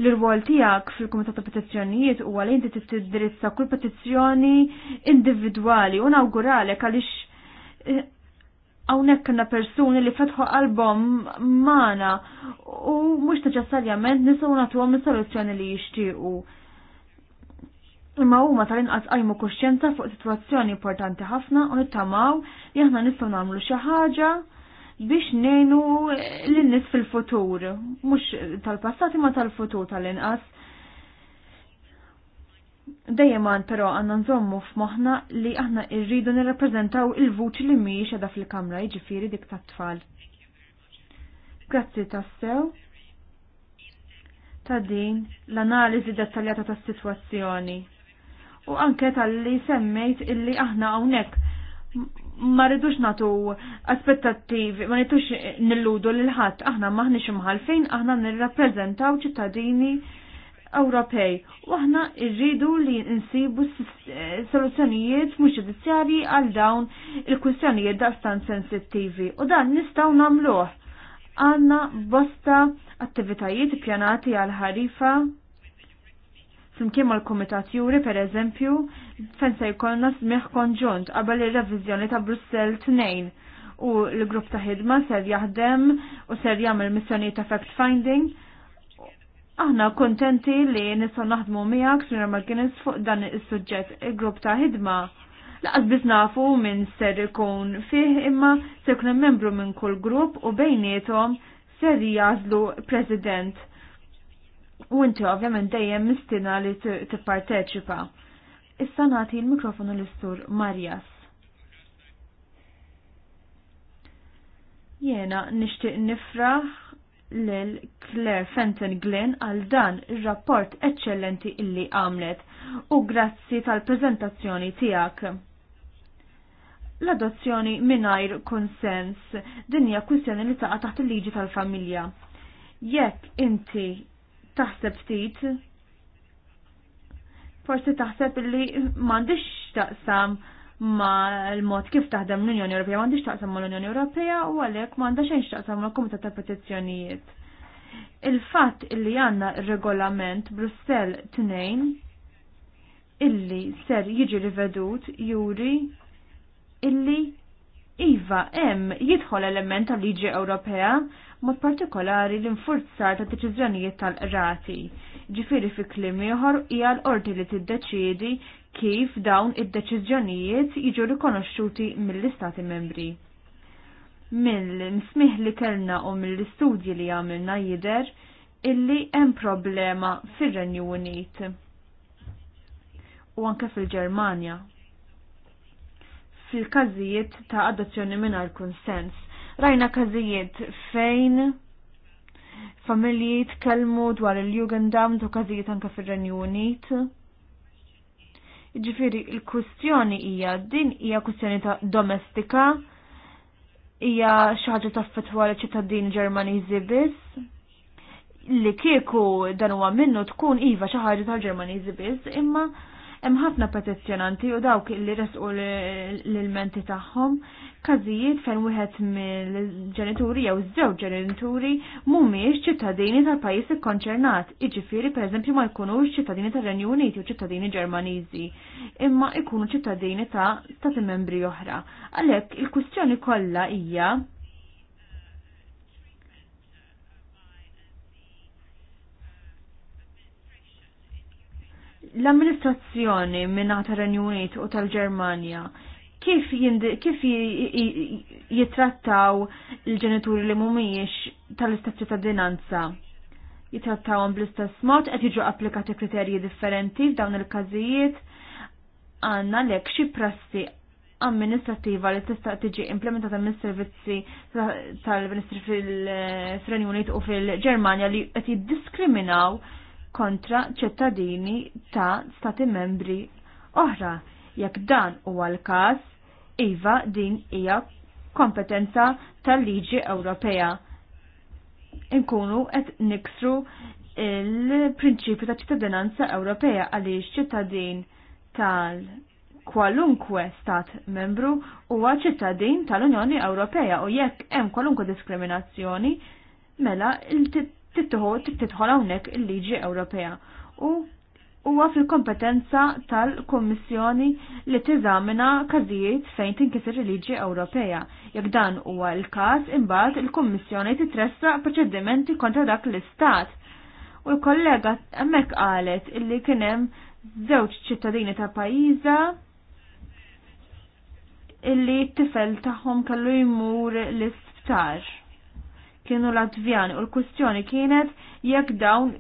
l-rwol tiegħek fil-Kumitat ta' Petizzjonijiet huwa li inti tiddirizza kull petizzjoni individwali u nawguralek għaliex eh, għawnek kena persuni li fetħu album mana u mux neċessarjament nisaw natu is soluzzjoni li jishtiqu. Imma huma tal-inqas qajmu kuxjenza fuq situazzjoni importanti ħafna u nittamaw li aħna nistgħu nagħmlu xi ħaġa biex nejnu l-nis fil-futur, mux tal passati ma tal-futur tal-inqas. Dejjem għan pero għanna nżommu f'moħna li aħna irridu nirrappreżentaw il-vuċi li miex għada fil-kamra iġifiri dik ta' tfal. Grazzi tassew ta' din l-analizi dettaljata ta' situazzjoni u anke tal-li semmejt illi aħna hawnhekk ma rridux natu aspettattivi, ma rridux nilludu l-ħadd, aħna maħniex imħalfejn, aħna nirrappreżentaw ċittadini Ewropej. U aħna rridu li nsibu eh, soluzzjonijiet mhux ġudizzjarji għal dawn il-kwistjonijiet daqstan sensittivi. U dan nistgħu nagħmluh. Għandna bosta attivitajiet pjanati għal ħarifa Flimkien mal komitat Juri, per eżempju, fejn se jkollna smieħ konġunt qabel ir-reviżjoni ta' Brussell Tnejn. u l-grupp ta' ħidma ser jaħdem u ser jagħmel missjoni ta' fact finding. Aħna kontenti li nistgħu naħdmu miegħek Sr. McGuinness fuq dan is-suġġett il-grupp ta' ħidma. Laqas biss nafu minn ser ikun fih imma se jkun membru minn kull grupp u bejniethom ser jażlu president U inti ovvjament dejjem mistina li tipparteċipa. Issa nagħti l-mikrofonu l-istur Marjas. Jena nixtieq nifraħ lil Claire Fenton Glenn għal dan ir-rapport eċċellenti illi għamlet u grazzi tal-preżentazzjoni tiegħek. L-adozzjoni mingħajr konsens din hija kwistjoni li taqa' taħt il-liġi tal-familja. Jekk inti taħseb ftit forsi taħseb li m'għandix taqsam ma l-mod kif taħdem l-Unjoni Ewropea, m'għandix taqsam mal unjoni Ewropea u għalhekk m'għandha xejn taqsam mal-Kumitat ta' Petizzjonijiet. Il-fatt illi għandna regolament Brussell tnejn illi ser jiġi rivedut juri iva hemm jidħol element tal liġi Ewropea mod partikolari l-infurzar ta' deċiżjonijiet tal-qrati. Ġifieri fi kliem ieħor hija l-qorti li tiddeċiedi kif dawn id-deċiżjonijiet jiġu rikonoxxuti mill-Istati membri. Mill-msmih li kellna u mill-istudji li għamilna jidher illi hemm problema fir-Renju Unit u anke fil-Ġermanja fil-każijiet ta' adozzjoni mingħajr konsens. Rajna każijiet fejn familji tkellmu dwar il jugendam u każijiet anke fir-Renju Unit. Ġifiri, il-kustjoni hija din hija kustjoni ta' domestika, hija xi ħaġa taffettwa l-ċittadin Ġermaniżi biss li kieku dan huwa minnu tkun iva xi ħaġa tal-Ġermaniżi biss, imma Hemm ħafna petizzjonanti u dawk li resqu l-ilmenti tagħhom każijiet fejn wieħed mill-ġenituri jew żewġ ġenituri mhumiex ċittadini tal-pajjiż ikkonċernat, jiġifieri pereżempju ma jkunux ċittadini tar-Renju Uniti u ċittadini Ġermaniżi, imma jkunu ċittadini ta' stati membri oħra. Għalhekk il-kwistjoni kollha hija L-amministrazzjoni minna ta' Unit u tal-Germania kif, kif jitrattaw il-ġenituri li mumiex tal-istess ċittadinanza? Jitrattawhom bl-istess mod qed jiġu applikati kriterji differenti f'dawn il-każijiet għanna lek xi prassi amministrativa li tista' tiġi implementata mis-servizzi tal-Ministri fil-Renju u fil-Ġermanja li qed jiddiskriminaw kontra ċittadini ta' stati membri oħra. Jekk dan huwa l-każ, iva din hija kompetenza tal-liġi Ewropea. Inkunu qed niksru il-prinċipju ta' ċittadinanza Ewropea għaliex ċittadin tal kwalunkwe stat membru huwa ċittadin tal-Unjoni Ewropea u jekk hemm kwalunkwe diskriminazzjoni mela titħol hawnhekk il-liġi Ewropea u huwa fil-kompetenza tal-Kommissjoni li tiżamina każijiet fejn tinkiser il-liġi Ewropea. Jekk dan huwa l-każ, imbagħad il-Kummissjoni titressaq proċedimenti kontra dak l-Istat. U l-kollega hemmhekk qalet illi kien hemm żewġ ċittadini ta' pajjiża illi t-tifel tagħhom kellu jmur l-isptar kienu Latvjani u l-kustjoni kienet jekk dawn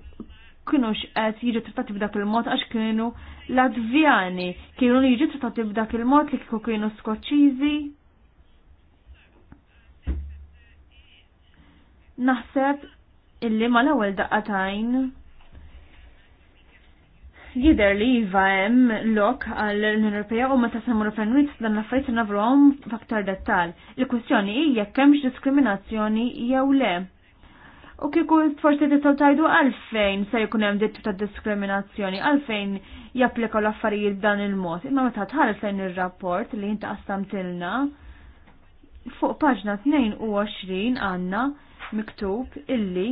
kienux qed jiġu trattati b'dak il-mod għax kienu Latvjani kienu jiġu trattati b'dak il-mod li kieku kienu Skoċċiżi. Naħseb illi mal-ewwel daqqatajn Jider li jiva hemm lok għall-Unjoni Ewropea u meta semmu referendum dan l-affarijiet nafruhom f'aktar dettal. Il-kwestjoni hi jekk hemmx diskriminazzjoni jew le. U kieku forsi tistgħu tajdu għalfejn se jkun hemm dittu ta' diskriminazzjoni, għalfejn japplika l-affarijiet dan il-mod. Imma meta tħallsen ir-rapport li inti qassamtilna fuq paġna 22 għandna miktub illi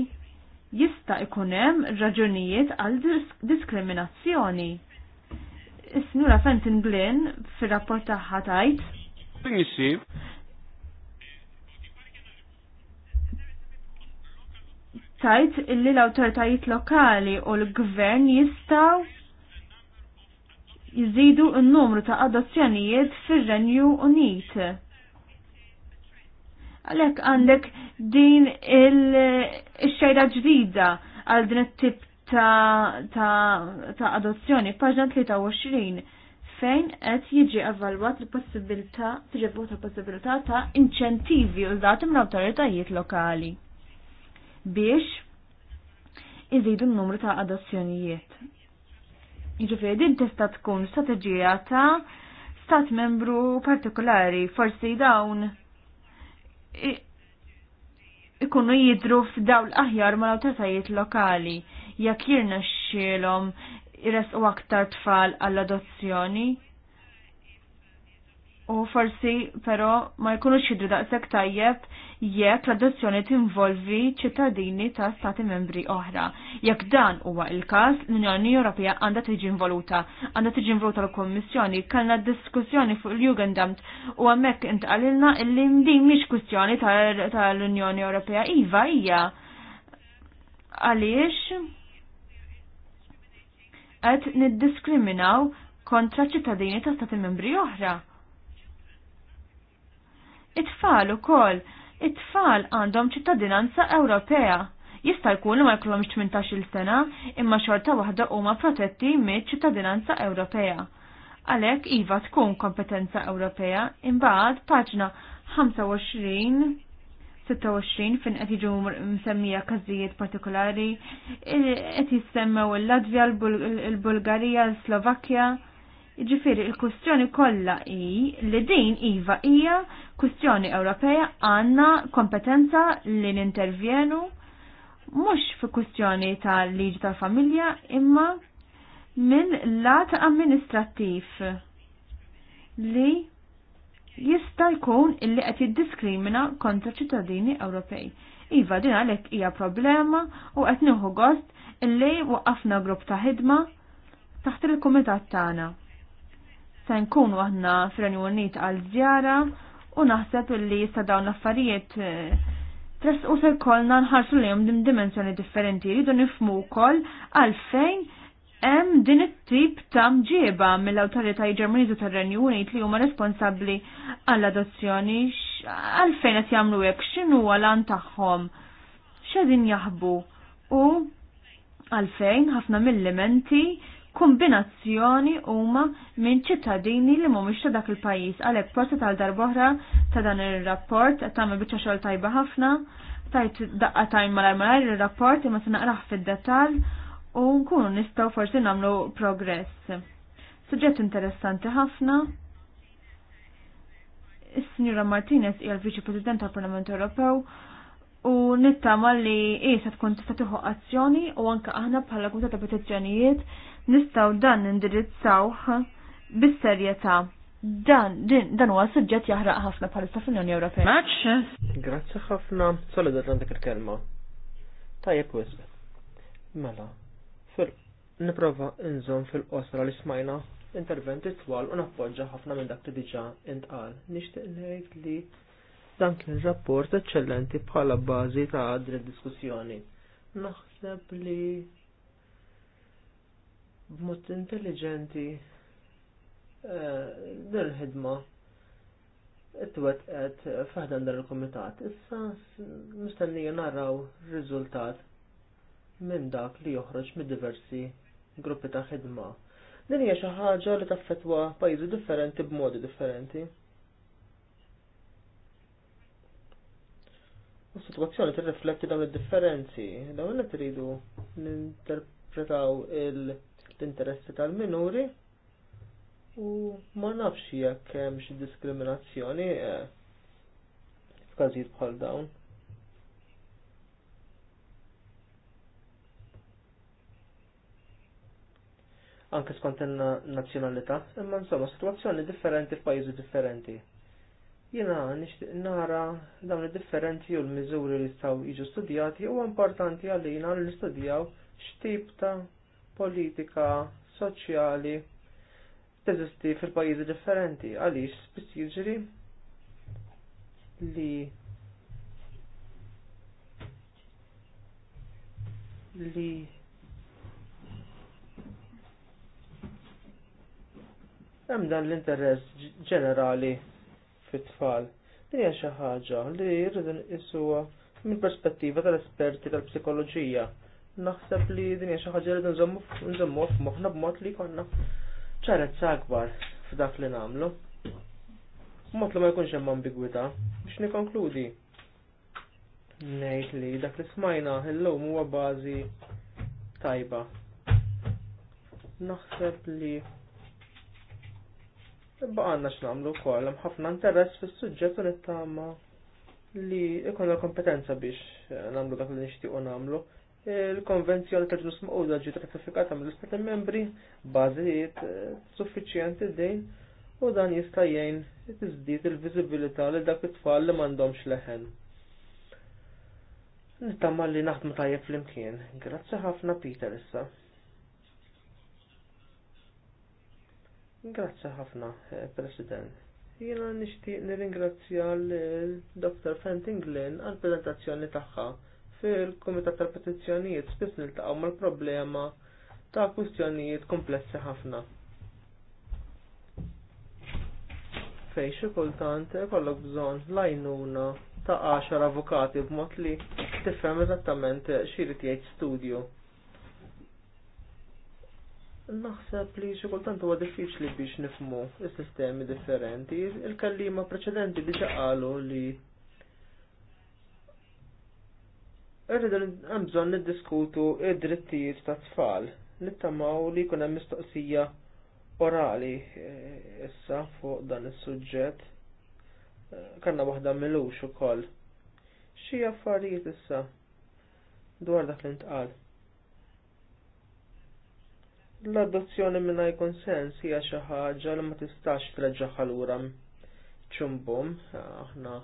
jista' ikunem hemm raġunijiet għal diskriminazzjoni. Is-Sinjura Fenton Glynn fir-rapport tagħha tajt. Tajt illi l-awtoritajiet lokali u l-gvern jistaw jizidu n-numru ta' adozzjonijiet fir-Renju Unit Għalek għandek din il-xejra ġdida għal din it-tip ta', ta, adozzjoni, paġna 23 fejn qed jiġi evalwat il-possibilità tiġi possibilità ta' inċentivi u użati mill-awtoritajiet lokali biex iżidu n-numru ta' adozzjonijiet. Jiġifieri din tista' tkun strateġija ta' stat membru partikolari, forsi dawn ikunu jidru f'dawl aħjar ma l-awtoritajiet lokali jekk jirna xilhom jresqu aktar tfal għall-adozzjoni. U forsi però ma jkunux xidri daqshekk tajjeb jekk l-adozzjoni tinvolvi ċittadini ta' stati membri oħra. Jekk dan huwa il-każ, l-Unjoni Ewropea għandha tiġi involuta, għandha tiġi involuta l-Kommissjoni, kellna diskussjoni fuq il-Jugendamt u hemmhekk intqalilna li din mhix kwistjoni tal-Unjoni Ewropea iva hija. Għaliex qed niddiskriminaw kontra ċittadini ta' stati membri oħra It-tfal ukoll, it-tfal għandhom ċittadinanza Ewropea. Jista' jkun li ma jkollhomx 18-il sena, imma xorta waħda huma protetti mit ċittadinanza Ewropea. Għalhekk iva tkun kompetenza Ewropea, imbagħad paġna 25 26 fin qed jiġu msemmija każijiet partikolari, e, qed jissemmew il-Latvja, il-Bulgarija, il-Slovakkja, il latvja il bulgarija il slovakkja Ġifiri, il-kustjoni kollha i li din iva hija kustjoni Ewropea għandna kompetenza li nintervjenu mhux fi kustjoni tal-liġi tal-familja imma minn lat amministrattiv li jista' jkun illi qed jiddiskrimina kontra ċittadini Ewropej. Iva din għalhekk hija problema u qed nieħu gost illi waqafna grupp ta' ħidma taħt il-kumitat tagħna se nkunu aħna f'Renju renju Unit għal żjara u naħseb illi jista' dawn l-affarijiet eh, Tres u se kolna nħarsu li jom dimensjoni differenti, Jridu nifmu kol għalfejn hemm din it-tip ta' ġieba mill autorita Ġermaniżu tar-Renju Unit li huma responsabbli għall-adozzjoni għalfejn qed jagħmlu hekk x'inhu għalan tagħhom x'edin jaħbu u għalfejn ħafna mill-elementi kombinazzjoni huma minn ċittadini li mhumiex ta' dak il-pajjiż għalhekk forsi tal darboħra ta' dan ir-rapport qed tagħmel biċċa xogħol tajba ħafna tajt daqqa tajn malar malar ir-rapport imma se naqrah fid-dettall u nkunu nistgħu forsi nagħmlu progress. Suġġett interessanti ħafna. Is-Sinjura Martinez hija l-Viċi President tal-Parlament Ewropew u nittama li isa tkun tista' tieħu azzjoni u anke aħna bħala kumitat ta' petizzjonijiet nistgħu dan indirizzawh bis-serjetà. Dan din dan huwa suġġett jaħraq ħafna bħalissa fl-Unjoni Ewropea. Maċ. Grazzi ħafna. Solidat għandek il-kelma. Tajjeb wisq. Mela. Fil niprova nżomm fil-qosra li smajna interventi twal u nappoġġa ħafna minn dak li diġà intqal. Nixtieq ngħid li Dan kien rapport eċċellenti bħala bażi ta' għadri diskussjoni. Naħseb li b'mod intelligenti eh, din il-ħidma it-twet għed faħdan dar il-komitat. Issa mistennija naraw riżultat minn dak li joħroġ minn diversi gruppi ta' ħidma. Din hija xi ħaġa li taffetwa pajjiżi differenti b'modi differenti. situazzjoni t-rifletti dawn id-differenzi, dawn li tridu ninterpretaw l-interessi tal-minuri u ma nafx jekk hemm xi diskriminazzjoni eh, f'każijiet bħal dawn. anke skont nazzjonalità, imma insomma situazzjoni differenti f'pajjiżi differenti. Jena nixtieq nara dawn il differenti u l-miżuri li jistgħu jiġu studjati huwa importanti għalina li studijaw x'tip ta' politika soċjali teżisti fil-pajjiżi differenti għaliex spiss jiġri li li hemm dan l-interess ġenerali fit-tfal. Li hija xi ħaġa li rridu nqisuha mill perspettiva tal-esperti tal-psikoloġija. Naħseb li din hija xi ħaġa li nżommu f'moħħna b'mod li konna ċarezza akbar f'dak li nagħmlu. Mod li ma jkunx hemm ambigwità biex nikkonkludi. Ngħid li dak li smajna illum huwa bażi tajba. Naħseb li Ibba għandna x'namlu wkoll hemm ħafna interess fis-suġġett u nittama li ikun kompetenza biex eh, nagħmlu dak li nixtiequ nagħmlu. Il-konvenzjoni tal-ġnus maquda ġiet ratifikata mill-istati membri bażijiet eh, suffiċjenti dejn u dan jista' jgħin tiżdied il-viżibilità lil dak it-tfal li m'għandhomx leħen. Nittama li naħdmu tajjeb flimkien. Grazzi ħafna Peter issa. Grazzi ħafna, eh, President. Jiena nixtieq nirringrazzja l-Dr. Fentinglin għall-prezentazzjoni tagħha fil-Kumitat tal-Petizzjonijiet spiss niltaqgħu mal-problema ta' kwistjonijiet komplessi ħafna. Fejn xi kultant ikollok bżonn lajnuna ta' 10 avukati b'mod li tifhem eżattament x'irid jgħid studju. Naħseb li xi kultant huwa diffiċli biex nifmu s-sistemi differenti. Il-kallima preċedenti diġa qalu li irridu hemm bżonn niddiskutu id-drittijiet ta' tfal. Nittamaw li jkun hemm mistoqsija orali eh, issa fuq dan is-suġġett. Eh, kanna waħda milux ukoll. Xi affarijiet issa dwar dak li ntqal. L-adozzjoni mingħajr sens hija xi ħaġa li ma tistax treġġaħ ħalura ċumbum, aħna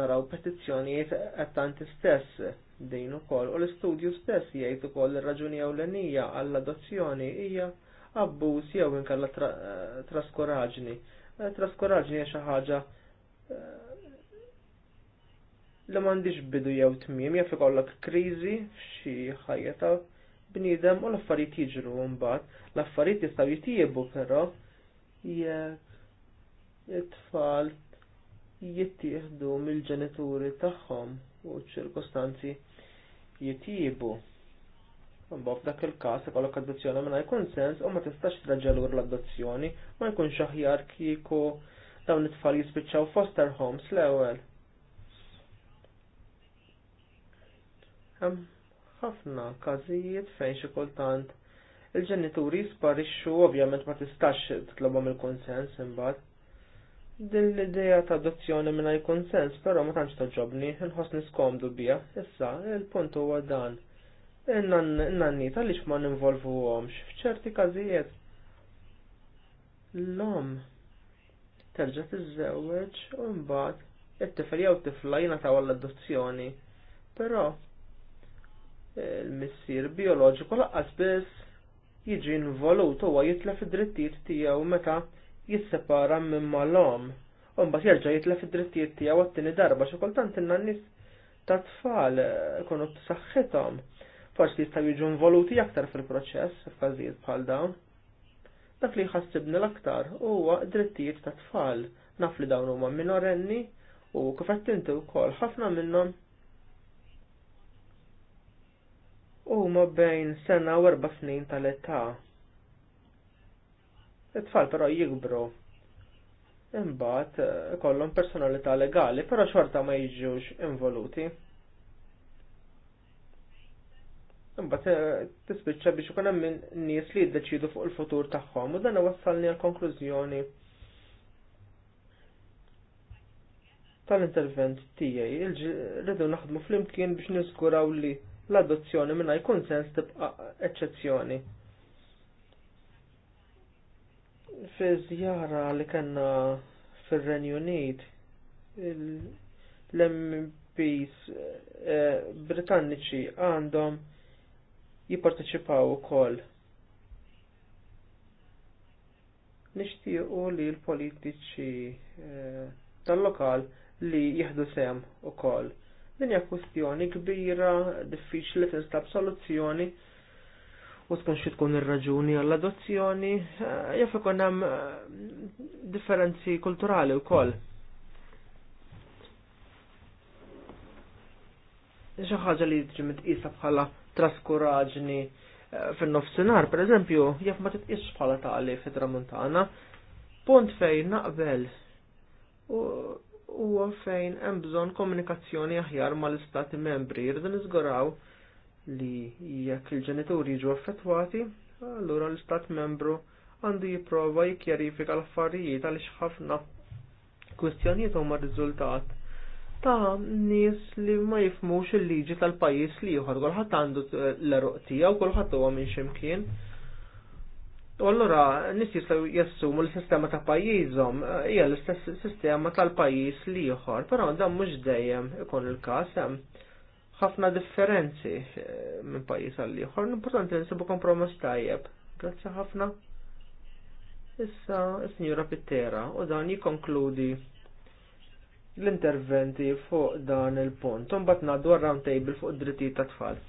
naraw petizzjonijiet qed tant istess din ukoll u l-istudju stess jgħid ukoll ir-raġuni ewlenija għall-adozzjoni hija abbuż jew inkella traskoraġni. Eh, traskoraġni hija xi ħaġa eh, li m'għandix bidu jew tmiem jaf ikollok kriżi f'xi ħajja ta' bniedem u l-affarijiet jiġru mbagħad. L-affarijiet jistgħu jitjiebu però jekk it-tfal jittieħdu mill-ġenituri tagħhom u ċ-ċirkostanzi jitjiebu. Mbagħad f'dak il-każ ikollok adozzjoni mingħajr konsens u ma tistax traġġelur l-adozzjoni ma jkunx aħjar kieku dawn it-tfal jispiċċaw foster homes l-ewwel ħafna każijiet fejn xi kultant il-ġenituri sparixxu ovvjament ma tistax titlobhom il-konsens imbagħad. Din l-idea ta' adozzjoni mingħajr konsens però ma tantx toġobni, inħoss niskomdu biha. Issa, il-punt huwa dan. Innanni tal-ix ma ninvolvuhomx f'ċerti każijiet. L-om terġa' tiżżewweġ u bad it-tifel jew tifla ta' għall-adozzjoni. Però l-missier bioloġiku laqqas biss jiġi involut huwa jitlef id-drittijiet tiegħu meta jissepara minn mal-om. mbagħad jerġa' jitlef id-drittijiet tiegħu għat-tieni darba xi kultant inna n-nies ta' tfal ikunu tsaħħithom, Forsi jistgħu jiġu involuti aktar fil-proċess f'każijiet bħal dawn. Dak li jħassibni l-aktar huwa drittijiet ta' tfal naf li dawn huma minorenni u kif qed inti wkoll ħafna minnhom huma bejn sena u erba' snin tal-età. It-tfal però jikbru. Imbagħad ikollhom eh, personalità legali, però xorta ma jiġux involuti. Imbagħad eh, tispiċċa biex ikun hemm nies li jiddeċidu fuq il-futur tagħhom u dan wassalni għal konklużjoni tal-intervent tiegħi rridu naħdmu flimkien biex niżguraw li l-adozzjoni minna jkun sens tibqa eċċezzjoni. Fi żjara li kellna fir-Renju Unit, l-MPs eh, Britanniċi għandhom jipparteċipaw ukoll. Nixtiequ li l-politiċi eh, tal-lokal li jieħdu sem ukoll Din hija kwestjoni kbira, diffiċli tinstab soluzzjoni u tkun xi tkun ir-raġuni għall-adozzjoni, eh, jaf ikun hemm eh, differenzi kulturali wkoll. Xi ħaġa li tiġi mitqisa bħala traskuraġni eh, fin-nofsinhar, pereżempju, jekk ma titqisx bħala tali fit-tramuntana, punt fejn naqbel u huwa fejn hemm bżonn komunikazzjoni aħjar mal-istati membri jirdu niżguraw li jekk il-ġenituri jiġu affettwati, allura l-istat membru għandu jipprova jikkjarifika l-affarijiet għaliex ħafna kwistjonijiet huma riżultat ta' nies li ma jifmux il-liġi tal-pajjiż li ieħor kulħadd għandu l-eruq tiegħu kulħadd huwa minn ximkien. U allora nis jistaw jassumu l-sistema ta' pajjiżhom eh, hija l-istess sistema tal-pajjiż li ieħor, però dan mhux dejjem ikun il-każ hemm ħafna differenzi eh, minn pajjiż għal ieħor, importanti nsibu kompromess tajjeb. Grazzi ħafna. Issa s sinjura Pittera u dan jikkonkludi l-interventi fuq dan il-punt. Imbagħad ngħaddu round table fuq id-drittijiet tat-tfal.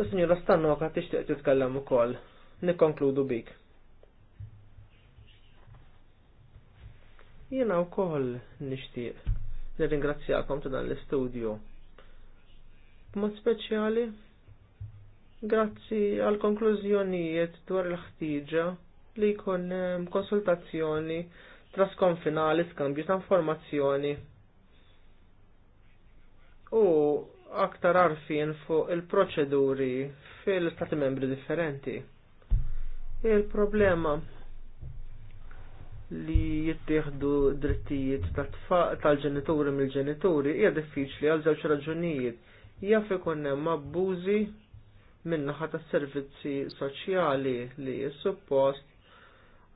U sinjura Stannoka tixtieq titkellem ukoll. Nikkonkludu bik. Jiena wkoll nixtieq nirringrazzjakom ta' dan l-istudju. B'mod speċjali, grazzi għal konklużjonijiet dwar l-ħtiġa li jkun ehm, konsultazzjoni finali skambju ta' informazzjoni. U aktar arfin fuq il-proċeduri fil-stati membri differenti. Il-problema li jittieħdu drittijiet tal-ġenituri mill-ġenituri hija diffiċli għal żewġ raġunijiet. Jaf ikun hemm abbużi minnaħa tas-servizzi soċjali li suppost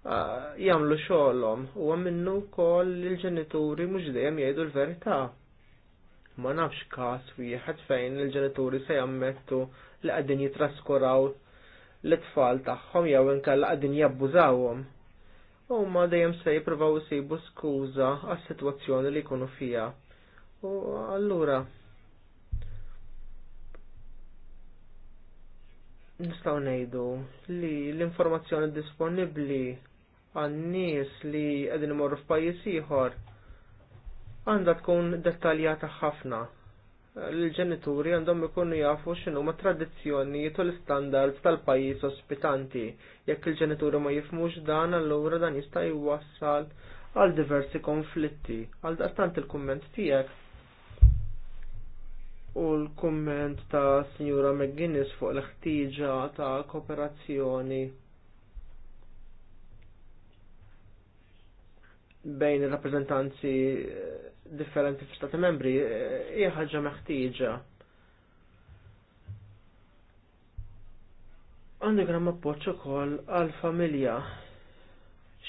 ah, jagħmlu xogħolhom u minnu wkoll il-ġenituri mhux dejjem jgħidu l-verità ma nafx każ wieħed fejn il-ġenituri se jammettu li qegħdin jitraskuraw l-tfal tagħhom jew inkella qegħdin jabbużawhom. Huma dejjem se jippruvaw isibu skuża għas-sitwazzjoni li jkunu fiha. U allura nistgħu ngħidu li l-informazzjoni disponibbli għan-nies li qegħdin imorru f'pajjiż ieħor għandha tkun dettaljata ħafna. L-ġenituri għandhom ikunu jafu x'inhu ma tradizzjonijiet u l-istandards tal-pajjiż ospitanti. Jekk il-ġenituri ma jifmux dan, allura dan jista' jwassal għal diversi konflitti. Għal daqstant il-kumment tiegħek u l-kumment ta' Sinjura McGuinness fuq l-ħtiġa ta' kooperazzjoni bejn rappresentanzi eh, differenti fl-Stati membri eh, hija ħaġa meħtieġa. Għandek appoġġ ukoll għal familja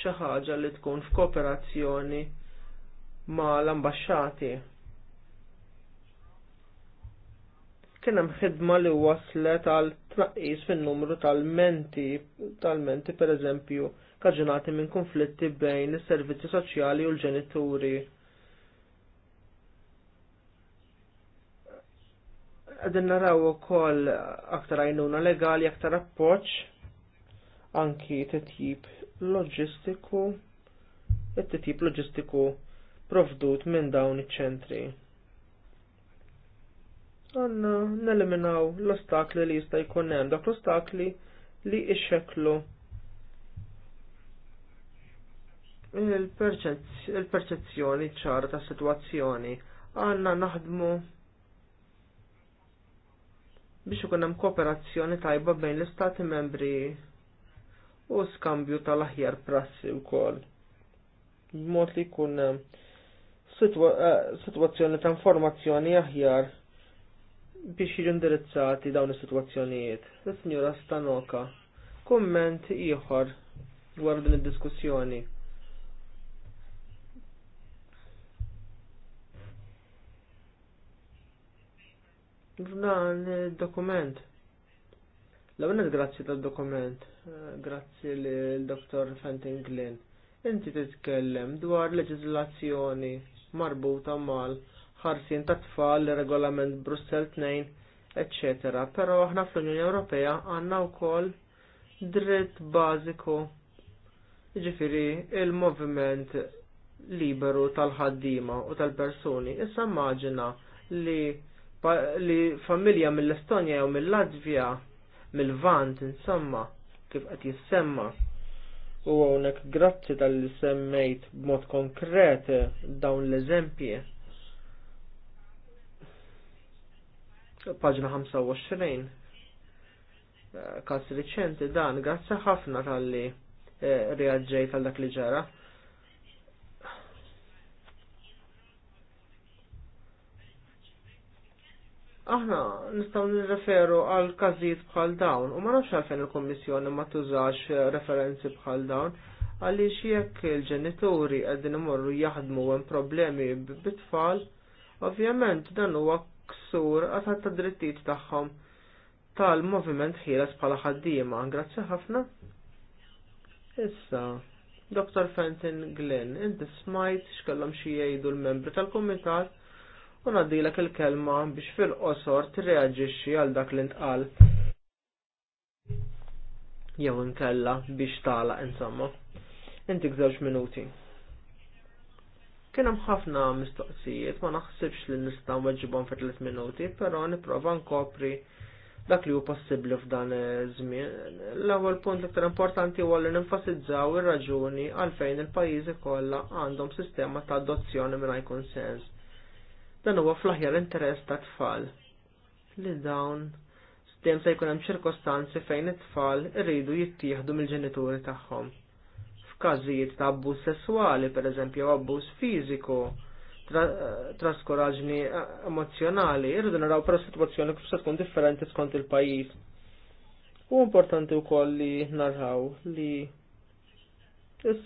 xi ħaġa li tkun f'kooperazzjoni ma' l-ambasċati. Kien hemm ħidma li waslet għal tnaqqis fin-numru tal-menti, tal-menti pereżempju kaġunati minn konflitti bejn is-servizzi soċjali u l-ġenituri. Għadin naraw ukoll aktar għajnuna legali, aktar appoġġ, anki titjib loġistiku, it-titjib loġistiku provdut minn dawn iċ-ċentri. Għanna neliminaw l-ostakli li jista' jkun hemm dak l-ostakli li ixxeklu il-perċezzjoni ċara ta' situazzjoni għanna naħdmu biex ikun hemm kooperazzjoni tajba bejn l-istati membri u skambju tal-aħjar prassi wkoll. B'mod li jkun eh, eh, situazzjoni ta' informazzjoni aħjar biex jiġu indirizzati dawn is-sitwazzjonijiet. Is-Sinjura Stanoka, kumment ieħor dwar din id-diskussjoni. f'dan il-dokument. L-għunet grazzi tal-dokument, eh, grazzi l-Dr. Fenton Glynn. Inti titkellem dwar leġizlazzjoni marbuta mal ħarsin ta' tfal, regolament Brussel 2, etc. Pero aħna fl-Unjoni Ewropea għanna wkoll dritt bażiku ġifiri il-moviment liberu tal-ħaddima u tal-persuni. Issa maġina li li familja mill-Estonja jew mill-Latvja mill-Vant insomma kif qed jissemma. U hawnhekk grazzi tal-li semmejt b'mod konkret dawn l-eżempji. Paġna 25. Eh, kas riċenti dan, grazzi ħafna tal-li eh, reagġejt għal dak li ġara. aħna nistgħu nirreferu għal każijiet bħal dawn u ma nafx għalfejn il-Kummissjoni ma tużax eh, referenzi bħal dawn għaliex jekk il-ġenituri qegħdin imorru jaħdmu hemm problemi bit-tfal, ovvjament dan huwa ksur għasat ta' drittijiet tagħhom tal-moviment ħieles bħala ħaddiema. Grazzi ħafna. Issa, Dr. Fenton Glenn, inti smajt x'kellhom xi jgħidu l-membri tal-Kumitat u naddilek il-kelma biex fil-qosor tirreġixxi għal dak li ntqal. Jew inkella biex tala insomma. Intik żewġ minuti. Kien hemm ħafna mistoqsijiet ma naħsibx li nista' weġibhom fi tliet minuti, però nipprova nkopri dak li hu possibbli f'dan iż-żmien. L-ewwel punt l-iktar importanti huwa li nenfasizzaw ir-raġuni għalfejn il-pajjiżi kollha għandhom sistema ta' adozzjoni mingħajr konsens dan huwa fl-aħjar interess ta' tfal. Li dawn dejjem se jkun hemm ċirkostanzi fejn it-tfal irridu jittieħdu mill-ġenituri tagħhom. F'każijiet ta' abbuż sesswali, pereżempju, jew abbuż fiżiku, traskoraġni eh, emozjonali, irridu naraw però sitwazzjoni kif se tkun differenti skont il-pajjiż. U importanti wkoll li narraw li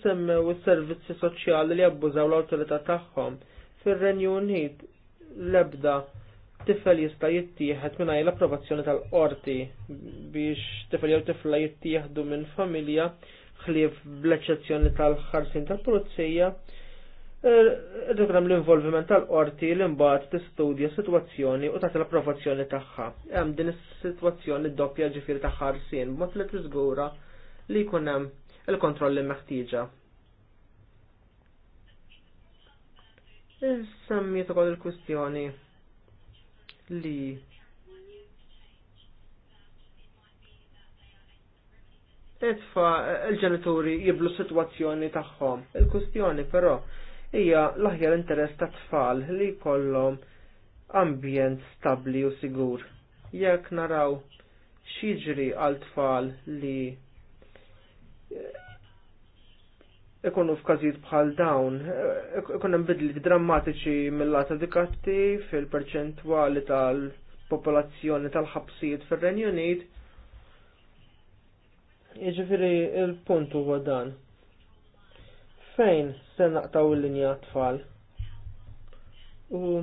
semmew is-servizzi soċjali li abbużaw l-awtorità tagħhom fir-Renju Unit l-ebda tifel jista' jittieħed mingħajr l-approvazzjoni tal-qorti biex tifel jew tifla jittieħdu minn familja ħlief bl-eċċezzjoni tal-ħarsin tal-pulizija eh, Irregram l-involviment tal-qorti li mbagħad tistudja studja sitwazzjoni u tagħti l-approvazzjoni tagħha. Hemm din is-sitwazzjoni doppja ġifir ta' ħarsien b'mod li tiżgura li jkun hemm il-kontrolli meħtieġa. Sammiet ukoll il-kwistjoni li Etfa il-ġenituri jiblu situazzjoni tagħhom. Il-kwistjoni però hija l-aħjar interess ta' tfal li jkollhom ambjent stabbli u sigur. Jekk naraw xiġri għal tfal li ikonu f'każijiet bħal dawn, eh, ikun hemm bidli drammatiċi mill-lat edukatti fil-perċentwali tal-popolazzjoni tal-ħabsijiet fir-Renju Unit. Jiġifieri il-punt huwa dan. Fejn se naqtaw il-linja tfal? U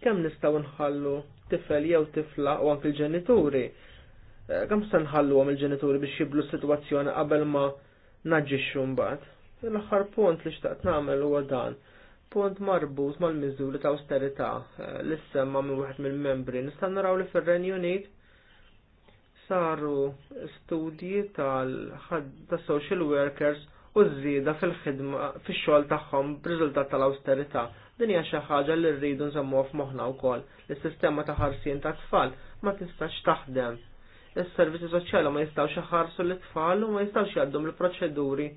kemm nistgħu nħallu tifel jew tifla u anke l-ġenituri? Eh, kemm se nħalluhom il-ġenituri biex jiblu s-sitwazzjoni qabel ma naġġixxu mbagħad? L-aħħar punt li xtaqt nagħmel huwa dan. Punt marbut mal-miżuri ta' austerita eh, li semma minn wieħed mill-membri. Nistan naraw li fir-Renju Unit saru studji tal-social workers u żieda fil-ħidma fix-xogħol tagħhom b'riżultat tal-austerità din hija xi ħaġa li rridu nżammuha f'moħħna wkoll. Is-sistema ta' ħarsien ta' tfal ma tistax taħdem. Is-servizzi soċjali ma jistgħux iħarsu l-tfal u ma jistgħux jgħaddhom il-proċeduri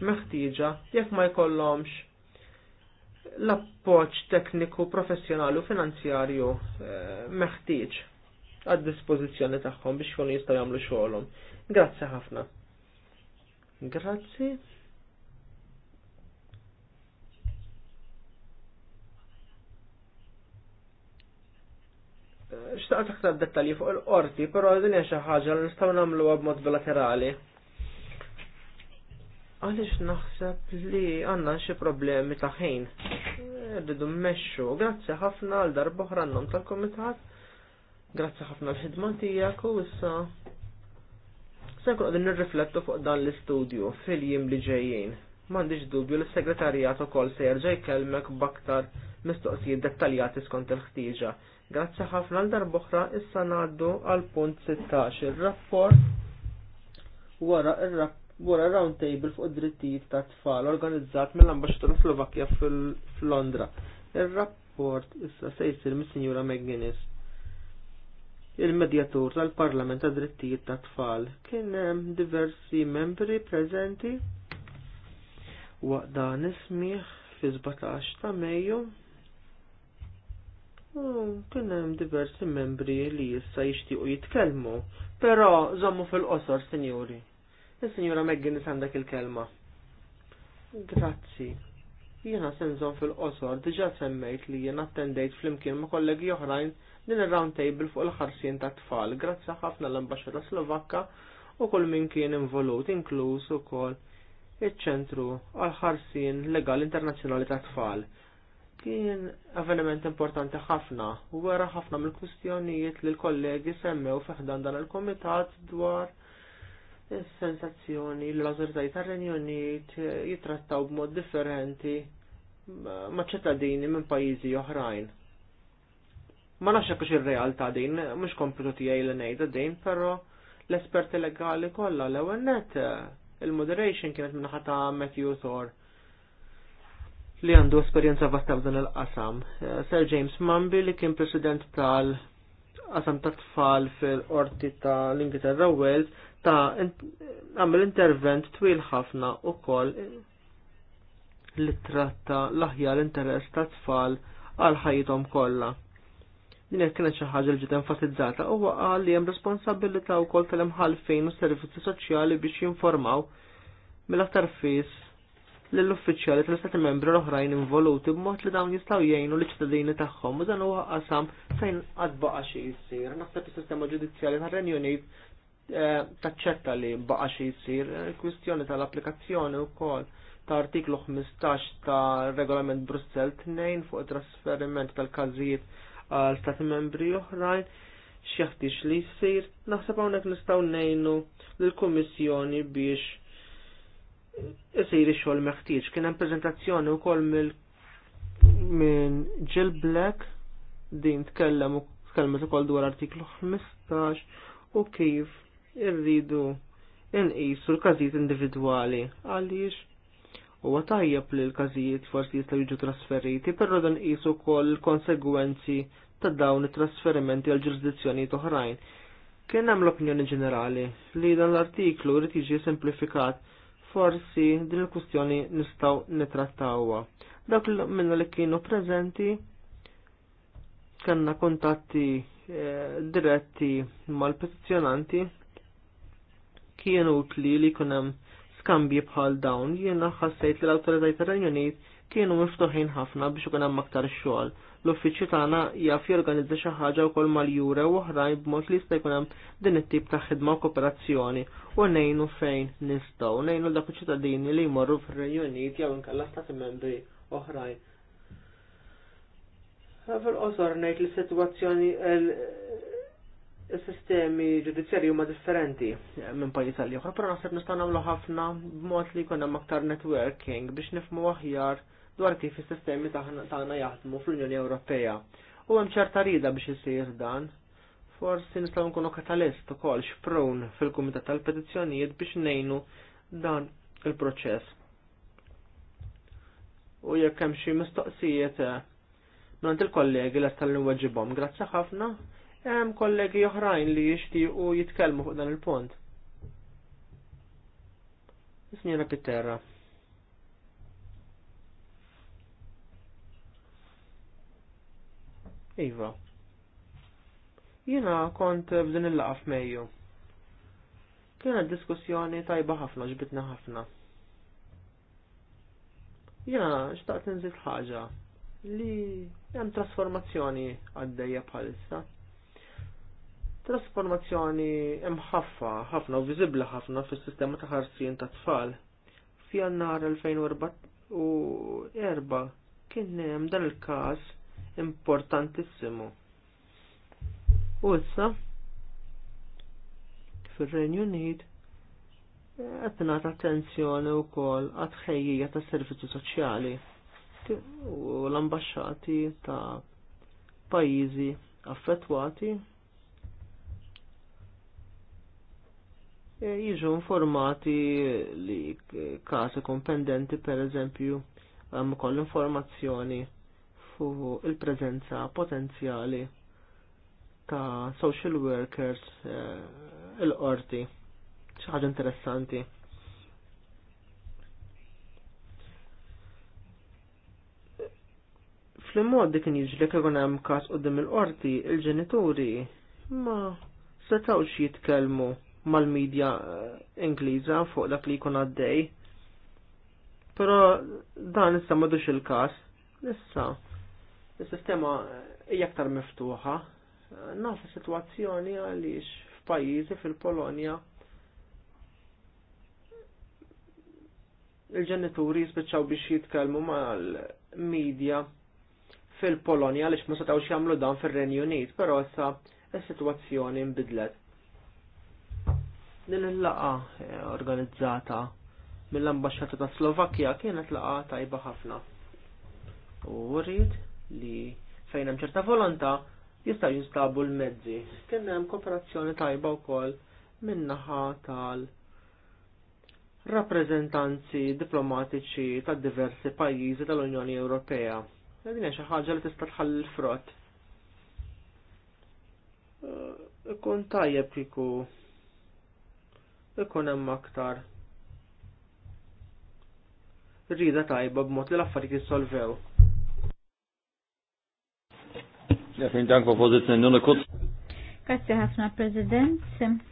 meħtieġa jekk ma jkollhomx l-appoġġ tekniku, professjonali u finanzjarju eh, meħtieġ għad dispożizzjoni tagħhom biex jkunu jistgħu jagħmlu xogħolhom. Grazzi ħafna. Grazzi. Eh, xtaqt aktar dettalji fuq il-qorti, però din hija xi ħaġa li nistgħu nagħmluha b'mod bilaterali. Għalix naħseb li għanna xie problemi ta' Rridu meċu, Grazzi ħafna għal darba oħra nom tal-komitat. Grazzi ħafna l-ħidma tiegħek u issa. Se għadin nirriflettu fuq dan l-istudju fil-jiem li ġejjin. M'għandix dubju li s-segretarjat ukoll se jerġa' jkellmek b'aktar mistoqsijiet dettaljati skont il-ħtieġa. Grazzi ħafna għal darba ħra issa ngħaddu għal punt 16 ir-rapport wara ir-rapport wara round table fuq id-drittijiet ta' tfal organizzat mill-ambaxxatur Slovakkja fil-Londra. Ir-rapport issa se jsir mis-Sinjura McGuinness. Il-medjatur tal-Parlament ta' drittijiet ta' tfal kien hemm diversi membri preżenti waqt dan ismih fi 17 ta' Mejju. Kien hemm diversi membri li issa jixtiequ jitkellmu, però żommu fil-qosor, sinjuri il signora Meggin għandak il-kelma. Grazzi. Jena senżon fil-qosor diġa semmejt li jena attendejt fl-imkien ma kollegi oħrajn din il-round table fuq il-ħarsien ta' tfal. Grazzi ħafna l-ambasċata Slovakka u kull min kien involut inkluż ukoll iċ-ċentru għal ħarsien legal internazzjonali ta' tfal. Kien avveniment importanti ħafna u għera ħafna mill-kwistjonijiet li l-kollegi semmew fiħdan dan il-komitat dwar sensazzjoni l l-autoritajiet tar-Renjonit jitrattaw b'mod differenti ma' ċittadini minn pajjiżi oħrajn. Ma nafx hekk ir-realtà din, mhux kompetu tiegħi li ngħidha din, però l-esperti legali kollha l-ewwel net il-moderation kienet minn ħata Matthew Thor li għandu esperjenza vasta f'dan il-qasam. Sir James Mambi li kien president tal-qasam tat-tfal fil-qorti tal-Ingilterra Wales ta' għamil intervent twil ħafna u kol li tratta l-aħjar interess ta' tfal għal ħajjithom kollha. Din qed kienet xi ħaġa li ġiet enfatizzata u qal li hemm responsabilità wkoll tal imħalfejn u servizzi soċjali biex jinformaw mill-aktar fis lill-uffiċjali tal-Istati Membri l-oħrajn involuti b'mod li dawn jistgħu jgħinu l-ċittadini tagħhom u dan huwa qasam fejn qatt baqa' xi jsir. Naħseb is-sistema ġudizzjali tar-Renju Unit Eh, taċċetta li baqa xi jsir eh, kwistjoni tal-applikazzjoni wkoll ta' artiklu 15 ta' regolament Brussel 2 fuq it trasferiment tal-każijiet għal stati membri oħrajn x'jaħtix li jsir, naħseb hawnhekk nistgħu ngħinu lill-Kummissjoni biex isir ix-xogħol meħtieġ. Kien hemm preżentazzjoni wkoll mill minn Jill Black din tkellem tkellmet ukoll dwar artiklu 15 u kif irridu nqisu l-każijiet individwali għaliex huwa tajjeb li l-każijiet forsi jistgħu jiġu trasferiti, però dan qisu wkoll il-konsegwenzi ta' dawn it-trasferimenti għal ġurisdizzjonijiet oħrajn. Kien hemm l-opinjoni ġenerali li dan l-artiklu rrid jiġi simplifikat forsi din il-kustjoni nistgħu nitrattawha. Dak minna li kienu preżenti kanna kontatti eh, diretti mal-petizjonanti kienu utli li kunem skambji bħal dawn jiena ħassejt li l-autoritajt tal-Unit kienu miftuħin ħafna biex ikun hemm aktar xogħol. L-uffiċċju tagħna jaf jorganizza xi ħaġa wkoll mal-jura u oħrajn b'mod li jista' jkun hemm din it-tip ta' ħidma u kooperazzjoni u ngħinu fejn nistgħu, ngħinu dak iċ-ċittadini li jmorru fir-Renju Unit jew inkella stati membri oħrajn. fil ozor ngħid li sitwazzjoni Is-sistemi ġudizzjarji huma differenti minn pajjiż għal ieħor, però naħseb nista' nagħmlu ħafna b'mod li jkun hemm aktar networking biex nifhmu aħjar dwar kif is-sistemi tagħna jaħdmu fl-Unjoni Ewropea. U hemm ċerta rida biex isir dan, forsi nistgħu nkunu katalist ukoll xprun fil-Kumitat tal-Petizzjonijiet biex ngħinu dan il-proċess. U jekk hemm xi mistoqsijiet eh, minn il-kollegi lest l inweġibhom grazzi ħafna Hemm kollegi oħrajn li jixtiequ jitkellmu fuq dan il-punt. Ismina Pitterra. Iva. Jiena kont b'din il-laqaf mejju. Kienet diskussjoni tajba ħafna, ġbitna ħafna. Jiena xtaqt nżid ħaġa li hemm trasformazzjoni għaddejja bħalissa. Trasformazzjoni hemm ħafna, u viżibbli ħafna fis-sistema ta' ħarsien ta' tfal. F'jannar 2004 kien hemm dan il-każ importantissimu. U issa fir-Renju Unit qed nagħta attenzjoni wkoll għat-tħejjija tas servizzi soċjali u l-ambaxxati ta' pajjiżi affettwati E jiġu informati li kas ikun pendenti per eżempju għam koll informazzjoni fuq il-prezenza potenzjali ta' social workers e, il-qorti ħaġa interessanti. Fl-mod dik jiġri kif hemm każ qudiem il-qorti, il-ġenituri ma setgħux jitkellmu mal-medja eh, Ingliża fuq dak li jkun għaddej. Però dan issa madux il-każ. Issa is-sistema hija aktar miftuħa. Nafu sitwazzjoni għaliex f'pajjiżi fil-Polonja il-ġenituri jispiċċaw biex jitkellmu mal-medja fil-Polonja għaliex ma setgħux jagħmlu dan fir-Renju Unit, però issa is-sitwazzjoni nbidlet. Din il-laqa eh, organizzata mill-ambasċata ta' Slovakkja kienet laqa tajba ħafna. U rrid li fejn hemm ċerta volontà jista' jinstabu l-mezzi. Kien hemm kooperazzjoni tajba wkoll min-naħa tal rappreżentanzi diplomatiċi tad diversi pajjiżi tal-Unjoni Ewropea. E din hija xi ħaġa li tista' tħalli l-frott. E, ikun tajjeb kieku ikun hemm aktar rrida tajba b'mod li l-affarijiet jissolvew. Grazie ħafna President.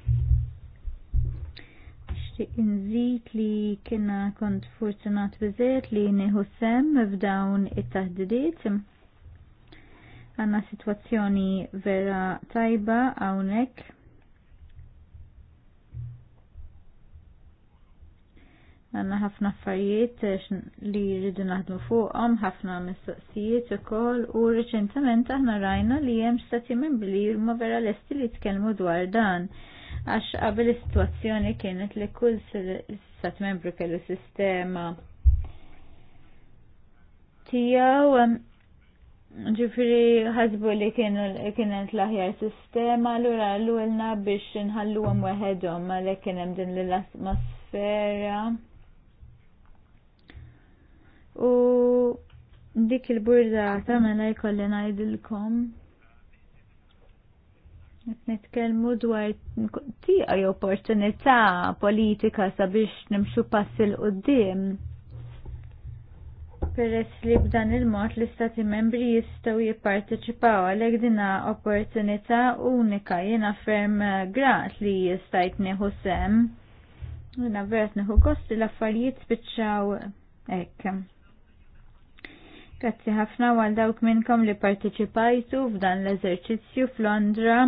Xtiq inżid li kiena kont fortunat biżiet li nieħu sem f'dawn it-taħdidiet. Għanna sitwazzjoni vera tajba hawnhekk Għanna ħafna affarijiet eh, li rridu naħdmu fuqhom, ħafna mistoqsijiet ukoll u riċentement aħna rajna li hemm stati membri li huma vera lesti li tkellmu dwar dan. Għax qabel is-sitwazzjoni kienet li kull stat membru kellu sistema tiegħu, ġifiri ħasbu li kienet laħjar sistema l-ura l-ulna biex nħallu għam għalhekk kien kienem din l-atmosfera U dik il ta' mela jkolli ngħidilkom. Qed nitkellmu dwar tiqa opportunità politika sabiex nimxu pass il qudiem Peress li b'dan il-mod l-istati membri jistgħu jipparteċipaw għalhekk dina opportunità unika jiena ferm grat li jistajt nieħu sem. Jiena verat neħu gost li l-affarijiet spiċċaw hekk. Grazzi ħafna għal dawk minnkom li parteċipajtu f'dan l-eżerċizzju f'Londra.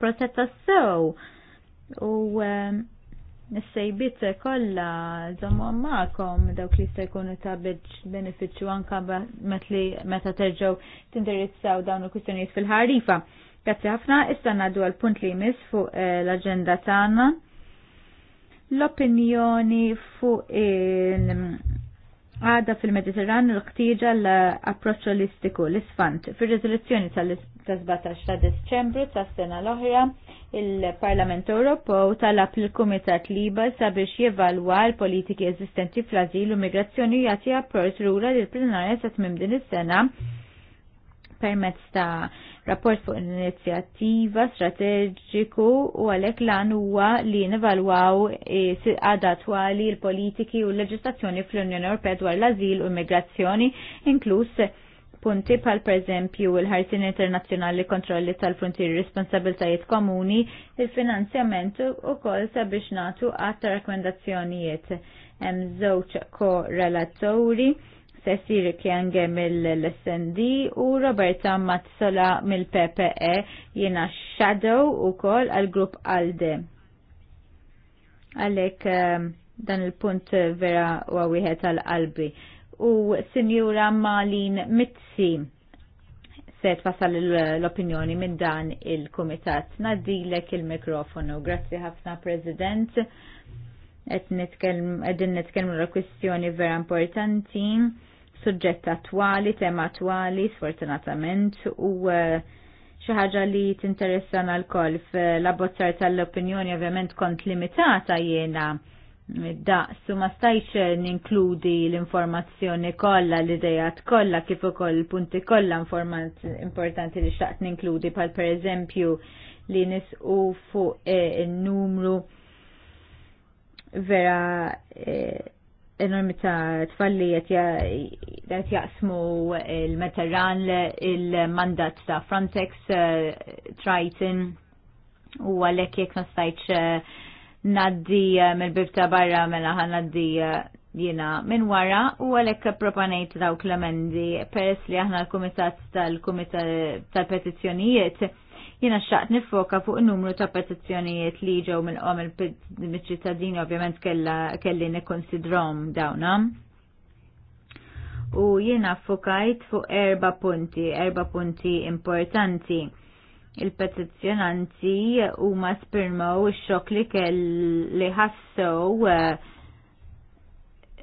Protetta sew u Is-sejbit ehm, kollha żommhom dawk li se jkunu ta' benefiċċju anke meta terġgħu tindirizzaw dawn il-kwistjonijiet fil-ħarifa. Grazzi ħafna, issa ngħaddu għal punt li jmiss fuq eh, l agenda tagħna. L-opinjoni fuq il- għada fil-Mediterran l-ħtieġa l-approċċ holistiku l-isfant. Fir-riżoluzzjoni tal-17 ta' Deċembru tas sena l-oħra, il-Parlament Ewropew talab lill kumitat Liba sabiex jevalwa l-politiki eżistenti fl-azil u migrazzjoni jagħti approċċ rura lil plenarja sa tmiem din is-sena permezz ta' rapport fuq l inizjattiva strateġiku u għalhekk lan huwa li nevalwaw għada twali l-politiki u l-leġislazzjoni fl-Unjoni Ewropea dwar l-azil u l immigrazzjoni inkluż punti pal per eżempju il-ħarsin internazzjonali kontrolli tal frontier responsabiltajiet komuni, il-finanzjament u kol sabiex natu għatta rakkomendazzjonijiet. Hemm żewġ korrelatori Cecil Kjange mill-SND u Roberta Mazzola mill-PPE jena Shadow u kol għal-grupp ALDE. Għalek eh, dan il-punt vera u għawihet għal-qalbi. U Sinjura Malin Mitzi se tfasal l-opinjoni minn dan il-Kumitat. Naddilek il-mikrofonu. Grazzi ħafna, President. għedin nitkellmu l kwistjoni vera importanti suġġett attwali, tema attwali, sfortunatament, u eh, xi ħaġa li tinteressana għal koll fl-abbozzar tal-opinjoni ovvjament kont limitata jiena su ma stajx ninkludi l-informazzjoni kollha l-idejat kollha kif ukoll punti kollha importanti li xtaqt ninkludi bħal pereżempju li nisqu fuq in-numru eh, vera eh, enormi ta' tfalli għet jaqsmu il-Mediterran, il-mandat ta' Frontex, eh, Triton, u għalek jek nastajċ eh, naddi eh, mill-bibta barra mela ħan naddi jina minn wara u għalek propanajt daw l-amendi peress li aħna l-Kumitat tal-Kumitat tal-Petizzjonijiet Jina xaqt nifoka fuq numru ta' petizzjonijiet li ġew minn qom il-ċittadini ovvjament kelli nikkonsidrom dawna. U jiena fokajt fuq erba punti, erba punti importanti il-petizzjonanti u ma spirmaw il-xok li kell ħassow uh, eh,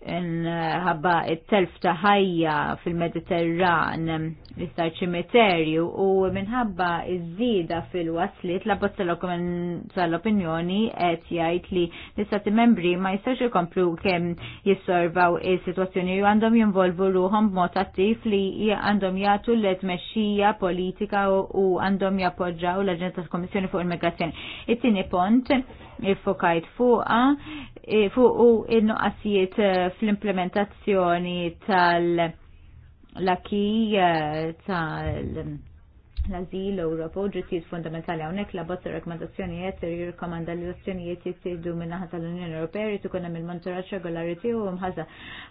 ħabba it-telf ta' ħajja fil-Mediterran l-Istar ċimiterju u minħabba iż-żida fil-waslit la bozza tal-opinjoni qed jgħid li l-istati membri ma jistax ikomplu kemm jissorvaw is-sitwazzjoni u għandhom jinvolvu ruhom b'mod attiv li għandhom jagħtu l tmexxija politika u għandhom jappoġġaw l-Aġenda tal-Kommissjoni fuq il-Migrazzjoni. It-tieni pont fokajt fuqa fuq u il-nuqqasijiet eh, fl-implementazzjoni tal-laki eh, tal- l-azil Ewropa u ġittijiet fundamentali hawnhekk la bozza rekomendazzjonijiet jirrikomanda li l-azzjonijiet jittieħdu minnaħa tal-Unjoni Ewropea jrid ikun hemm il-monitoraġġ regolari tiegħu m'ħaza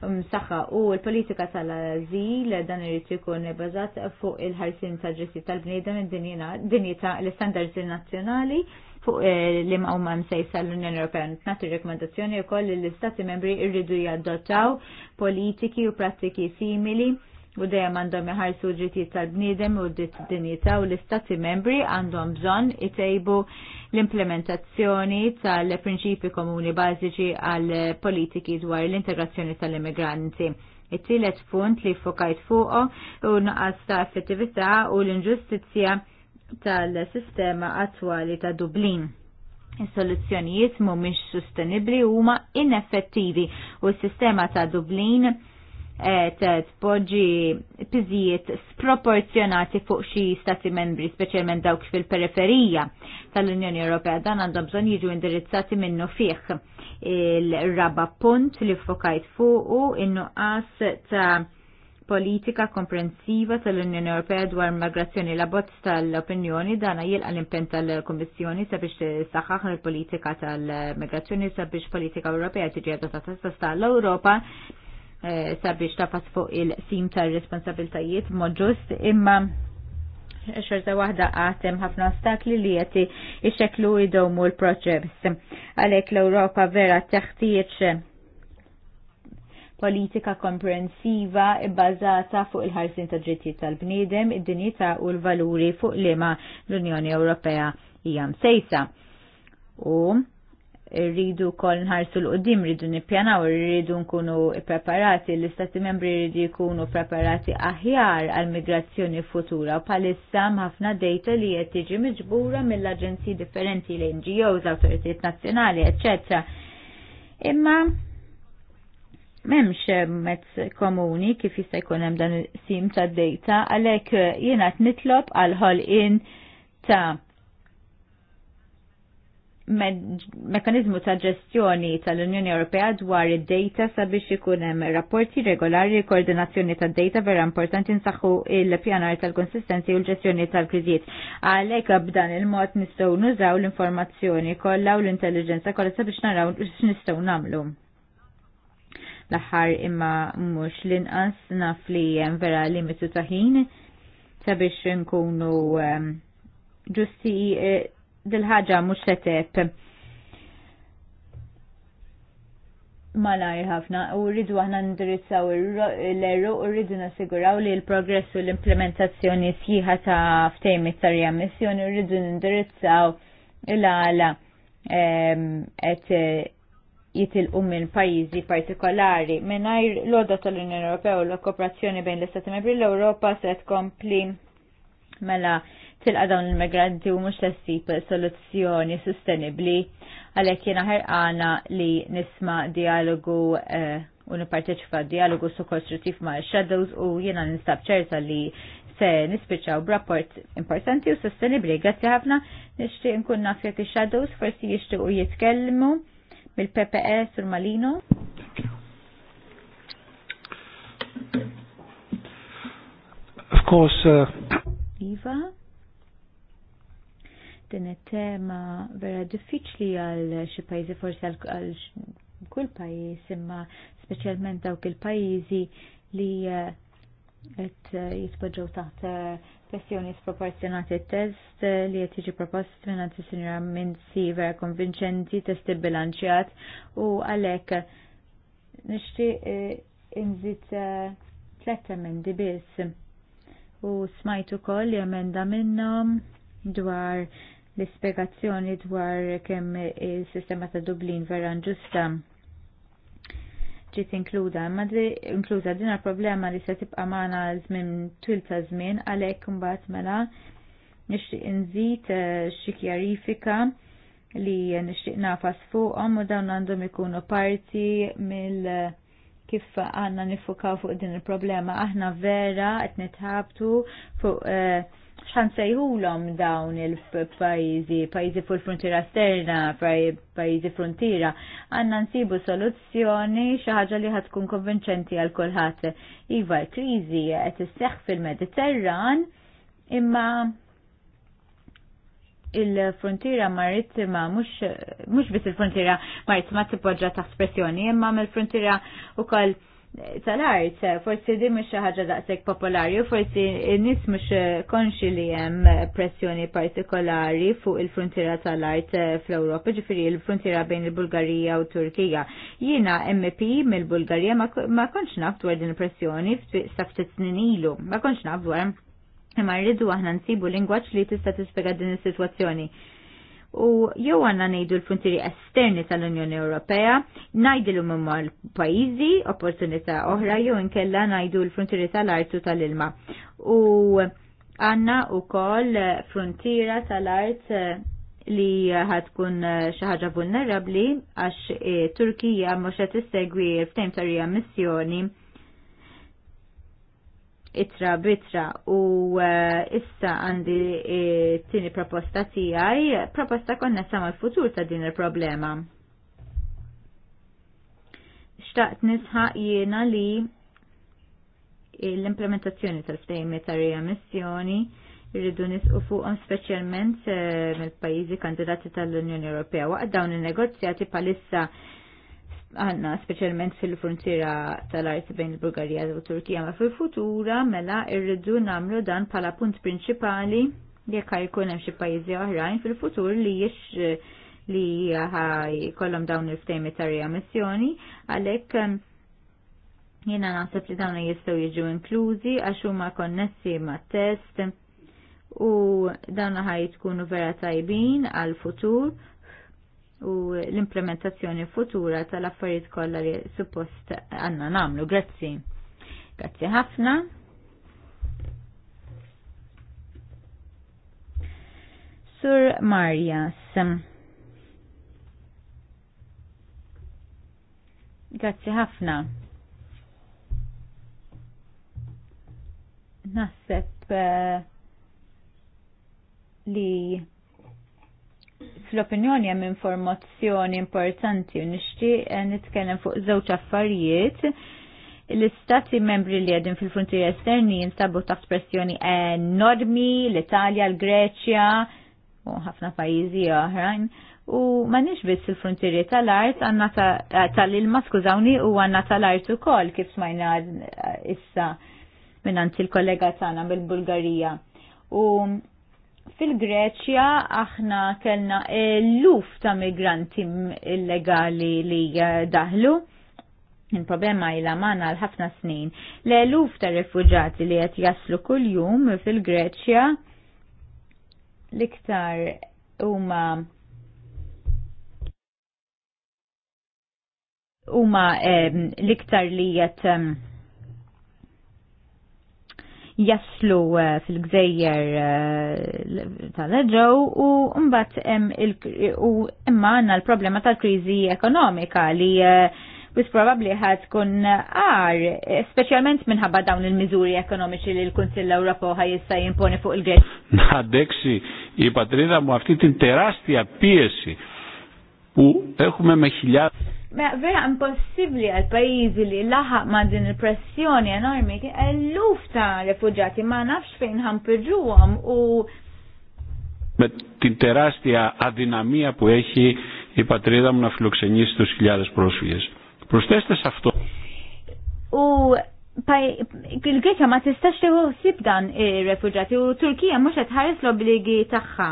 msaħħa mm, u l-politika tal-azil dan irid ikun bbażat fuq il-ħarsin tal-ġittijiet tal-bniedem id-dinjità l-istandards nazzjonali fuq eh, li ma' umma msejsa l-Unjoni Ewropea. Nati rekomendazzjoni u koll li l-Istati membri irridu jaddottaw politiki u prattiki simili u dejjem għandhom iħarsu ġitijiet tal-bniedem u d-dinjità u l-istati membri għandhom bżonn itejbu l-implementazzjoni tal-prinċipi komuni bażiċi għal politiki dwar l-integrazzjoni tal-immigranti. It-tielet punt li fokajt fuqo u naqas ta' effettività u l-inġustizzja tal-sistema attwali ta' Dublin. Is-soluzzjonijiet mhumiex sostenibbli huma ineffettivi u s-sistema ta' Dublin eh, poġi piżijiet sproporzjonati fuq xi stati membri, speċjalment dawk fil-periferija tal-Unjoni Ewropea dan għandhom bżonn jiġu indirizzati minnu fih il-raba punt li fokajt fuq u in-nuqqas ta' politika komprensiva tal-Unjoni Ewropea dwar migrazzjoni la bozz tal-opinjoni dana jilqa l-impen tal-Kommissjoni sabiex saħħaħ il-politika tal-migrazzjoni sabiex politika Ewropea tiġi adottata sosta l-Ewropa eh, sabiex tafas fuq il-sim tal-responsabiltajiet mod ġust imma xorta wahda għatem ħafna ostakli li jeti ixeklu idomu l-proċess. Għalek l-Europa vera teħtieċ politika komprensiva bbażata fuq il-ħarsin ta' drittijiet tal-bniedem, id-dinjità u l-valuri fuq liema l-Unjoni Ewropea hija msejsa. U rridu kol nħarsu l-qoddim, rridu nippjanaw, rridu nkunu preparati, l-istati membri rridu jkunu preparati aħjar għal-migrazzjoni futura u palissa ħafna dejta li qed tiġi miġbura mill-aġenziji differenti l NGOs, autoritet nazzjonali, eccetera. Imma memx eh, mezz komuni kif jista' jkun hemm dan is sim tad-dejta, għalhekk eh, jiena qed nitlob għal in ta' mekanizmu ta' ġestjoni tal-Unjoni Ewropea dwar id-data sabiex ikun hemm rapporti regolari, koordinazzjoni tad data vera importanti nsaħħu il-pjanar tal-konsistenzi u l-ġestjoni tal kriżijiet Għalhekk b'dan il-mod nistgħu nużaw l-informazzjoni kollha u l-intelligenza kollha sabiex naraw x'nistgħu nagħmlu l-aħħar imma mhux l-inqas naf li hemm vera limitu ta' ħin sabiex nkunu ehm, ġusti eh, dil-ħaġa mhux setep malajr ħafna u rridu aħna ndirizzaw l-erru u rridu nasiguraw li l-progress u l-implementazzjoni sħiħa ta' ftejmi ta' riammissjoni u rridu nindirizzaw l-għala ehm, et jitilqu minn pajjiżi partikolari. Mingħajr l-għoda tal-Unjoni Ewropea u l-kooperazzjoni bejn l-Istati Membri l-Ewropa se tkompli mela tilqa dawn il-migranti u mhux se soluzzjoni sostenibbli għalhekk jiena ħerqana li nisma' dialogu eh, u nipparteċipa dialogu su kostruttiv ma' shadows u jiena nistab ċerta li se nispiċċaw b'rapport importanti u sostenibbli. Grazzi ħafna nixtieq nkun naf jekk shadows forsi jixtiequ jitkellmu il pps e, Sur Malino. Of course. Uh... Iva. Din it-tema vera diffiċli għal xi pajjiżi forsi għal kull pajjiż imma speċjalment dawk il-pajjiżi li uh, qed uh, jitpoġġew taħt uh, Kwestjoni sproporzjonati test li qed jiġi propost minn għandi sinjura minn si vera konvinċenti test bilanċjat u għalhekk nixtieq eh, inżid eh, tlet emendi biss. U smajtu koll li emenda minnhom dwar l-ispjegazzjoni dwar kemm il sistema ta' Dublin vera ġusta ġiet inkluda, imma inkluża din problema li se tibqa' magħna żmien twil ta' żmien għalhekk imbagħad mela nixtieq inżid eh, xi kjarifika li nixtieq nafas fuqhom u dawn għandhom ikunu parti mill kif għanna nifukaw fuq din il-problema. Aħna vera qed nitħabtu fuq eh, xan sejħulom dawn il-pajizi, pajizi fuq il-frontiera sterna, pajizi frontiera, għanna nsibu soluzzjoni xaħġa li ħatkun konvinċenti għal kulħadd. Iva, krizi qed isseħħ fil-Mediterran, imma il frontira marittima, mux biss il frontira marittima t-poġġa ta' espressjoni, imma mill frontira u koll tal-art, forsi di mux ħaġa daqsek popolari, forsi nis mux konxi li jem pressjoni partikolari fuq il-frontiera tal-art fl-Europa, ġifiri il-frontiera bejn il-Bulgarija u Turkija. Jina MP mill-Bulgarija ma konx naf dwar din pressjoni ftit snin ilu, ma konx naf dwar. Imma rridu aħna nsibu lingwaċ li tista' tispjega din is-sitwazzjoni u jew għanna nejdu l-frontieri esterni tal-Unjoni Ewropea, najdilu mumma l-pajizi, opportunità oħra, jew inkella najdu l-frontieri tal-artu tal-ilma. U għanna u koll frontiera tal-art eh, li ħatkun eh, xaħġa vulnerabli għax eh, Turkija mhux qed segwi ftejm tarija missjoni itra bitra u eh, issa għandi eh, tini proposta tijaj, proposta konna sama mal futur ta' din il-problema. Xtaqt nisħaq jiena li l-implementazzjoni tal-ftejmi ta' riemissjoni irridu nisqu specialment speċjalment eh, mill-pajjiżi kandidati tal-Unjoni Ewropea. Waqt dawn in-negozjati palissa għanna specialment fil-frontiera tal-art bejn il-Bulgarija u Turkija ma fil-futura mela irridu namlu dan pala punt prinċipali jekk jkun hemm xi pajjiżi oħrajn fil-futur li jiex li ħaj kollom dawn il-ftejmi ta' missjoni għalhekk jiena naħseb li dawn jistgħu jiġu inklużi għax huma konnessi ma' test u dawn ħaj tkunu vera tajbin għal futur u l-implementazzjoni futura tal-affarijiet kollha li suppost għandna nagħmlu. Grazzi. Grazzi ħafna. Sur Marjas. Grazzi ħafna. Naħseb uh, li fl-opinjoni hemm informazzjoni importanti u nixtieq eh, nitkellem fuq żewġ affarijiet l-istati membri li għedin fil-frontieri esterni jinsabu taħt pressjoni enormi l-Italja, l-Greċja u ħafna pajjiżi oħrajn. U manix biss fil-frontieri tal-art għanna tal-ilma skużawni u għanna tal-art u kol kif smajna eh, issa minnant il-kollega tagħna mill-Bulgarija. U Fil-Greċja aħna kellna l-luf ta' migranti illegali li daħlu. Il-problema ila mana l-ħafna snin. L-eluf ta' rifugġati li qed jaslu kull-jum fil-Greċja l-iktar huma huma eh, l-iktar li qed ehm, jaslu eh, fil-gżejjer eh, tal-ġew u mbagħad u imma għandna l-problema tal-kriżi ekonomika li bis eh, probabli ħad tkun għar, specialment minħabba dawn il-mizuri ekonomiċi li l-Kunsill Ewropew ħaj jista' jimponi fuq il-grid. Għaddeksi, i patrina mu għaftit interasti piesi u eħu me meħiljat vera impossibli għal pajizi li laħaq ma' din il-pressjoni enormi l-luf ta' refugjati ma' nafx fejn ħampiġuhom u με την τεράστια αδυναμία που έχει η πατρίδα μου να φιλοξενήσει τους χιλιάδες πρόσφυγες. Προσθέστε σε αυτό. U il-Greċa ma tistax teħu sib dan il-refugġati u Turkija mux tħares l-obligi taħħa.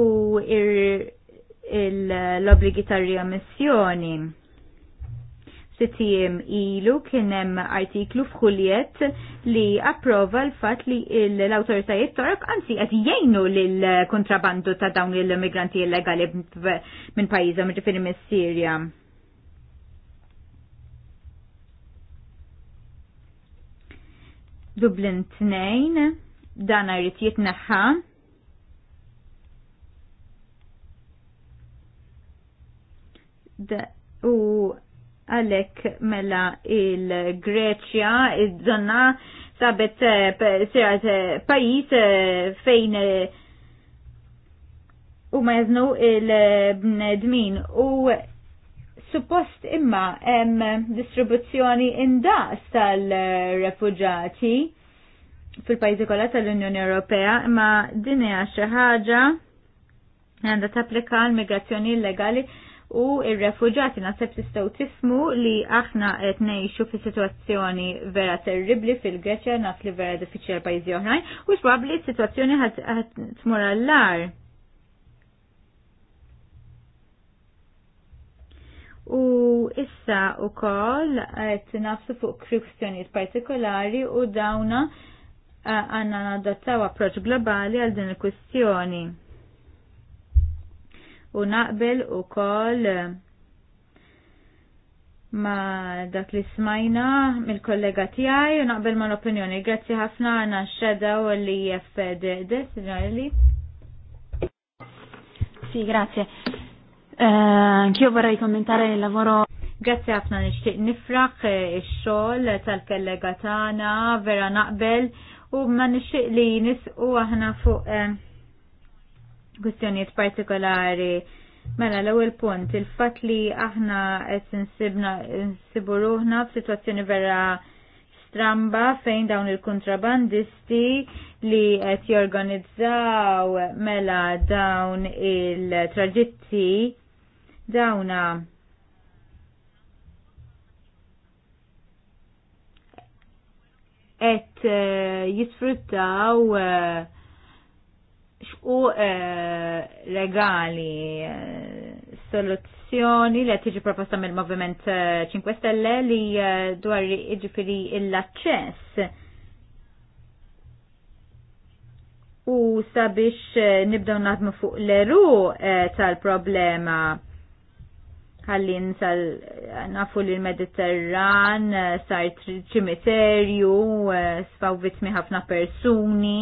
U l-obligi tar riammissjoni. ilu kienem artiklu f'Kuljet li approva l-fat li l-autoritajiet torok għansi għet jgħinu l-kontrabandu ta' dawn l-immigranti illegali minn pajizom ġifiri minn Sirja. Dublin 2, dan għarrit jitneħħa u għalek mela il-Greċja, id-żonna sabet eh, sirat pajis eh, fejn eh, u ma jaznu il-bnedmin u suppost imma hemm distribuzzjoni indaqs tal refugġati fil-pajjiżi kollha tal-Unjoni Ewropea, imma din hija xi ħaġa għandha tapplika l-migrazzjoni illegali u il refuġati naħseb tistgħu tismu li aħna qed ngħixu fi sitwazzjoni vera terribli fil-Greċja naf li vera diffiċli għal pajjiżi oħrajn u probabbli s-sitwazzjoni ħadd tmur għall-lar. U issa u koll għet nafsu fuq kwistjonijiet partikolari u dawna għanna nadattaw approċ globali għal din il-kwistjoni u naqbel u kol eh, ma dak li smajna mill-kollega tijaj u naqbel ma l-opinjoni. Grazzi ħafna għana xedda u li jaffed signori Sì, grazie. Eh, anch'io vorrei commentare il lavoro Grazzi ħafna nixtieq Nifraq, eh, ix-xogħol tal-kellega tagħna vera naqbel u ma nixtieq li u aħna fuq kwistjonijiet partikolari. Mela l-ewwel punt, il-fatt li aħna qed insibna nsibu ruħna f'sitwazzjoni vera stramba fejn dawn il-kontrabandisti li qed jorganizzaw mela dawn il-traġitti dawna qed eh, jisfruttaw uh, x'u eh, legali eh, soluzzjoni li tiġi proposta mill moviment 5 eh, Stelle li dwar iġifiri l-aċċess u sabiex nibdew naħdmu fuq l-eru tal-problema ħallin sal nafu li l-Mediterran sar ċimiterju sfaw vitmi ħafna persuni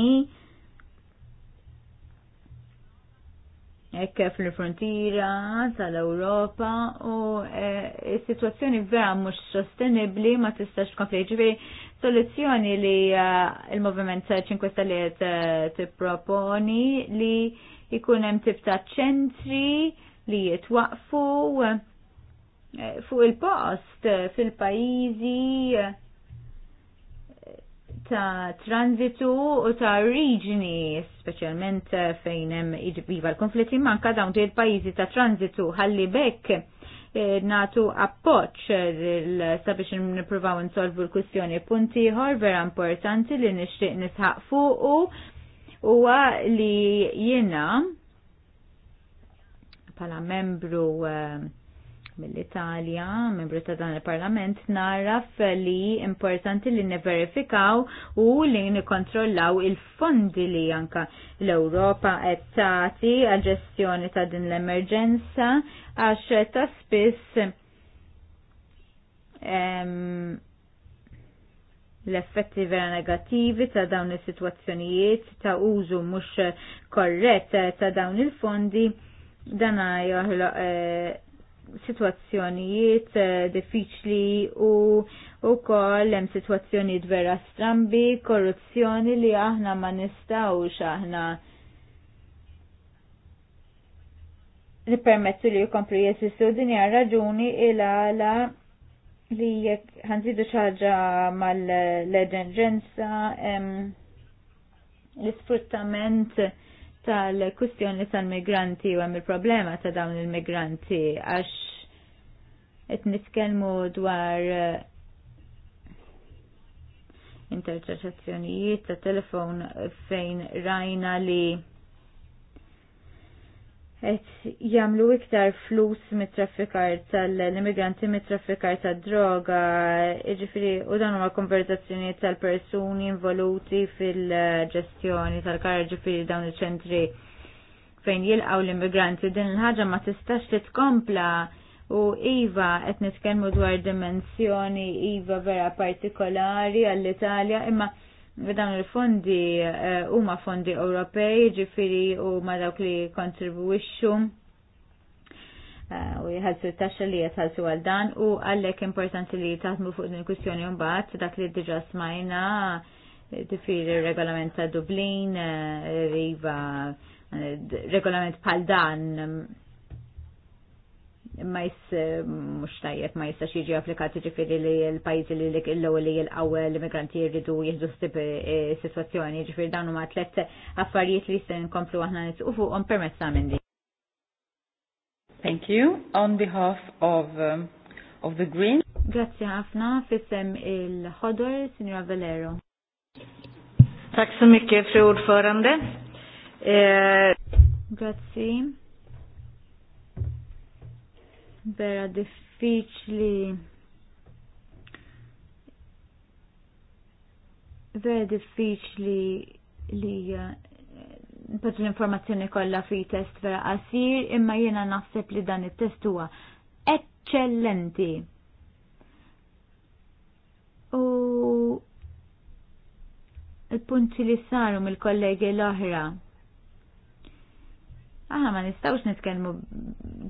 ekk fil-frontira tal-Europa u e, s-situazzjoni vera mhux sostenibbli ma tistax tkompli ġifieri soluzzjoni li e, il-Moviment 5 Stelle tipproponi li jkun hemm tip ċentri li jitwaqfu e, fuq il-post fil-pajjiżi ta' transitu u ta' riġni, specialment fejn hemm iġbiva l-konflitti manka dawn il pajjiżi ta' transitu ħalli bekk eh, natu appoċ sabiex nipruvaw nsolvu l-kwistjoni punti ħor vera importanti li nixtieq nisħaq fuq u huwa li jiena bħala membru eh, mill-Italja, membru ta' dan il-Parlament, naraf li importanti li neverifikaw u li nikontrollaw il-fondi li anka l-Europa qed tagħti għal ġestjoni ta' din l-emerġenza għax ta' spiss l-effetti vera negativi ta' dawn is-sitwazzjonijiet ta' użu mhux korrett ta' dawn il-fondi dana joħloq eh, situazzjonijiet eh, diffiċli u u koll hemm situazzjonijiet vera strambi, korruzzjoni li aħna ma nistgħux aħna nippermettu li jkomplu jesistu din hija raġuni il għala li jekk ħanżidu xaġa mal-leġenġenza l-isfruttament tal li tal-migranti u hemm il-problema ta' dawn il-migranti għax qed nitkellmu dwar eh, intercettazzjonijiet ta' telefon fejn rajna li et jagħmlu iktar flus mit-traffikar tal-immigranti mit-traffikar tad-droga, jiġifieri u dan huma konverzazzjoni tal-persuni involuti fil-ġestjoni tal kara ġifieri dawn il ċentri fejn jilqgħu l-immigranti din il-ħaġa ma tistax titkompla u iva qed nitkellmu dwar dimensjoni iva vera partikolari għall-Italja imma Dan il-fondi eh, huma fondi Ewropej, ġifiri u ma dawk li kontribwixxu eh, u jħalsu t-taxxa li jħalsu għal dan u għallek importanti li taħdmu fuq din kwistjoni mbagħad dak li diġà smajna tifiri regolament ta' Dublin, riva eh, regolament pal dan ma jis eh, mux tajjeb ma jistax jiġi applikati ġifiri li l-pajzi li l-ewel li l-awel l-immigranti jirridu jihdu stib eh, situazzjoni ġifiri dawnu ma tlet affarijiet li jistin komplu għahna nitqufu on permessa minn di. Thank you. On behalf of, um, of the Green. Grazie ħafna fissem il-ħodor, Signora Valero. Tack så fru ordförande. Eh... Grazie vera diffiċli vera diffiċli li eh, npoġġu l-informazzjoni kollha fi test vera qasir imma jiena naħseb li dan it-test huwa eccellenti. U il-punti li saru mill-kollegi l-oħra Aħna ma nistawx nitkellmu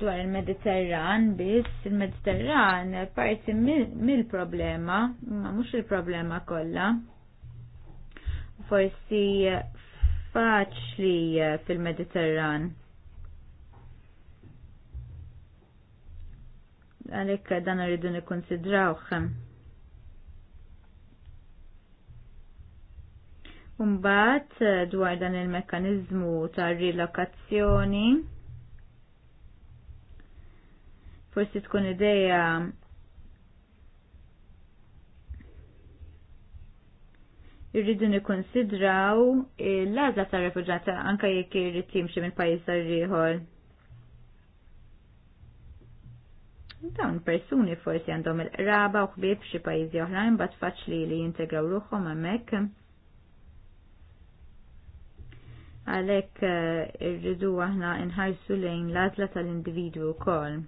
dwar il-Mediterran biss, il-Mediterran parti mill-problema, ma mhux il-problema kollha. Forsi faċli fil-Mediterran. Għalhekk dan rridu nikkonsidrawh. Umbat eh, dwar dan il mekanizmu ta' rilokazzjoni. Forsi tkun ideja irridu nikonsidraw l-għażla tar-refuġjata anke jekk irrid jimxi minn pajjiż sar ieħor. dawn persuni forsi għandhom il-qraba u ħbieb xi pajjiżi oħrajn bad faċli li jintegraw ruħhom hemmhekk. għalek eh, irridu aħna nħarsu lejn l atla tal-individu kol.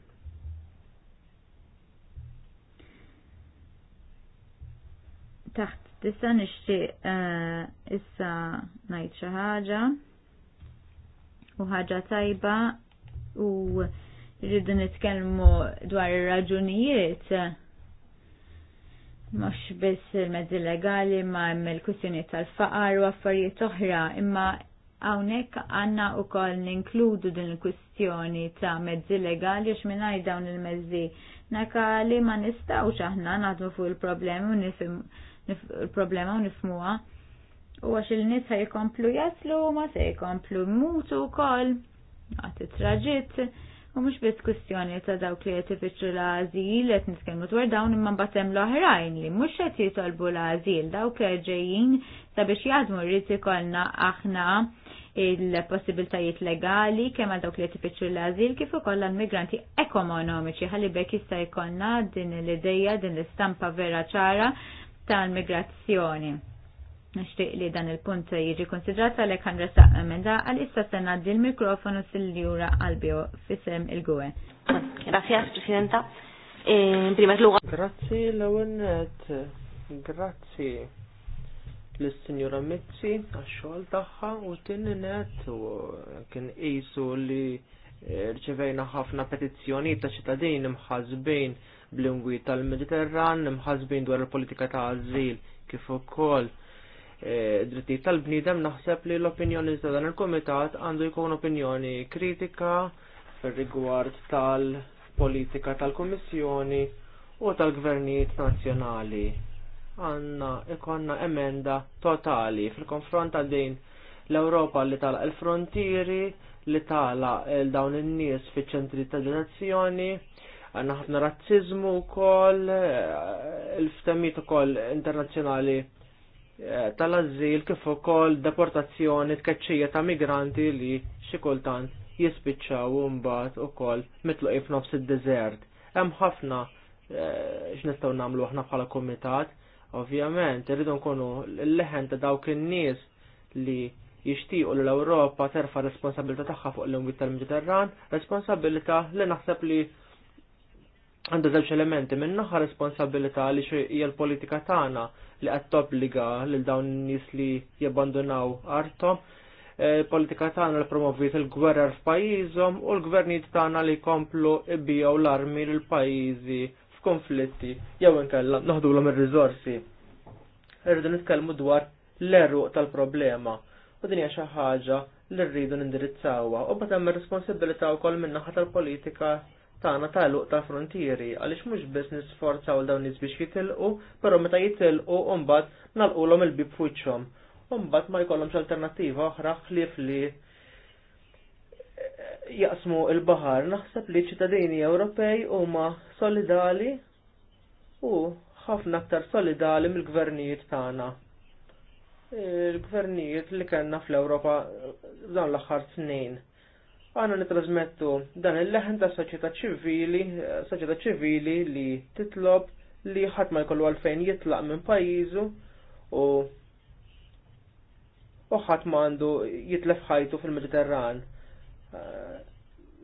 Taħt tista nixtieq eh, issa ngħid xi ħaġa u ħaġa tajba u rridu nitkellmu dwar ir-raġunijiet mhux biss il-mezzi legali ma' hemm il-kwistjonijiet tal-faqar u affarijiet oħra imma Hawnhekk għandna wkoll ninkludu din il kustjoni ta' mezzi legali għax mingħajr dawn il-mezzi nakali ma nistgħux aħna naħdmu fuq il u il-problema u nifmuha. U għax il nis se jkomplu jaslu ma se jkomplu mutu wkoll Għati traġit U mhux biss kustjoni ta' dawk li qed ifittxu l-għażil qed nitkellmu dwar dawn imma mbagħad hemm l-oħrajn li mhux qed jitolbu l azil, dawk li sabiex jaħdmu rriti ikollna aħna il-possibiltajiet legali kemm għal dawk li qed l-għażil kif ukoll għall-migranti ekonomiċi ħalli bekk jista' jkollna din l ideja din l-istampa vera ċara tal-migrazzjoni. Nishtiq li dan il-punt jiġi konsidrat għalek ħan saq emenda għal issa sena di l-mikrofonu sil-jura għalbio fissem il-gwe. Grazie, Presidenta. Eh, Prima luga. Grazie, l-għunet. Grazie l-Sinjura Mizzi għax-xogħol tagħha u tinni u kien qisu li rċevejna ħafna petizzjoni ta' ċittadin mħazbin bl-imwi tal-Mediterran, mħazbin dwar il-politika ta' azil kif ukoll Eh, dritti tal-bniedem naħseb li l-opinjoni ta' dan il-komitat għandu jkun opinjoni kritika fir-rigward tal-politika tal-Kummissjoni u tal-gvernijiet nazzjonali. Għanna ikonna emenda totali fil-konfront ta' din l-Ewropa li tala il-frontieri li tala il-dawn in-nies fiċ-ċentri ta' donazzjoni, għanna ħafna razzizmu kol, eh, il-ftemiet kol internazjonali Eh, tal-azzil kif ukoll deportazzjoni tkeċċija ta' migranti li xi kultant jispiċċaw mbagħad ukoll mitluqi f'nofs id-deżert. Hemm ħafna eh, x'nistgħu nagħmlu aħna bħala kumitat, ovvjament irridu nkunu l-leħen ta' dawk in-nies li jixtiequ l-Ewropa terfa' responsabilità tagħha fuq l-lingwi tal-Mediterran, responsabilità li naħseb li għandu żewġ elementi minnaħa responsabilità li hija l-politika tagħna li qed tobbliga lil dawn nies li jabbandunaw artom, e, politika tagħna li promovit il-gwerer f'pajjiżhom u l-gvernijiet tagħna li jkomplu ibijaw l-armi lill pajjiżi f'konflitti jew inkella naħdulhom ir-riżorsi. Irridu nitkellmu dwar l erruq tal-problema u din hija xi ħaġa li rridu nindirizzawha u bagħad hemm ir-responsabilità wkoll min-naħa tal-politika tagħna tal-luq tal-frontieri għaliex mhux biss nisforzaw dawn biex jitilqu, però meta jitilqu mbagħad nalqulhom il-bib fuċċhom. Mbagħad ma jkollhomx alternattiva oħra ħlief li jaqsmu il-baħar. Naħseb li ċittadini Ewropej huma solidali u ħafna aktar solidali mill-gvernijiet tagħna. Il-gvernijiet li kellna fl-Ewropa dawn l-aħħar snin għanna nitrasmettu dan il-leħen ta' soċjetà ċivili, soċjetà ċivili li titlob li ħadd ma jkollu għalfejn jitlaq minn pajjiżu u u ħadd ma għandu jitlef ħajtu fil-Mediterran. Eh,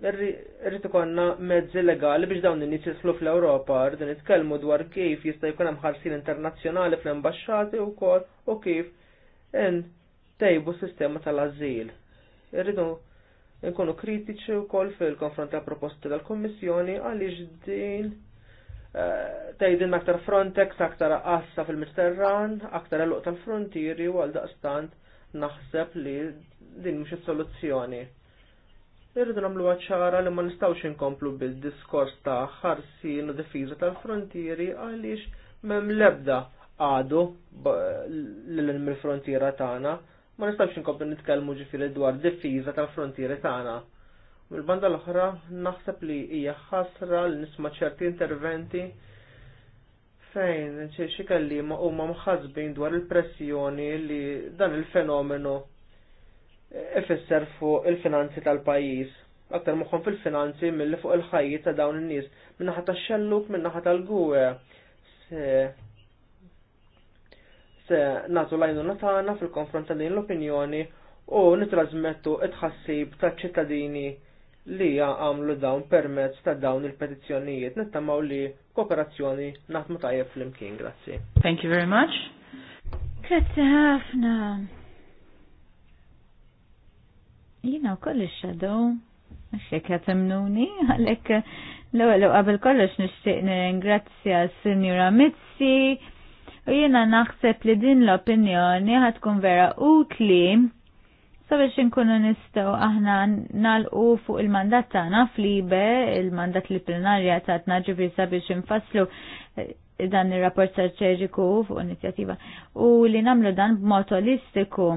irrid konna mezzi legali biex dawn in-nies jislu fl-Ewropa, rridu nitkellmu dwar kif jista' jkun hemm ħarsin internazzjonali fl-imbaxxati wkoll u kif in tejbu s sistema tal-ażil. Irridu nkunu kritiċi wkoll fil-konfront ta' proposti tal-Kummissjoni għaliex din eh, tgħidin aktar Frontex, aktar qassa fil-Mediterran, aktar eluq tal-frontieri u għal daqstant naħseb li din mhux is-soluzzjoni. Irridu nagħmlu ċara li ma nistgħux inkomplu bil-diskors ta' ħarsin u difiża tal-frontieri għaliex m'hemm l-ebda għadu l-ilm il-frontiera tagħna ma nistax nkomplu nitkellmu ġifieri dwar diffiża tal-frontieri tagħna. Mill-banda l-oħra naħseb li hija ħasra li nisma' ċerti interventi fejn xi kelliema huma mħazbin dwar il-pressjoni li dan il-fenomenu ifisser fuq il-finanzi tal-pajjiż. Aktar moħħom fil-finanzi milli fuq il ħajji ta' dawn in-nies minnaħa tax-xelluk minnaħa tal-gwe se nagħtu lajnu tagħna fil-konfront ta' din l-opinjoni u nitrasmettu it-ħassib ta' ċittadini li għamlu dawn permezz ta' dawn il-petizzjonijiet nittamaw li kooperazzjoni naħdmu tajjeb fl-imkien, grazzi. Thank you very much. Grazzi ħafna. Jina koll il-shadow, xek jatemnuni, għalek l-għabel kollox nishtiq ringrazzja s-Sinjura Mitzi, u jiena naħseb li din l-opinjoni ħatkun vera utli sabiex inkunu nistgħu aħna nalqu fuq il-mandat tagħna flibe, il-mandat li plenarja tat ġifieri sabiex infasslu eh, dan ir-rapport strateġiku fuq inizjattiva u li nagħmlu dan b'mod holistiku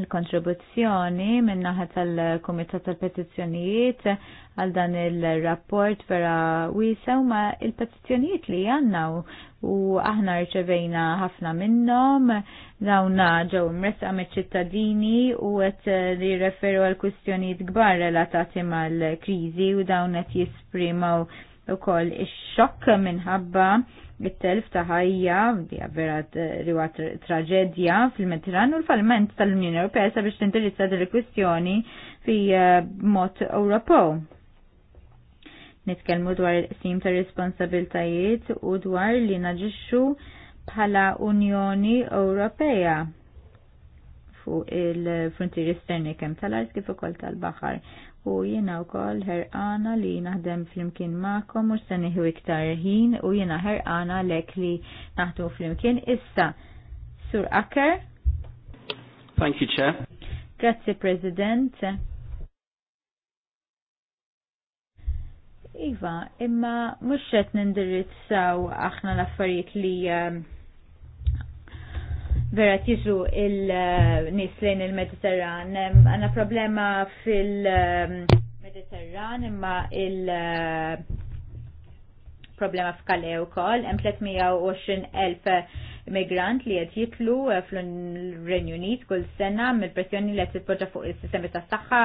il-kontribuzzjoni minnaħat tal-Komitat tal-Petizzjonijiet għal dan il-rapport vera wisew ma il-petizzjonijiet li għanna u aħna rċevejna ħafna minnom dawna ġew mresqa ċittadini u għet li referu għal kwistjonijiet kbar relatati mal-kriżi u dawn qed jisprimaw ukoll ix-xokk minħabba mit telf ta' ħajja, dija vera riwa traġedja fil-Mediterran u l-Parlament tal-Unjoni Ewropea sabiex tindirizza din il-kwistjoni fi eh, mod Ewropew. Nitkellmu dwar il-qsim ta' responsabiltajiet u dwar li naġixxu bħala Unjoni Ewropea fuq il-frontieri esterni kemm tal-art kif ukoll tal-baħar u jiena wkoll Herqana li naħdem flimkien magħkom u s nieħu iktar ħin u jiena ħerqana lek li naħdu flimkien issa. Sur Acker. Thank you, Chair. Grazie, President. Iva, imma muxet qed nindirizzaw aħna l-affarijiet li ehm, vera tiżu il-nis lejn il-Mediterran. Għanna problema fil-Mediterran imma il- eh, problema f'Kale kol, 320,000 migrant li qed jitlu eh, fl-Renju Unit kull sena mill-pressjoni li qed titpoġġa fuq is-sistemi tas-saħħa,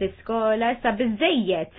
l-iskola, sa biżejjed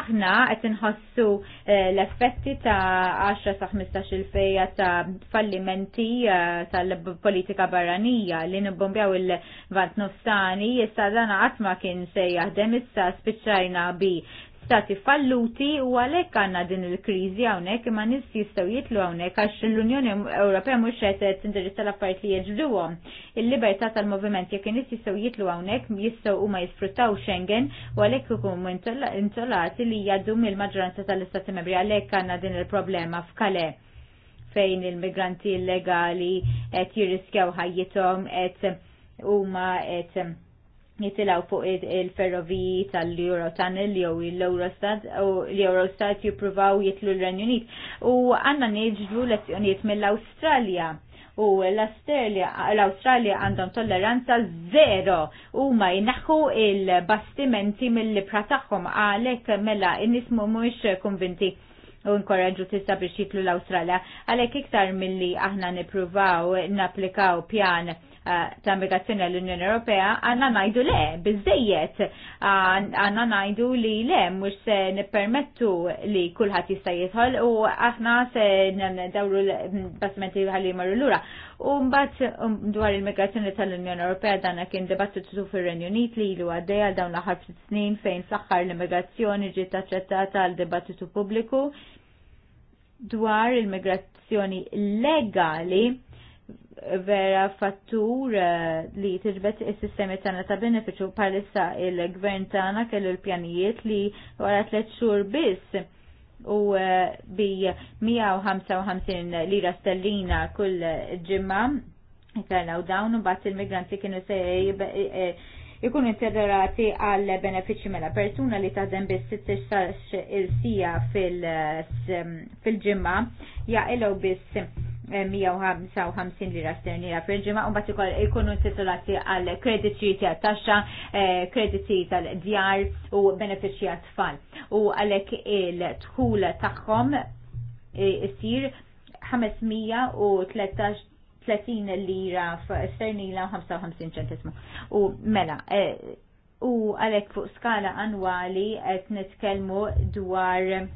aħna qed inħossu eh, l-effetti ta' 10 sa 15 il fejja ta' fallimenti eh, tal-politika barranija li nibbombjaw il-vant nofsani issa dan qatt ma kien se jaħdem issa spiċċajna bi stati falluti u għalhekk għandna din il-kriżi hawnhekk imma nies jistgħu jitlu hawnhekk għax l-Unjoni Ewropea mhux qed tindirizza l-affarijiet li għom. Il-libertà tal-moviment jekk in-nies jistgħu jitlu hawnhekk jistgħu huma jisfruttaw Schengen u għalhekk ikunu intolati li jgħaddu mill-maġġoranza tal-istati membri għalhekk għandna din il-problema f'Kale fejn il-migranti illegali qed jirriskjaw ħajjithom qed huma qed jitilaw fuq il-ferroviji tal-Eurotunnel jew l-Eurostat u l-Eurostat jippruvaw jitlu l renjunit Unit. U għanna neġdu lezzjoniet mill australia u l australia għandhom tolleranza zero u ma jnaħu il-bastimenti mill-libra tagħhom għalhekk mela nismu mux mhumiex konvinti u nkorraġu tista biex jitlu l australia għalhekk iktar milli aħna nippruvaw napplikaw pjan Eh, ta' migrazzjoni għall-Unjoni Ewropea, għanna najdu le, bizzejiet, għanna najdu li le, mux se nipermettu li kullħat jista' jidħol u aħna se dawru l-basmenti għalli marru l-ura. U mbagħad um, dwar il-migrazzjoni tal-Unjoni Ewropea dan kien dibattitu fir-Renju Unit li ilu għaddej għal dawn l-aħħar snin fejn saħħar l-immigrazzjoni ġiet taċċettata għal dibattitu pubbliku dwar il-migrazzjoni legali vera fattur eh, li tiġbet is-sistemi tagħna ta' benefiċu bħalissa il-gvern tagħna kellu l-pjanijiet li wara tliet xhur biss u eh, bi 155 lira stellina kull ġimma kellna u dawn u bat il-migranti kienu se eh, ikunu interrati għal benefiċċju mela persuna li taħdem bis 16 il-sija fil-ġimma jaqilgħu bis 155 lira sternira fil-ġimgħa u mbagħad ukoll ikunu intitolati għal krediti ta' taxxa, eh, krediti tal-djar u benefiċċji għat-tfal. U għalhekk il-dħul tagħhom eh, isir 513 lira sternila u 55 ċentismu. U mela, eh, u għalek fuq skala annwali qed nitkellmu dwar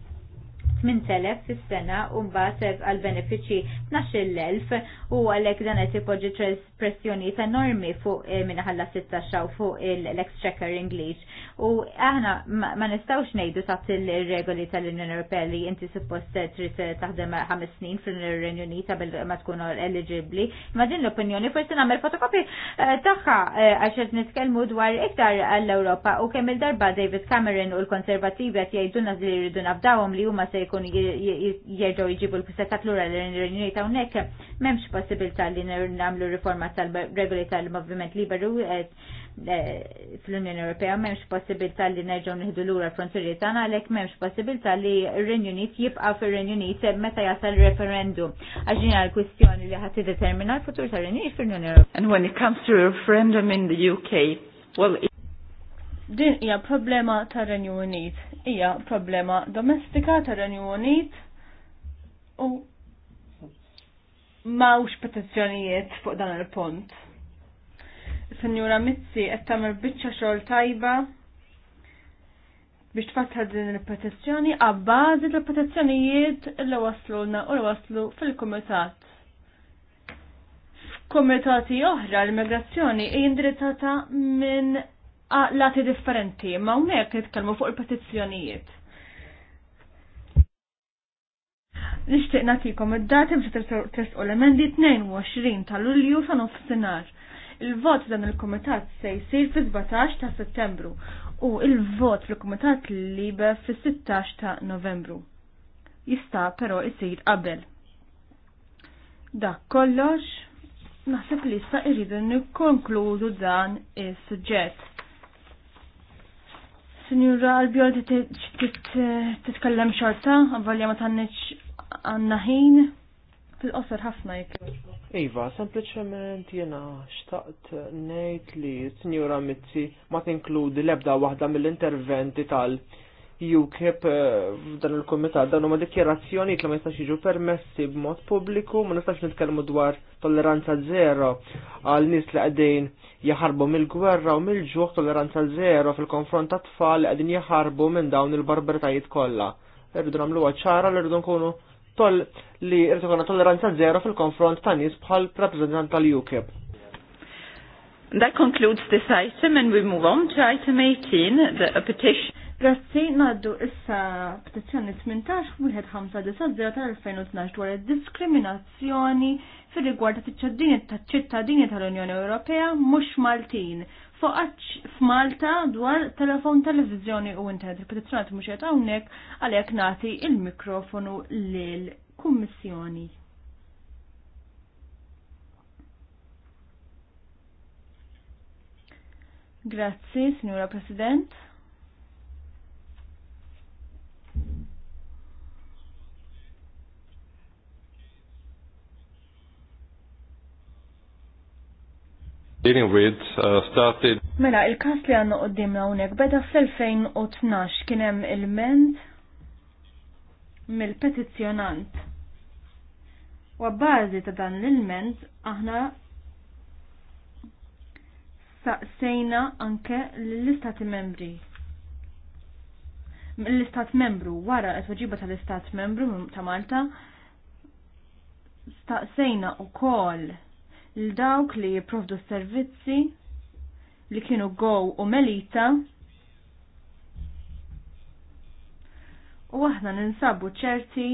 8,000 fis-sena u sef għal benefiċċji 12,000 u għalhekk dan qed ipoġġi pressjoni ta' enormi fuq eh, minnaħalla 16 xaw fuq l exchecker Ingliġ. U aħna ma nistgħux ngħidu taħt il-regoli tal-Unjoni Europea li inti suppost trid taħdem ħames snin fil-Renju Unita bil ma tkun eligibbli. Ma din l-opinjoni forsi nagħmel fotokopi eh, tagħha eh, għax qed nitkellmu dwar iktar għall-Ewropa u kemm il-darba David Cameron u l-Konservattivi qed jgħidulna li jridu nafdawhom li huma se jekun jerġgħu jġibu l-kusetat lura l-Renju hawnhekk m'hemmx possibilità li nagħmlu riforma tal-regoli tal-Moviment Liberu eh, eh, fl-Unjoni Ewropea m'hemmx possibilità li nerġgħu l lura l-frontieri tagħna għalhekk m'hemmx possibilità li r-Renju Unit jibqa' fil renju Unit meta jasal referendum għax għal kwistjoni li ħadd tiddetermina l-futur tal renju fil-Unjoni Ewropea. And when it comes to referendum in the UK, well, Din hija problema tar-Renju Unit, hija problema domestika tar-Renju Unit u mawx petizzjonijiet fuq dan il-pont. Senjura Mizzi qed tagħmel biċċa xogħol tajba biex tfassal din il-petizzjoni għabbażi tal-petizzjonijiet li waslulna u li waslu fil-kumitat. F'kumitati oħra l-immigrazzjoni hija minn lati differenti, ma unnek nitkalmu fuq il-petizzjonijiet. Nishtiq natikom id-dati biex tres u l-emendi 22 ta' lulju sa' nofsinar. Il-vot dan il-komitat se jisir fi 17 ta' settembru u il-vot fil-komitat libe fi 16 ta' novembru. Jista' però jisir qabel. Dak kollox, naħseb li issa irridu nikkonkludu dan is-suġġett. Signora Albiol, titkellem xorta, għavolja ma tanniċ għanna ħin, fil qosar ħafna jek. Iva, sempliciment jena xtaqt nejt li Signora Mizzi ma tinkludi lebda wahda mill-interventi tal- UKIP f'dan eh, il-komitat dan huma dikjerazzjoni li ma jistax jiġu permessi b'mod pubbliku, ma nistax nitkellmu dwar tolleranza zero għal nies li qegħdin jaħarbu mill-gwerra u mill-ġuħ tolleranza zero fil-konfront ta' tfal li qegħdin jaħarbu minn dawn il-barbaritajiet kollha. Irridu nagħmluha ċara li rridu nkunu toll li rridu nkunu tolleranza zero fil-konfront ta' nies bħal rappreżentant tal-UKIP. That concludes this item and we move on to item 18, the petition. Grazzi naddu issa petizzjoni 18-1590 tal-2012 dwar diskriminazzjoni fir rigward ta' ċittadini tal-Unjoni Ewropea mhux Maltin fuq f'Malta dwar telefon, televizjoni u internet. Il-petizzjonat mhux qed hawnhekk għalhekk nagħti il-mikrofonu lil kummissjoni. Grazzi, Signora President. dealing with uh, started. Mela, il-kas li għanna qoddimna unek beda fl-2012 kienem il-ment mill-petizjonant. U għabbażi ta' dan l-ilment aħna saqsejna anke l-istati membri. L-istat membru, wara ta' tal-istat membru ta' Malta, staqsejna u koll l-dawk li jipprovdu servizzi li kienu gow u Melita u aħna ninsabu ċerti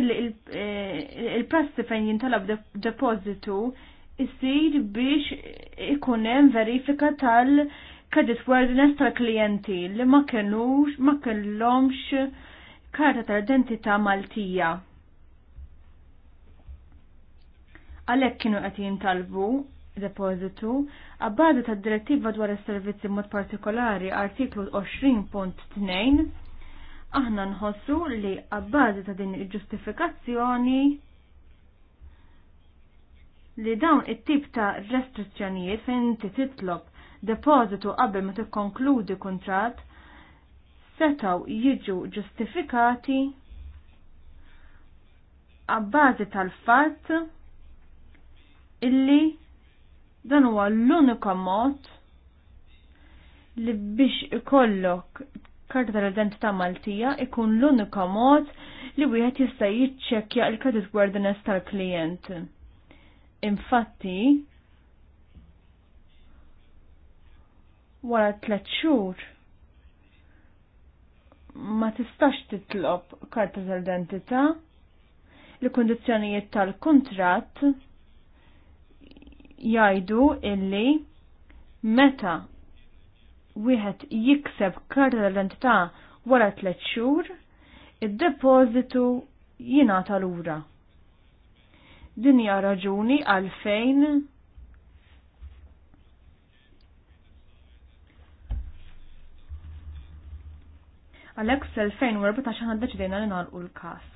eh, il-prassi fejn jintalab depozitu jisir biex ikunem verifika tal-creditworthiness tal-klienti li ma kienux ma kellhomx karta tal-identità Maltija. għalhekk kienu qed jintalbu depozitu, għabbadu tad-direttiva dwar is-servizzi mod partikolari artiklu 20.2 aħna nħossu li għabbażi ta' din il-ġustifikazzjoni li dawn it-tip ta' restrizzjonijiet fejn inti titlob depożitu qabel ma tikkonkludi kuntratt setaw jiġu ġustifikati għabbażi tal-fatt illi dan huwa l-unika mod li biex ikollok karta tal-identità Maltija ikun l-unika mod li wieħed jista' jiċċekkja l-credit worthiness tal-klijent. Infatti, wara tliet xhur ma tistax titlob karta tal-identità, l kundizzjonijiet tal-kuntratt jajdu illi meta wieħed jikseb karta l-entità wara tliet xhur, id-depożitu jingħata lura. Din hija raġuni għalfejn għalhekk s-2014 ħaddeċidejna li nagħlqu l-każ.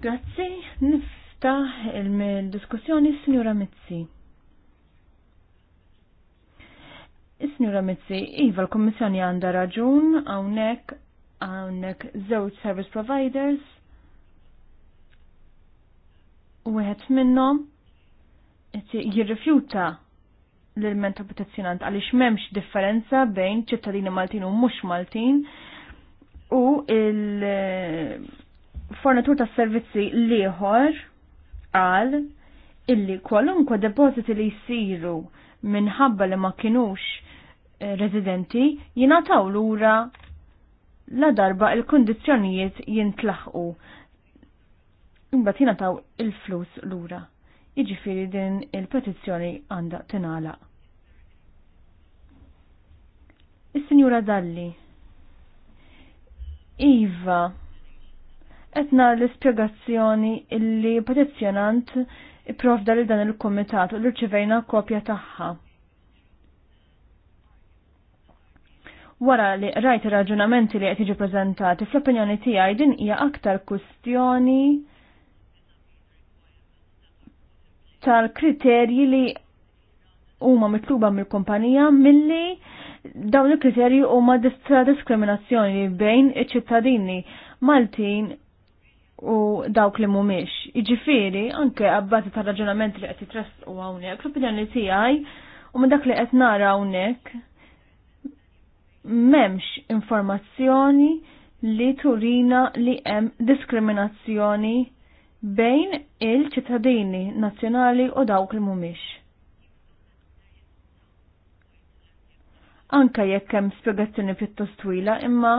Grazzi, niftaħ il-diskussjoni s-Sinjura Mizzi. Is-Sinjura Mizzi, iva l-Kommissjoni għanda raġun għawnek għawnek zewċ service providers u għet minnom jirrifjuta l-ilment protezzjonant għalix memx differenza bejn ċittadini Maltin u mux Maltin u il fornitur ta' servizzi liħor għal illi kwalunkwa depositi li jisiru minħabba li ma kienux eh, residenti jinataw lura la darba il-kondizjonijiet jintlaħqu. Imbagħad jingħataw il-flus lura. Jiġifieri din il-petizzjoni għandha tingħalaq. Is-Sinjura Dalli. Iva, etna l-ispiegazzjoni illi petizjonant iprofda li dan il-komitat u l-ċivejna kopja taħħa. Wara li rajt raġunamenti li qed prezentati preżentati fl-opinjoni tiegħi din hija aktar kwistjoni tal-kriterji li huma mitluba mill-kumpanija milli dawn il-kriterji huma diskriminazzjoni bejn iċ-ċittadini Maltin u dawk li mumiex. Iġifiri, anke għabbati ta' raġunament li għati trast u għawnek, l-opinjoni għaj, u minn dak li għet nara għawnek, memx informazzjoni li turina li hemm diskriminazzjoni bejn il-ċittadini nazzjonali u dawk li mumiex. Anka jekk hemm spjegazzjoni pjuttost twila imma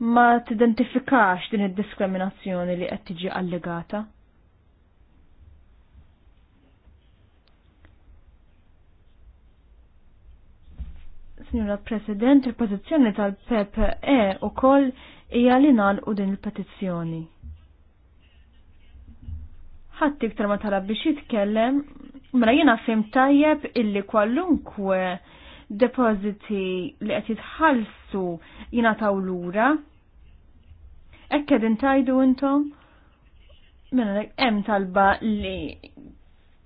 ma tidentifikax din id-diskriminazzjoni li qed tiġi allegata? Signora President, il-pozizjoni tal-PPE u koll hija li nagħlqu din il-petizzjoni. Ħadd iktar ma tara biex jitkellem, mela jiena fim tajjeb illi kwalunkwe depositi li qed jitħallsu jingħataw lura ekked intajdu tajdu intom? Minna mela, lek hemm talba li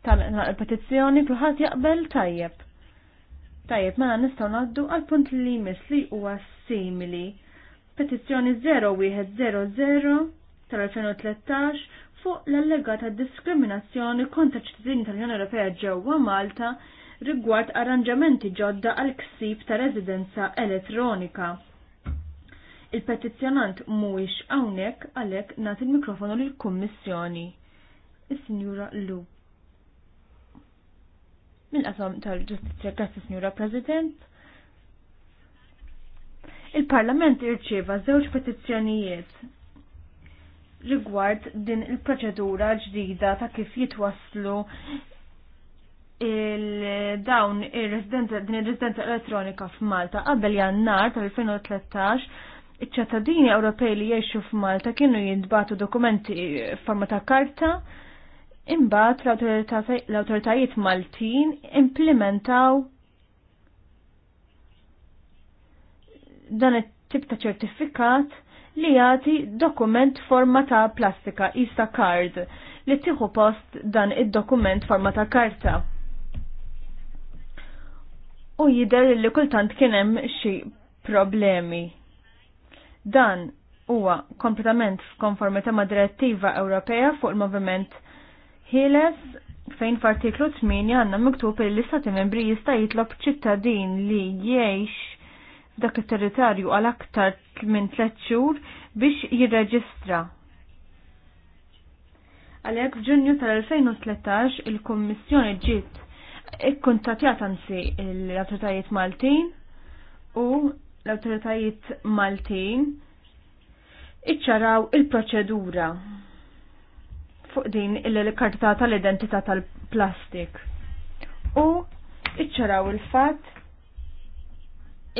tal petizjoni kulħadd jaqbel tajjeb. Tajjeb, mela nistgħu naddu għal punt li jmiss li huwa simili. Petizzjoni 0100 tal-2013 fuq l-allegata diskriminazzjoni kontra ċittadini tal-Unjoni Ewropea ġewwa Malta rigward arranġamenti ġodda għal ksib ta' residenza elettronika. Il-petizzjonant mhuwiex hawnhekk għalhekk nagħti il-mikrofonu lill-Kummissjoni. Is-Sinjura Lu. Mill-qasam tal-Ġustizzja grazzi Sinjura President. Il-Parlament irċieva żewġ petizzjonijiet rigward din il-proċedura ġdida ta' kif jitwaslu il-dawn il-residenza din il-residenza elettronika f'Malta qabel jannar tal-2013 iċ-ċattadini Ewropej li jgħixu f'Malta kienu jintbatu dokumenti f'forma ta' karta, imbagħad l-awtoritajiet Maltin implementaw dan it-tip ta' ċertifikat li jagħti dokument forma ta' plastika, isa card, li tieħu post dan id-dokument forma ta' karta. U jider li kultant kien hemm xi problemi. Dan huwa kompletament f'konformità ma' direttiva Ewropea fuq il-moviment Hiles fejn f'artiklu 8 għandna miktub li l-istati membri jista' jitlob ċittadin li jgħix f'dak it-territorju għal aktar minn tliet xhur biex jirreġistra. Għalhekk f'Ġunju tal-2013 il-Kummissjoni ġiet ikkuntatjat anzi l-Awtoritajiet Maltin u l-autoritajiet Maltin iċċaraw il-proċedura fuq din il-karta tal-identità tal-plastik u iċċaraw il-fatt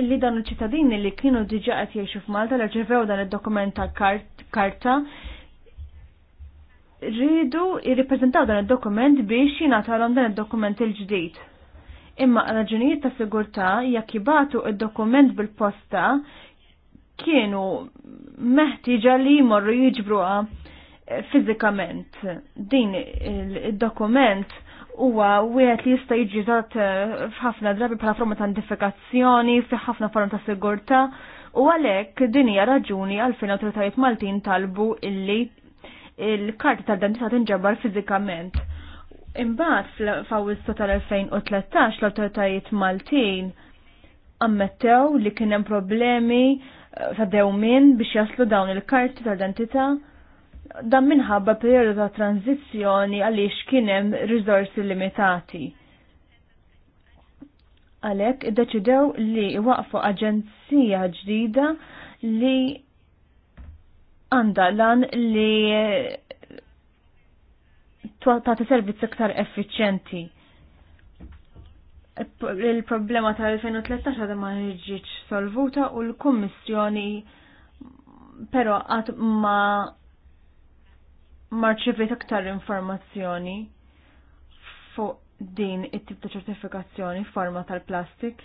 illi dan il ċittadin li kienu diġa qed jgħixu f'Malta li ċevew dan id-dokument ta' karta rridu jirrippreżentaw dan id-dokument biex jingħatalhom dan id-dokument il-ġdid imma raġunijiet ta' sigurtà jekk jibatu id-dokument bil-posta kienu meħtieġa li jmorru jiġbruha eh, fiżikament. Din id-dokument huwa wieħed li jista' jiġi żgħat eh, f'ħafna drabi bħala forma ta' identifikazzjoni, fi ħafna forma ta' sigurtà u għalhekk din hija raġuni għalfejn awtoritajiet Maltin talbu illi il-karti tal dentità tinġabar fiżikament Imbagħad f'Awwissu tal-2013 l-awtoritajiet Maltin ammettew li kien hemm problemi eh, ta' dewmin biex jaslu dawn il-karti tal-identità dan minħabba perjodu ta' tranzizzjoni għaliex kien hemm risorsi limitati. Għalhekk iddeċidew li waqfu aġenzija ġdida li għandha lan li tagħti servizz iktar effiċjenti. Il-problema tal-2013 għadha ma ġietx solvuta u l-Kummissjoni però għad ma marċivit iktar informazzjoni fuq din it-tip ta' ċertifikazzjoni forma tal-plastik.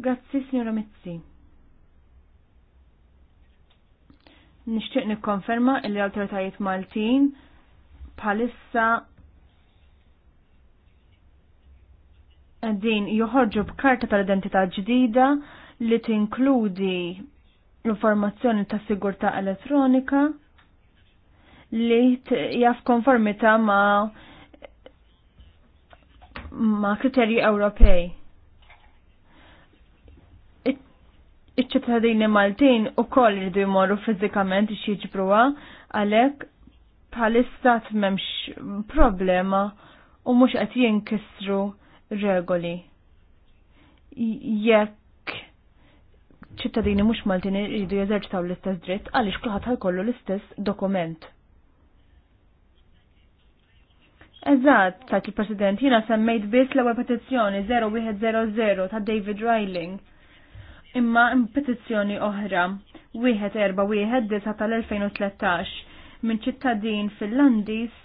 Grazzi, signora Mizzi. Nixtieq nikkonferma li l-awtoritajiet Maltin bħalissa din joħorġu b'karta tal-identità ġdida li tinkludi l-informazzjoni ta' sigurtà elettronika li jaf konformita ma' ma' kriterji Ewropej. Iċ-ċittadini Maltin u koll jridu jmorru fizikament ix jiġbruha għalhekk bħal-istat memx problema u mux għat jinkisru regoli. Jekk ċittadini mux Maltin iridu jeżerċtaw l-istess dritt, għalix kulħadd kollu l-istess dokument. Eżatt, tajt il-President, jina semmejt biss l-ewwel petizzjoni 0100 ta' David Ryling. Imma petizzjoni oħra, 1419 tal-2013 minn ċittadin fil-Landis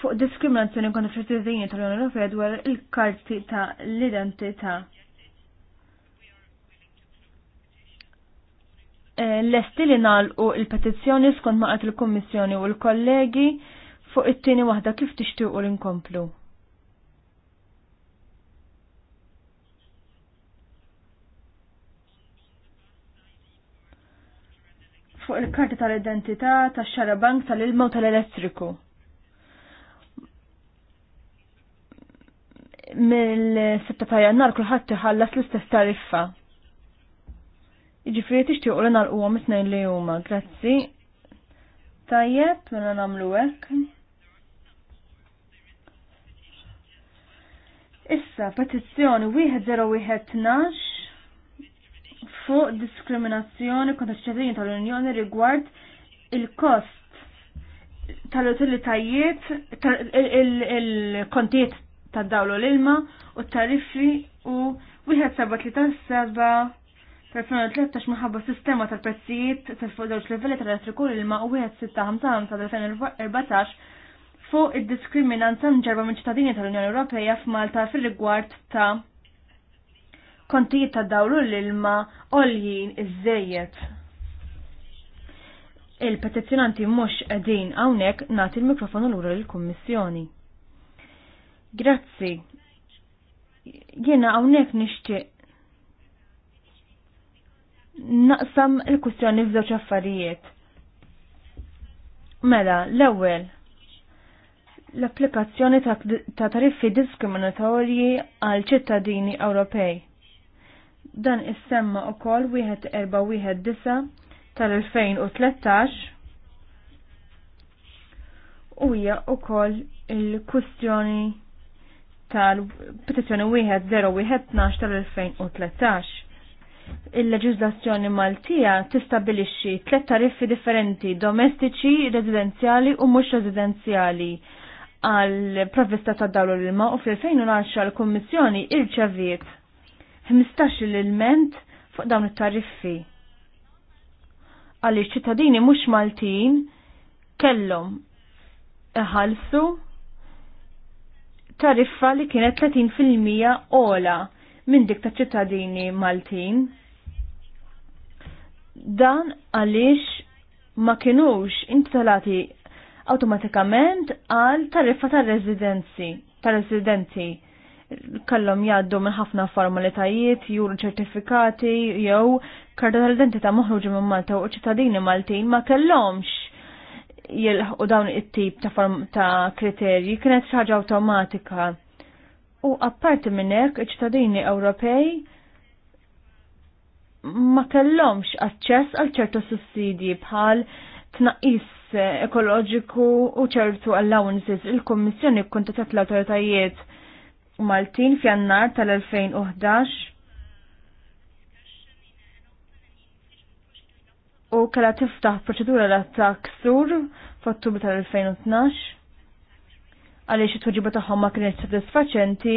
fuq diskriminazzjoni kontra ċittadini tal-Unjoni Ewropea dwar il-karti ta' l-identità. Eh, Lesti li nalqu il-petizzjoni skont maqat il-Kommissjoni u l-kollegi fuq it-tieni waħda kif tixtiequ l-inkomplu. fuq il-karti tal-identità, tax-xarabank, tal-ilma u tal-elettriku. mill sitta ta' jannar kulħadd iħallas l-istess tariffa. Jiġifieri tixtiequ li nagħlquhom is tnejn li huma, grazzi. Tajjeb, mela nagħmlu hekk. Issa petizzjoni 10112 fuq diskriminazzjoni kontra ċittadini tal-Unjoni rigward il-kost tal-utilitajiet, il-kontiet tad dawlu l-ilma u tariffi u 1737 tal-2013 maħabba sistema tal-prezzijiet tal-fuq żewġ livelli tal-elettriku l-ilma u 1655 tal-2014 fuq id-diskriminanza m'ġarba minn ċittadini tal-Unjoni Ewropea f'Malta fir-rigward ta' kontijiet ta' dawru l-ilma oljin iż-żejjed. Il-petizjonanti mhux qegħdin hawnhekk nagħti l-mikrofonu lura lill-Kummissjoni. Grazzi. Jiena hawnhekk nixtieq naqsam il-kustjoni f'żewġ affarijiet. Mela, l-ewwel l-applikazzjoni ta' tariffi diskriminatorji għal ċittadini Ewropej. Dan is-semma wkoll wieħed erba' wieħed disa tal-2013 u hija wkoll il-kwistjoni tal-petizzjoni 1012 tal-2013. Il-leġiżlazzjoni Maltija tistabilixxi tliet tariffi differenti domestiċi, residenzjali u mhux residenzjali għal provvista ta' dawlu l-ilma u fil 2010 l-Kummissjoni irċeviet 15 il ilment fuq dawn it-tariffi. Għaliex ċittadini mhux Maltin kellhom iħallsu tariffa li kienet 30% ola minn dik ta' ċittadini Maltin. Dan għaliex ma kienux intitolati automatikament għal tariffa tar-residenzi, tar-residenti kellhom jgħaddu minn ħafna formalitajiet, juru ċertifikati jew karta tal-identità moħruġa minn Malta u ċittadini Maltin ma kellhomx jilħqu dawn it-tip ta' ta' kriterji kienet xi ħaġa awtomatika. U apparti minn hekk iċ-ċittadini Ewropej ma kellhomx aċċess għal ċertu sussidji bħal tnaqqis ekoloġiku u ċertu allowances il-Kommissjoni kontatat l-autoritajiet u Maltin f'jannar tal-2011 u kalla tiftaħ proċedura ta' sur f'Ottubru tal-2012 għaliex it-tuġiba tagħhom ma kienet sodisfaċenti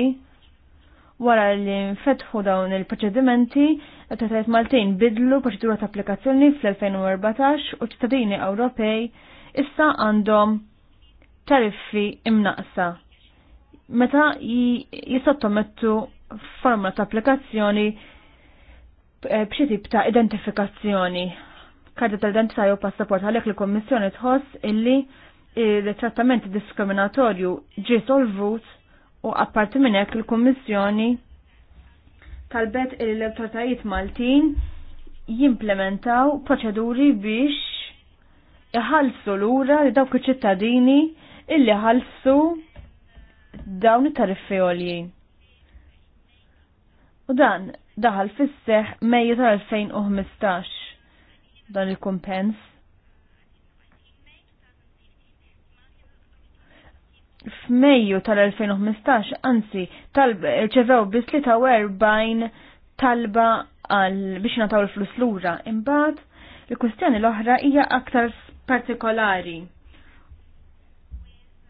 wara li nfetħu dawn il-proċedimenti ta' Maltin bidlu proċedura ta' applikazzjoni fl-2014 u ċittadini Ewropej issa għandhom tariffi imnaqsa meta jisottomettu formula ta' applikazzjoni eh, b'xi tip ta' identifikazzjoni. Karta tal-identità jew passaport għalhekk li kommissjoni tħoss illi il trattamenti diskriminatorju ġi solvut u apparti minn hekk il-Kummissjoni talbet il-Awtoritajiet Maltin jimplementaw proċeduri biex iħallsu lura li dawk iċ-ċittadini illi ħallsu dawn it-tariffi għolji. U dan daħal fisseħ Mejju tal-2015 dan il-kumpens. F'Mejju tal-2015 anzi ċevew bis li ta' 40 talba għal biex nataw il-flus lura. Imbagħad il-kwistjoni l-oħra hija aktar partikolari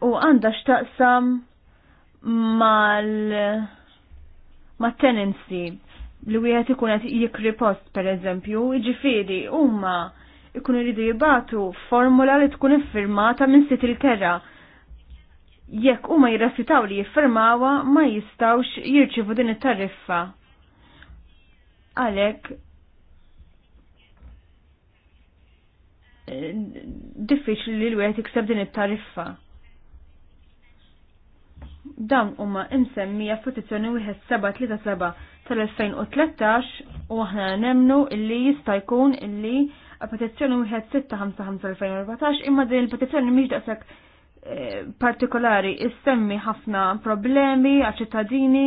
u għandha x'taqsam mal ma' tenancy li wieħed ikun qed jikri post pereżempju, jiġifieri huma ikunu jridu jibatu formula li tkun iffirmata minn sit il-kera. Jekk huma jirrefjutaw li jiffirmawha ma jistawx jirċivu din it-tariffa. Għalhekk eh, diffiċli li l-wieħed ikseb din it-tariffa dawn huma imsemmija f'petizzjoni wieħed seba' tal-2013 u aħna nemnu illi jista' jkun illi petizzjoni wieħed 655 tal-2014 imma din il-petizzjoni mhix daqshekk eh, partikolari issemmi ħafna problemi għal-ċittadini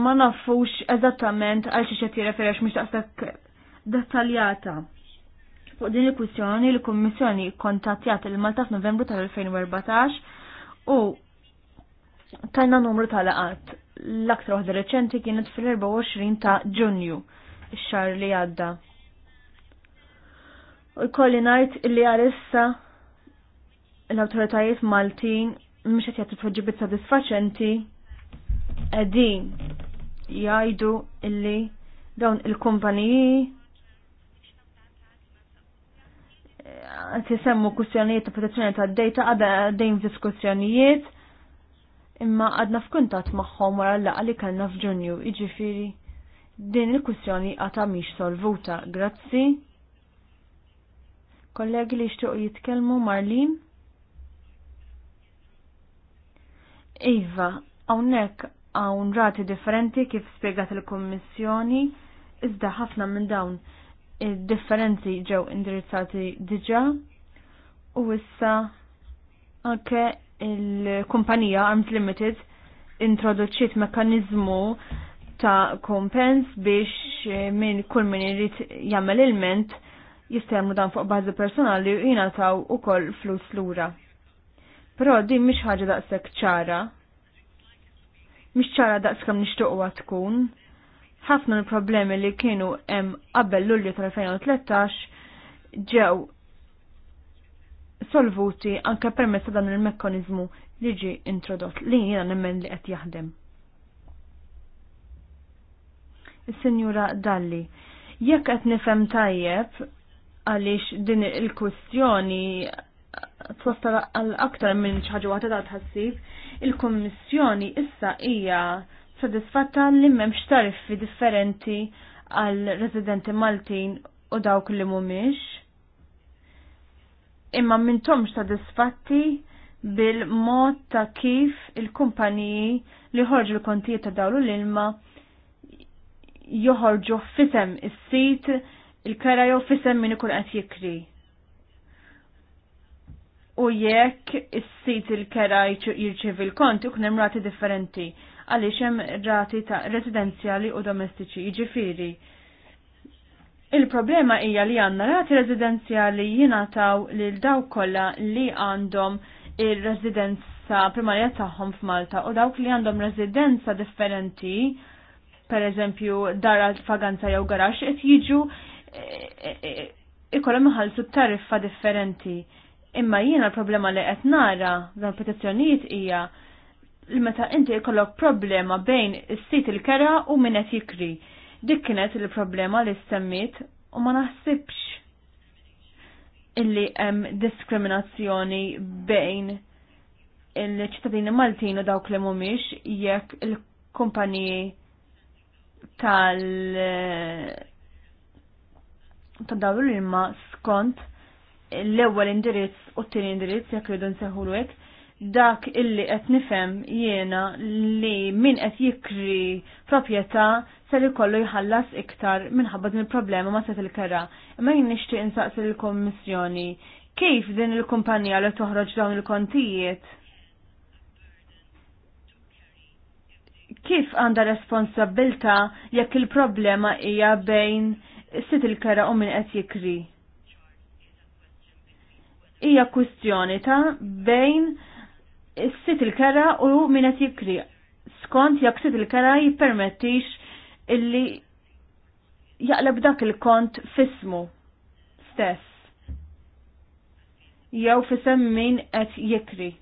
ma nafux eżattament għal xi qed jirreferex mhix daqshekk dettaljata. Fuq din il-kwistjoni l-Kummissjoni kontattjat il-Malta f'Novembru tal-2014 u tajna numru tal-laqat. L-aktar waħda reċenti kienet fil-24 ta' Ġunju, ix-xar li għadda. U jkolli ngħid li għalissa l-awtoritajiet Maltin mhux qed jagħtu tweġibiet sodisfaċenti qegħdin jgħidu illi dawn il-kumpaniji tisemmu kustjonijiet ta' protezzjoni ta' data għadha dejjem diskussjonijiet imma għadna f'kuntat magħhom wara l-laqa li kellna f'Ġunju, jiġifieri din il-kustjoni għata mhix solvuta. Grazzi. Kollegi li xtuq jitkellmu Marlin? Iva, hawnhekk hawn rati differenti kif spjegat il-Kummissjoni, iżda ħafna minn dawn il-differenzi ġew indirizzati diġa u issa anke il-kumpanija Arms Limited introduċiet mekkanizmu ta' kompens biex minn kull min irid jagħmel ilment jistgħu dan fuq bażi personali u jingħataw ukoll flus lura. Però din mhix ħaġa daqshekk ċara. Mhix ċara daqs kemm nixtieqwa tkun ħafna l-problemi li kienu hemm qabel Lulju tal-2013 ġew solvuti anke permezz dan il-mekkanizmu li ġi introdott li jiena nemmen li qed jaħdem. Is-Sinjura Dalli, jekk qed nifhem tajjeb għaliex din il-kwistjoni twassal għal aktar minn xi ħaġa waħda tħassib, il-Kummissjoni issa hija sodisfatta li m'hemmx tariffi differenti għal residenti Maltin u dawk li mhumiex. Imma mintomx sodisfatti bil-mod ta' kif il-kumpaniji li ħorġu l-kontijiet ta' dawlu l-ilma joħorġu fisem is-sit il-kera jew fisem min ikun qed jikri. U jekk is-sit il-kera jirċevi l-kont ikun hemm rati differenti għaliex hemm rati ta' residenzjali u domestiċi jiġifieri. Il-problema hija li għandna rati residenzjali jingħataw lil dawk kollha li għandhom ir-residenza primarja tagħhom f'Malta u dawk li għandhom residenza differenti, per eżempju dar faganza jew garax qed jiġu e, e, e, ikollhom iħallsu tariffa differenti. Imma jiena l-problema li qed nara dan petizzjonijiet hija meta inti jkollok problema bejn is-sit il-kera u min qed jikri. Dik kienet il-problema li semmit u ma naħsibx illi hemm diskriminazzjoni bejn il-ċittadini Maltin u dawk li mhumiex jekk il-kumpaniji tal ta' dawl imma skont l-ewwel indirizz u t-tieni indirizz jekk jridu nseħħulu hekk dak illi qed nifhem jiena li min qed jikri proprjetà li kollu jħallas iktar minħabba din il-problema ma set il-kera. Imma jien nixtieq insaqsi l-Kummissjoni kif din il-kumpanija li toħroġ dawn il-kontijiet kif għanda responsabilta jekk il-problema hija bejn sit il-kera u min qed jikri. Hija kustjoni ta' bejn sit il-kera u minnet jikri. Skont jak sit il-kera jipermettix illi jaqleb dak il-kont fismu stess. Jew fisem min qed jikri.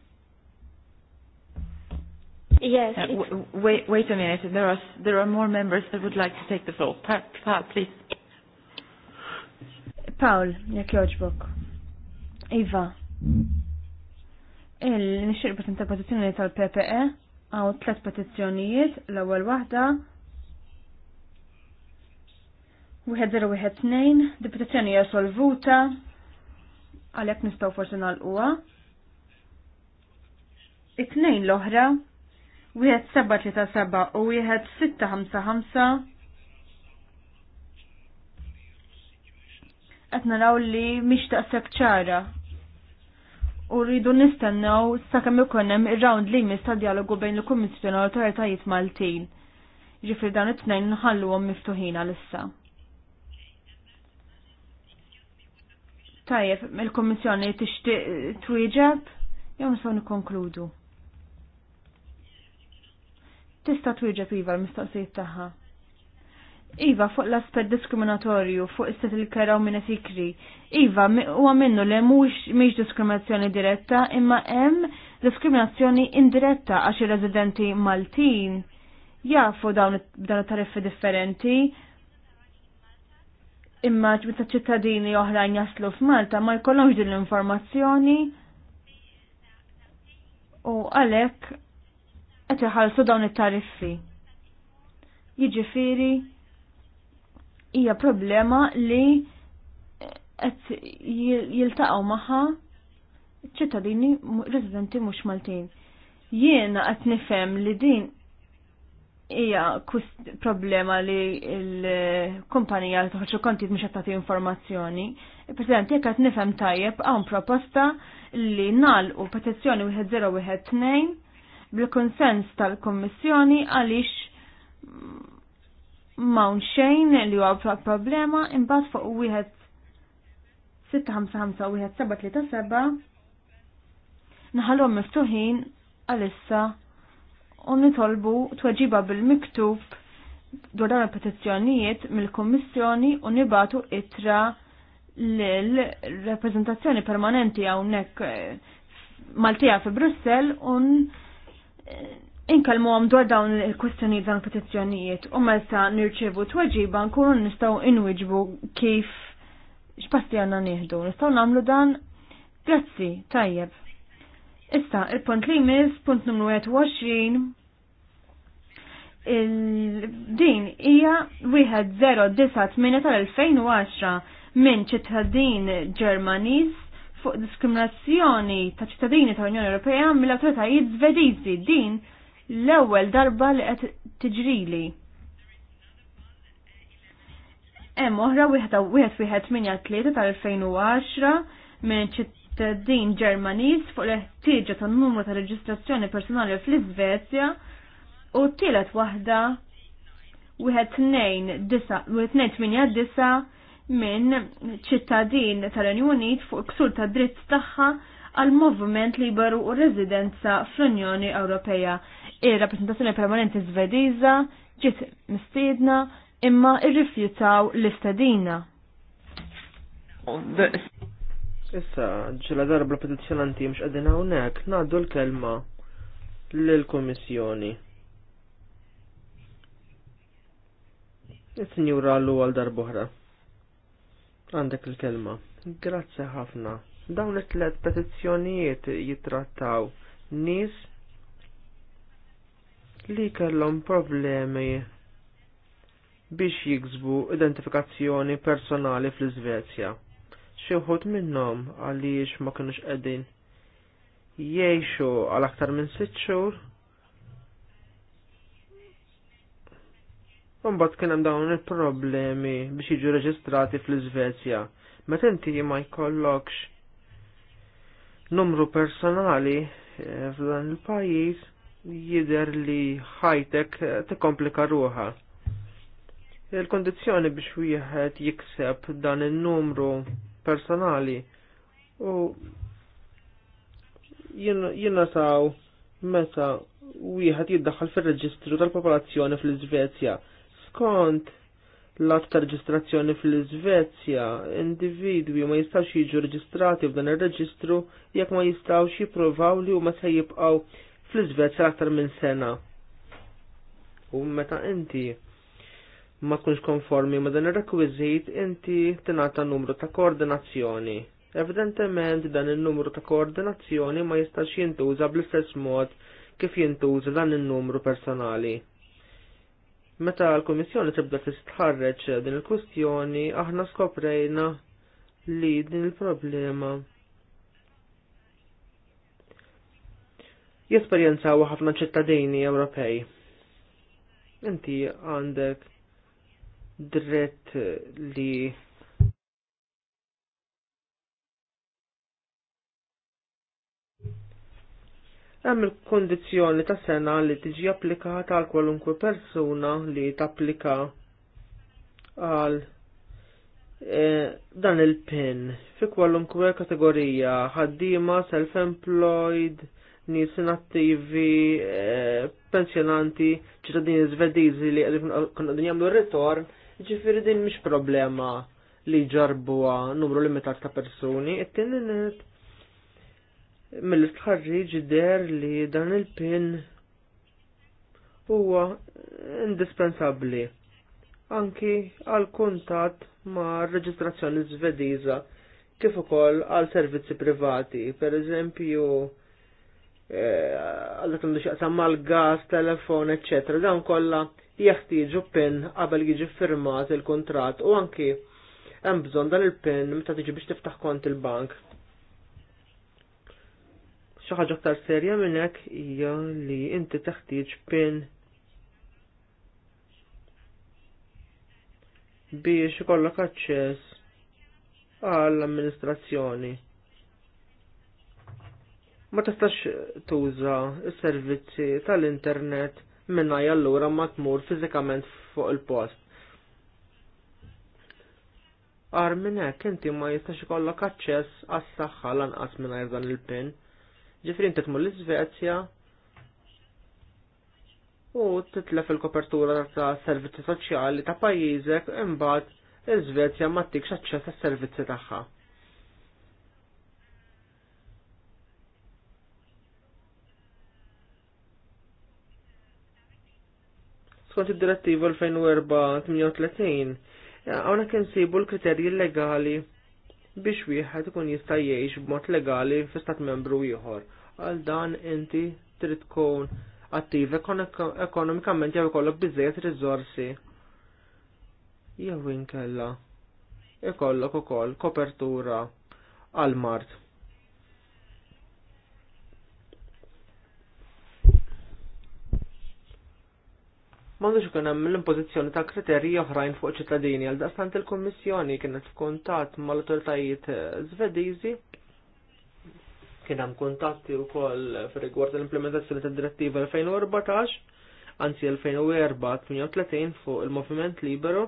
Yes. Uh, wait, wait a minute. There are there are more members that would like to take the floor. Pa pa please. Paul, jak joġbok. Iva. Il-nixir prezenta petizjoni tal-PPE għaw tlet petizzjonijiet, l-ewwel waħda 1012, di petizzjoni hija solvuta għalhekk nistgħu forsi uwa It-tnejn l-oħra wieħed u wieħed Għetna raw naraw li mhix taqseb ċara u rridu nistennew sakemm ikun hemm ir-round li jmiss ta' dialogu bejn il-Kummissjoni u l-Awtoritajiet Maltin. Ġifri dan it-tnejn nħalluhom miftuħina issa. Tajjeb, il-Kummissjoni tixtieq twieġeb jew nistgħu nikkonkludu. Tista' twieġeb iva l-mistoqsijiet tagħha. Iva, fuq l-aspet diskriminatorju, fuq istat il-kera u minna sikri. Iva, u minnu li mux miex diskriminazzjoni diretta, imma hemm diskriminazzjoni indiretta għax il-residenti Maltin jafu dawn tariffi differenti. Imma ġbita ċittadini oħrajn jaslu f'Malta ma jkollhomx din l-informazzjoni u għalhekk qed iħallsu dawn it-tariffi. Jiġifieri, hija problema li qed jiltaqgħu magħha ċittadini residenti mhux Maltin. Jiena qed nifhem li din hija problema li l-kumpanija li toħroġ konti mhux qed tagħti informazzjoni. President, jekk qed nifhem tajjeb hawn proposta li nalqu petizzjoni wieħed wieħed tnejn bil-konsens tal-Kommissjoni għaliex mawn xejn li huwa problema imbagħad fuq wieħed 655 wieħed 737 naħallhom miftuħin għalissa u nitolbu tweġiba bil-miktub dwar dawn il-petizzjonijiet mill-Kummissjoni u nibatu itra l-rappresentazzjoni permanenti hawnhekk eh, Maltija fi Brussell un eh, inkalmu għam dwar dawn il-kwestjoni dan petizzjonijiet u meta nirċevu tweġiba nkunu nistaw inwiġbu kif x'pasti għanna nieħdu. Nistaw namlu dan grazzi tajjeb. Issa, il-punt li jmiss, punt numru 21, il-din hija wieħed 1098 tal-2010 minn ċittadin Ġermaniż fuq diskriminazzjoni ta' ċittadini tal-Unjoni Ewropea mill-awtoritajiet Svediżi din l-ewwel darba li qed tiġrili. Hemm oħra wieħed wieħed wieħed minja tlieta tal-2010 minn ċittadin Ġermaniż fuq l-ħtieġa tan-numru ta' reġistrazzjoni personali fl-Iżvezja u tielet waħda wieħed tnejn disa minn ċittadin tal-Renju Unit fuq ksur ta' dritt tagħha għal moviment liberu u residenza fl-Unjoni Ewropea. Ir-rappresentazzjoni permanenti Zvediża ġiet mistiedna imma rrifjutaw l-istedina. Issa, ġela darba petizjonanti mx għadin hawnhekk ngħaddu l-kelma lill-Kummissjoni. Is-Sinjura għal għal darbohra. Għandek il-kelma. Grazzi ħafna. Dawn it-tlet petizzjonijiet jittrattaw nies li kellhom problemi biex jiksbu identifikazzjoni personali fl-Iżvezja. Xi wħud minnhom għaliex ma kinux qegħdin jgħixu għal aktar minn sitt xhur Mbagħad kien hemm dawn il-problemi biex jiġu reġistrati fl-Iżvezja. Meta inti ma jkollokx numru personali eh, f'dan il-pajjiż jider li ħajtek eh, tikkomplika ruħa. Il-kondizzjoni biex wieħed jikseb dan in-numru personali u jiena saw meta wieħed jiddaħħal fir-reġistru tal-popolazzjoni fl-Iżvezja skont l-att ta' reġistrazzjoni fl-Iżvezja, individwi ma jistax jiġu reġistrati f'dan ir-reġistru jekk ma jistawx jippruvaw li huma se jibqgħu fl-Iżvezja aktar minn sena. U meta inti ma tkunx konformi ma dan ir-rekwiżit inti tingħata numru ta' koordinazzjoni. Evidentement dan in-numru ta' koordinazzjoni ma jistax jintuża bl-istess mod kif jintuża dan in-numru personali Meta l-Komissjoni tibda tistħarreġ din il-kustjoni, aħna skoprejna li din il-problema. u ħafna ċittadini Ewropej. Inti għandek dritt li Hemm il-kondizzjoni ta' sena li tiġi applikata għal kwalunkwe persuna li tapplika għal e, dan il-pin fi kwalunkwe kategorija ħaddima, self-employed, nies inattivi, e, pensjonanti, ċittadini svedizi li konna jamlu jagħmlu ritorn, ġifiri din mhix problema li ġarbuha numru limitat ta' persuni, it-tieni mill-istħarriġ der li dan il-pin huwa indispensabbli anki għal kuntat ma' reġistrazzjoni svediża kif ukoll għal servizzi privati, per eżempju eh, għal dak xaqsam mal gas telefon, ecc. Dan kollha jeħtieġu pin qabel jiġi firmat il kontrat u anki hemm bżonn dan il-pin meta tiġi biex tiftaħ kont il-bank. Xi ħaġa aktar serja minn hekk hija li inti teħtieġ pin biex ikollok aċċess għall-amministrazzjoni. Ma tistax tuża s-servizzi tal-internet minnaj allura ma tmur fiżikament fuq il-post. Ar minn hekk inti ma jistax ikollok aċċess għas-saħħa lanqas mingħajr dan il-pin. Ġifri inti tmur l-Svezja u titlef il-kopertura ta' servizzi soċjali ta' pajjiżek imbagħad l svezja ma tikx aċċess għas-servizzi tagħha. Skont id-direttiva 2004-38, għawna kien sibu l-kriterji legali biex wieħed ikun jista' jgħix b'mod legali fi stat membru ieħor. Għal dan inti trid tkun attiv ekonomikament jew ikollok biżejjed riżorsi. Jew inkella ikollok ukoll kopertura għal mart. m'għandux ikun hemm l-impożizzjoni ta' kriterji oħrajn fuq ċittadini għal daqstant il-Kummissjoni kienet f'kuntatt mal-awtoritajiet eh, Svediżi kien hemm kuntatti wkoll fir-rigward l-implementazzjoni tad-direttiva 2014 anzi 2004-38 fuq il-Moviment Libero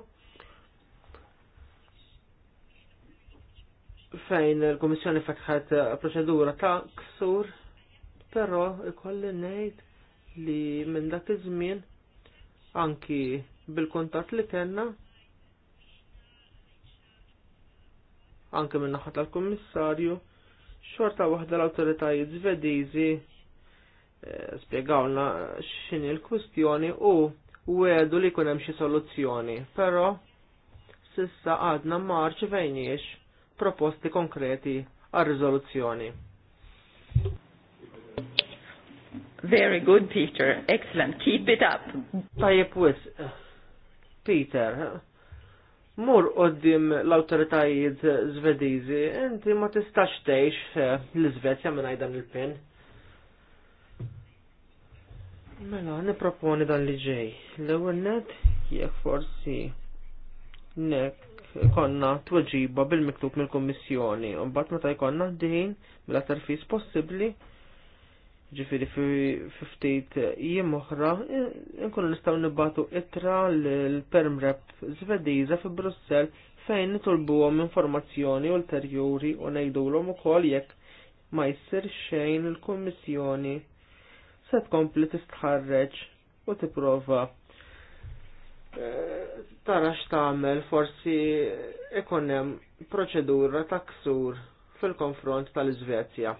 fejn il kummissjoni fetħet proċedura ta' ksur, però ikolli ngħid li minn dak iż-żmien anki bil-kontat li kena anke minna naħa tal-Kummissarju, xorta waħda l-awtoritajiet zvedizi eh, spiegawna x'inhi l-kwistjoni u wedu li jkun hemm xi soluzzjoni, però sissa għadna marċ fejniex proposti konkreti għal riżoluzzjoni. Very good, Peter. Excellent. Keep it up. Tajjeb wis, Peter, mur qoddim l-autoritajiet zvedizi, inti ma tistax tgħix eh, l-Iżvezja minn dan il-pin. Mela, niproponi dan li ġej. L-ewwel net jekk forsi nek konna tweġiba bil-miktub mill-Kummissjoni, u mbagħad meta jkollna din mill-aktar fis possibbli ġifiri fi ftit jiem oħra, nkunu nistaw nibbatu itra l-perm rep zvediza fi Brussel fejn nitolbuhom informazzjoni ulterjuri u ngħidulhom ukoll jekk ma jsir xejn il-Kummissjoni se tkompli tistħarreġ u tipprova eh, tara x'tamel forsi ikun hemm proċedura ta' ksur fil-konfront tal-Iżvezja.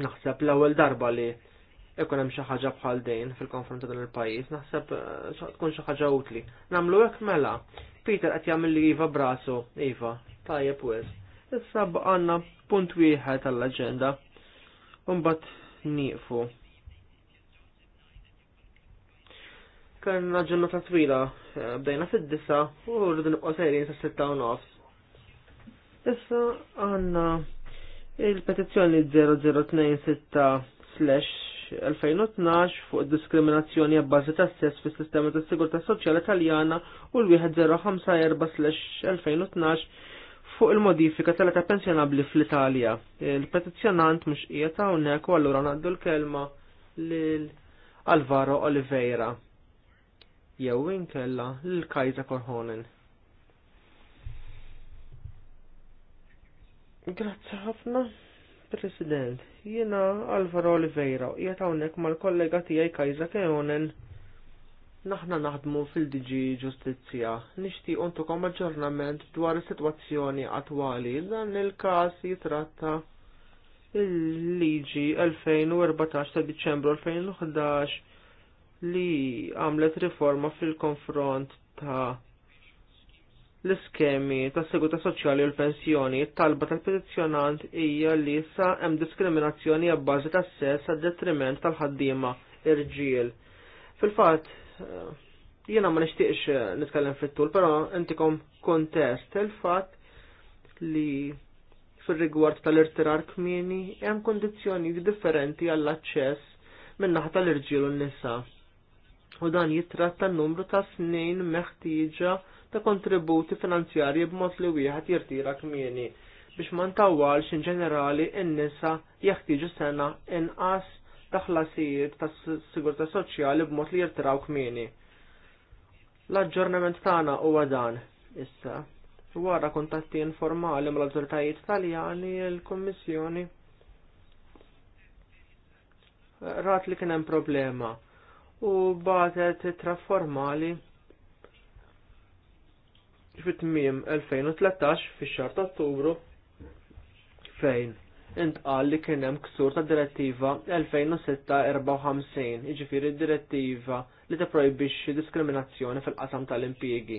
Naħseb l-ewwel darba li ikun hemm xi ħaġa bħal dejn fil-konfront dan il-pajjiż, naħseb eh, tkun xi ħaġa utli. Nagħmlu hekk mela. Peter qed jagħmel li iva brasu, iva, tajjeb wis. Issa għandna punt wieħed tal-aġenda. Mbagħad nieqfu. Kanna ta' twila, eh, bdejna fid-disa u rridu nibqgħu sejrin sa' sitta u nofs. Issa għandna Il-petizzjoni 0026-2012 fuq diskriminazzjoni għabbażi ta' sess fis sistema ta' sigurta soċjali taljana u l-1054-2012 fuq il-modifika tal ta' pensjonabli fl-Italja. Il-petizzjonant mux qiegħed hawnhekk u allura ngħaddu l-kelma l Alvaro Oliveira. Jew inkella l Kajza Korhonen. Grazzi ħafna, President. Jena Alvaro Oliveira, jgħat hawnhekk mal-kollega tiegħi Kajza Keonen. Naħna naħdmu fil-DG Ġustizzja, nixtieq untukom aġġornament dwar is-sitwazzjoni attwali dan il-każ jitratta il-liġi 2014 ta' Diċembru 2011 li għamlet riforma fil-konfront ta' l-iskemi ta' seguta soċjali u l-pensjoni, talba tal-petizzjonant hija li sa' hemm diskriminazzjoni għabbażi ta' sess għad detriment tal-ħaddiema irġiel. Fil-fatt, eh, jiena ma nixtieqx eh, nitkellem fit-tul, però intikom kontest il-fatt li fil-rigward tal-irtirar kmieni hemm kondizjoni differenti għall-aċċess min-naħa tal-irġiel u n-nisa. U dan jitratta n-numru ta' snin meħtieġa ta' kontributi finanzjarji b'mod li wieħed jirtira kmieni biex ma ntawwalx in ġenerali n-nisa jeħtieġu sena inqas ta' ħlasijiet tas sigurtà soċjali b'mod li jirtiraw kmieni. L-aġġornament tagħna huwa dan issa. Wara kuntatti informali mal autoritajiet Taljani l-Kummissjoni rat li kien hemm problema u batet tra formali fit-tmiem 2013 fix-xahar ta' Ottubru fejn intqal li kien hemm ksur ta' direttiva 2006-54, jiġifieri direttiva li tipprojbixxi diskriminazzjoni fil-qasam tal-impjiegi.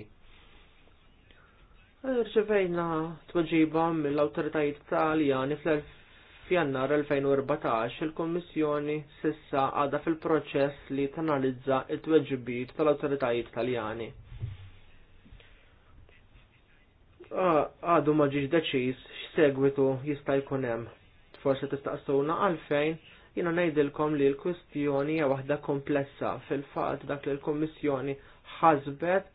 Irċevejna tweġiba mill-awtoritajiet Taljani fl-Fjannar 2014 il-Kommissjoni sissa għadha fil-proċess li tanalizza t tweġibiet tal-awtoritajiet Taljani għadu ma ġiġ deċiż x'segwitu jista' jkun hemm. Forsi tistaqsuna għalfejn jiena ngħidilkom li l-kwistjoni hija waħda komplessa fil-fatt dak li l-Kummissjoni ħasbet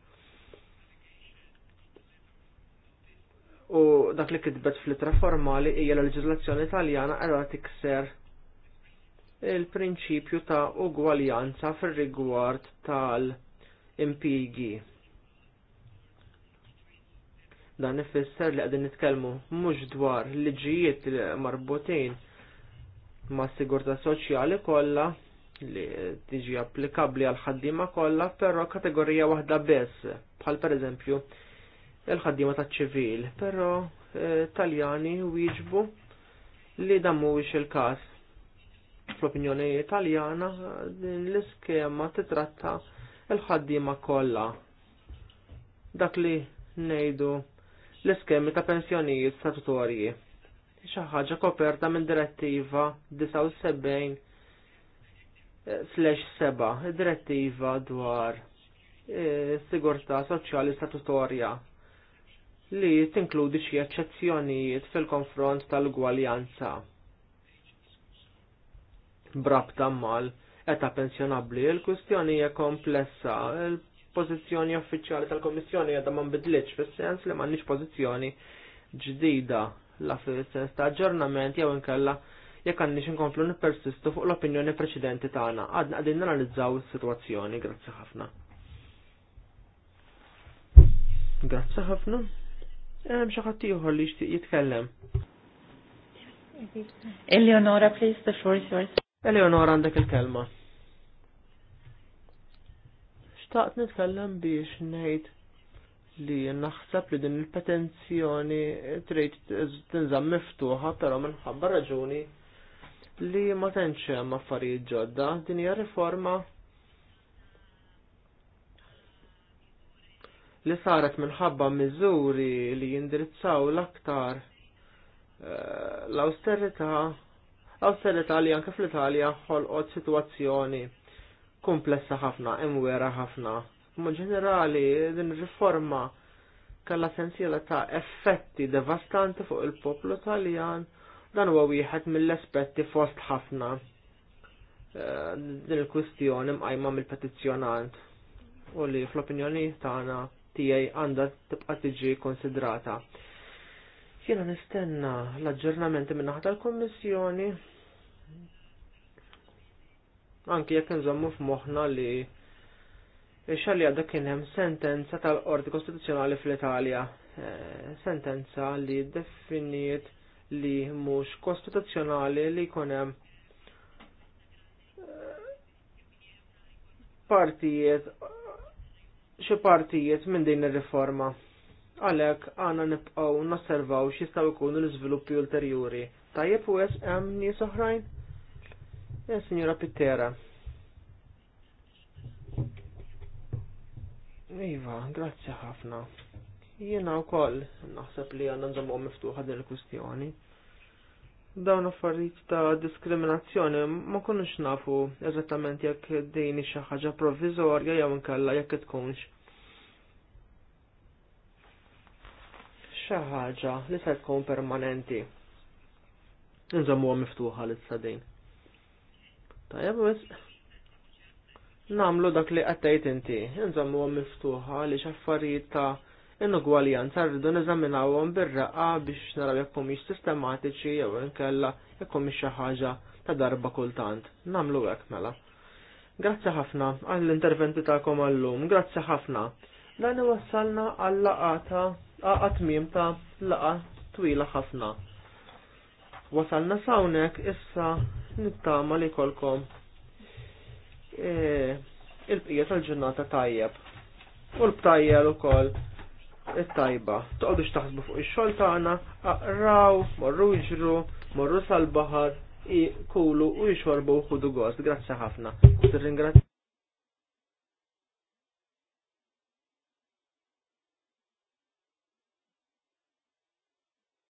u dak li kitbet fl-itra formali hija l-leġiżlazzjoni Italjana qiegħda tikser il-prinċipju ta' ugwaljanza fir-rigward tal-impigi Dan ifisser li qegħdin nitkellmu mhux dwar liġijiet marbutin ma' sigurtà soċjali kollha li tiġi applikabbli għal ħaddiema kollha, però kategorija waħda biss, bħal pereżempju il-ħaddiema taċ-ċivil, però eh, Taljani wieġbu li dan mhuwiex il-każ. Fl-opinjoni Taljana din l-iskema titratta il-ħaddiema kollha. Dak li ngħidu l-iskemi ta' pensjonijiet statutorji. Xi ħaġa koperta minn direttiva 79/7, eh, direttiva dwar eh, sigurtà soċjali statutorja li tinkludi xi eċċezzjonijiet fil-konfront tal-gwaljanza. Brabta mal eta pensjonabli, il-kustjoni hija komplessa, il pożizzjoni uffiċjali tal-Komissjoni għadha ma nbidlitx fis-sens li m'għandniex pożizzjoni ġdida la fis-sens ta' aġġornament jew inkella jekk għandniex inkomplu nippersistu fuq l-opinjoni preċedenti tagħna. Għadna qegħdin nanalizzaw is-sitwazzjoni, grazzi ħafna. Grazzi ħafna. Hemm xi ħadd ieħor li jixtieq jitkellem. Eleonora, please, the floor is yours. Eleonora, għandek il-kelma. Xtaqt nitkellem biex ngħid li naħseb li din il-petenzjoni trid tinżamm miftuħa però minħabba raġuni li ma tantx hemm affarijiet ġodda din hija riforma li saret minħabba miżuri li jindirizzaw l-aktar eh, l-austerità l-austerità li anke fl-Italja ħolqot sitwazzjoni komplessa ħafna, imwera ħafna. Ma ġenerali, din riforma kalla sensiela ta' effetti devastanti fuq il-poplu taljan, dan huwa wieħed mill-aspetti fost ħafna eh, din il-kwistjoni mqajma mill-petizzjonant u li fl-opinjoni tagħna tiegħi għandha tibqa' tiġi konsidrata. Jiena nistenna l-aġġornamenti min-naħa tal-Kummissjoni anki jekk nżommu f'moħħna li xalli għadda kien hemm sentenza tal-Qorti Kostituzzjonali fl-Italja, eh, sentenza li definiet li mhux kostituzzjonali li jkun hemm eh, partijiet xi partijiet minn din ir-riforma. Għalhekk għandna nibqgħu nasservaw x'jistgħu jkunu l-iżviluppi ulterjuri. Tajjeb u hemm nies oħrajn? Ja, eh, signora Pittera. Iva, grazzi ħafna. Jiena wkoll naħseb li għandna nżommu miftuħa din il-kwistjoni. Dawn affarijiet ta' diskriminazzjoni ma konniex nafu eżattament jekk din xi ħaġa provviżorja jew inkella jekk tkunx. Xi ħaġa li se tkun permanenti. Nżommuha miftuħa l din. Tajab, bħis namlu dak li għattajt inti, nżammu għom miftuħa li xaffarijiet ta' inugwaljanza rridu neżaminawhom bir-raqqa biex naraw jekk mhumiex sistematiċi jew nkella jekk mhumiex xi ħaġa ta' darba kultant. Namlu hekk mela. Grazzi ħafna għall-interventi tagħkom għallum, grazzi ħafna. Dan wassalna għal laqata għatmim ta' laqa twila ħafna. Wasalna sawnek issa nittama li kolkom e, il-bqija tal-ġurnata tajjeb. U l-btajjel l kol il-tajba. Toqdu xtaħsbu fuq il-xol tagħna, aqraw, morru iġru morru sal-bahar, kulu u jxorbu u xudu gost. Grazzi ħafna.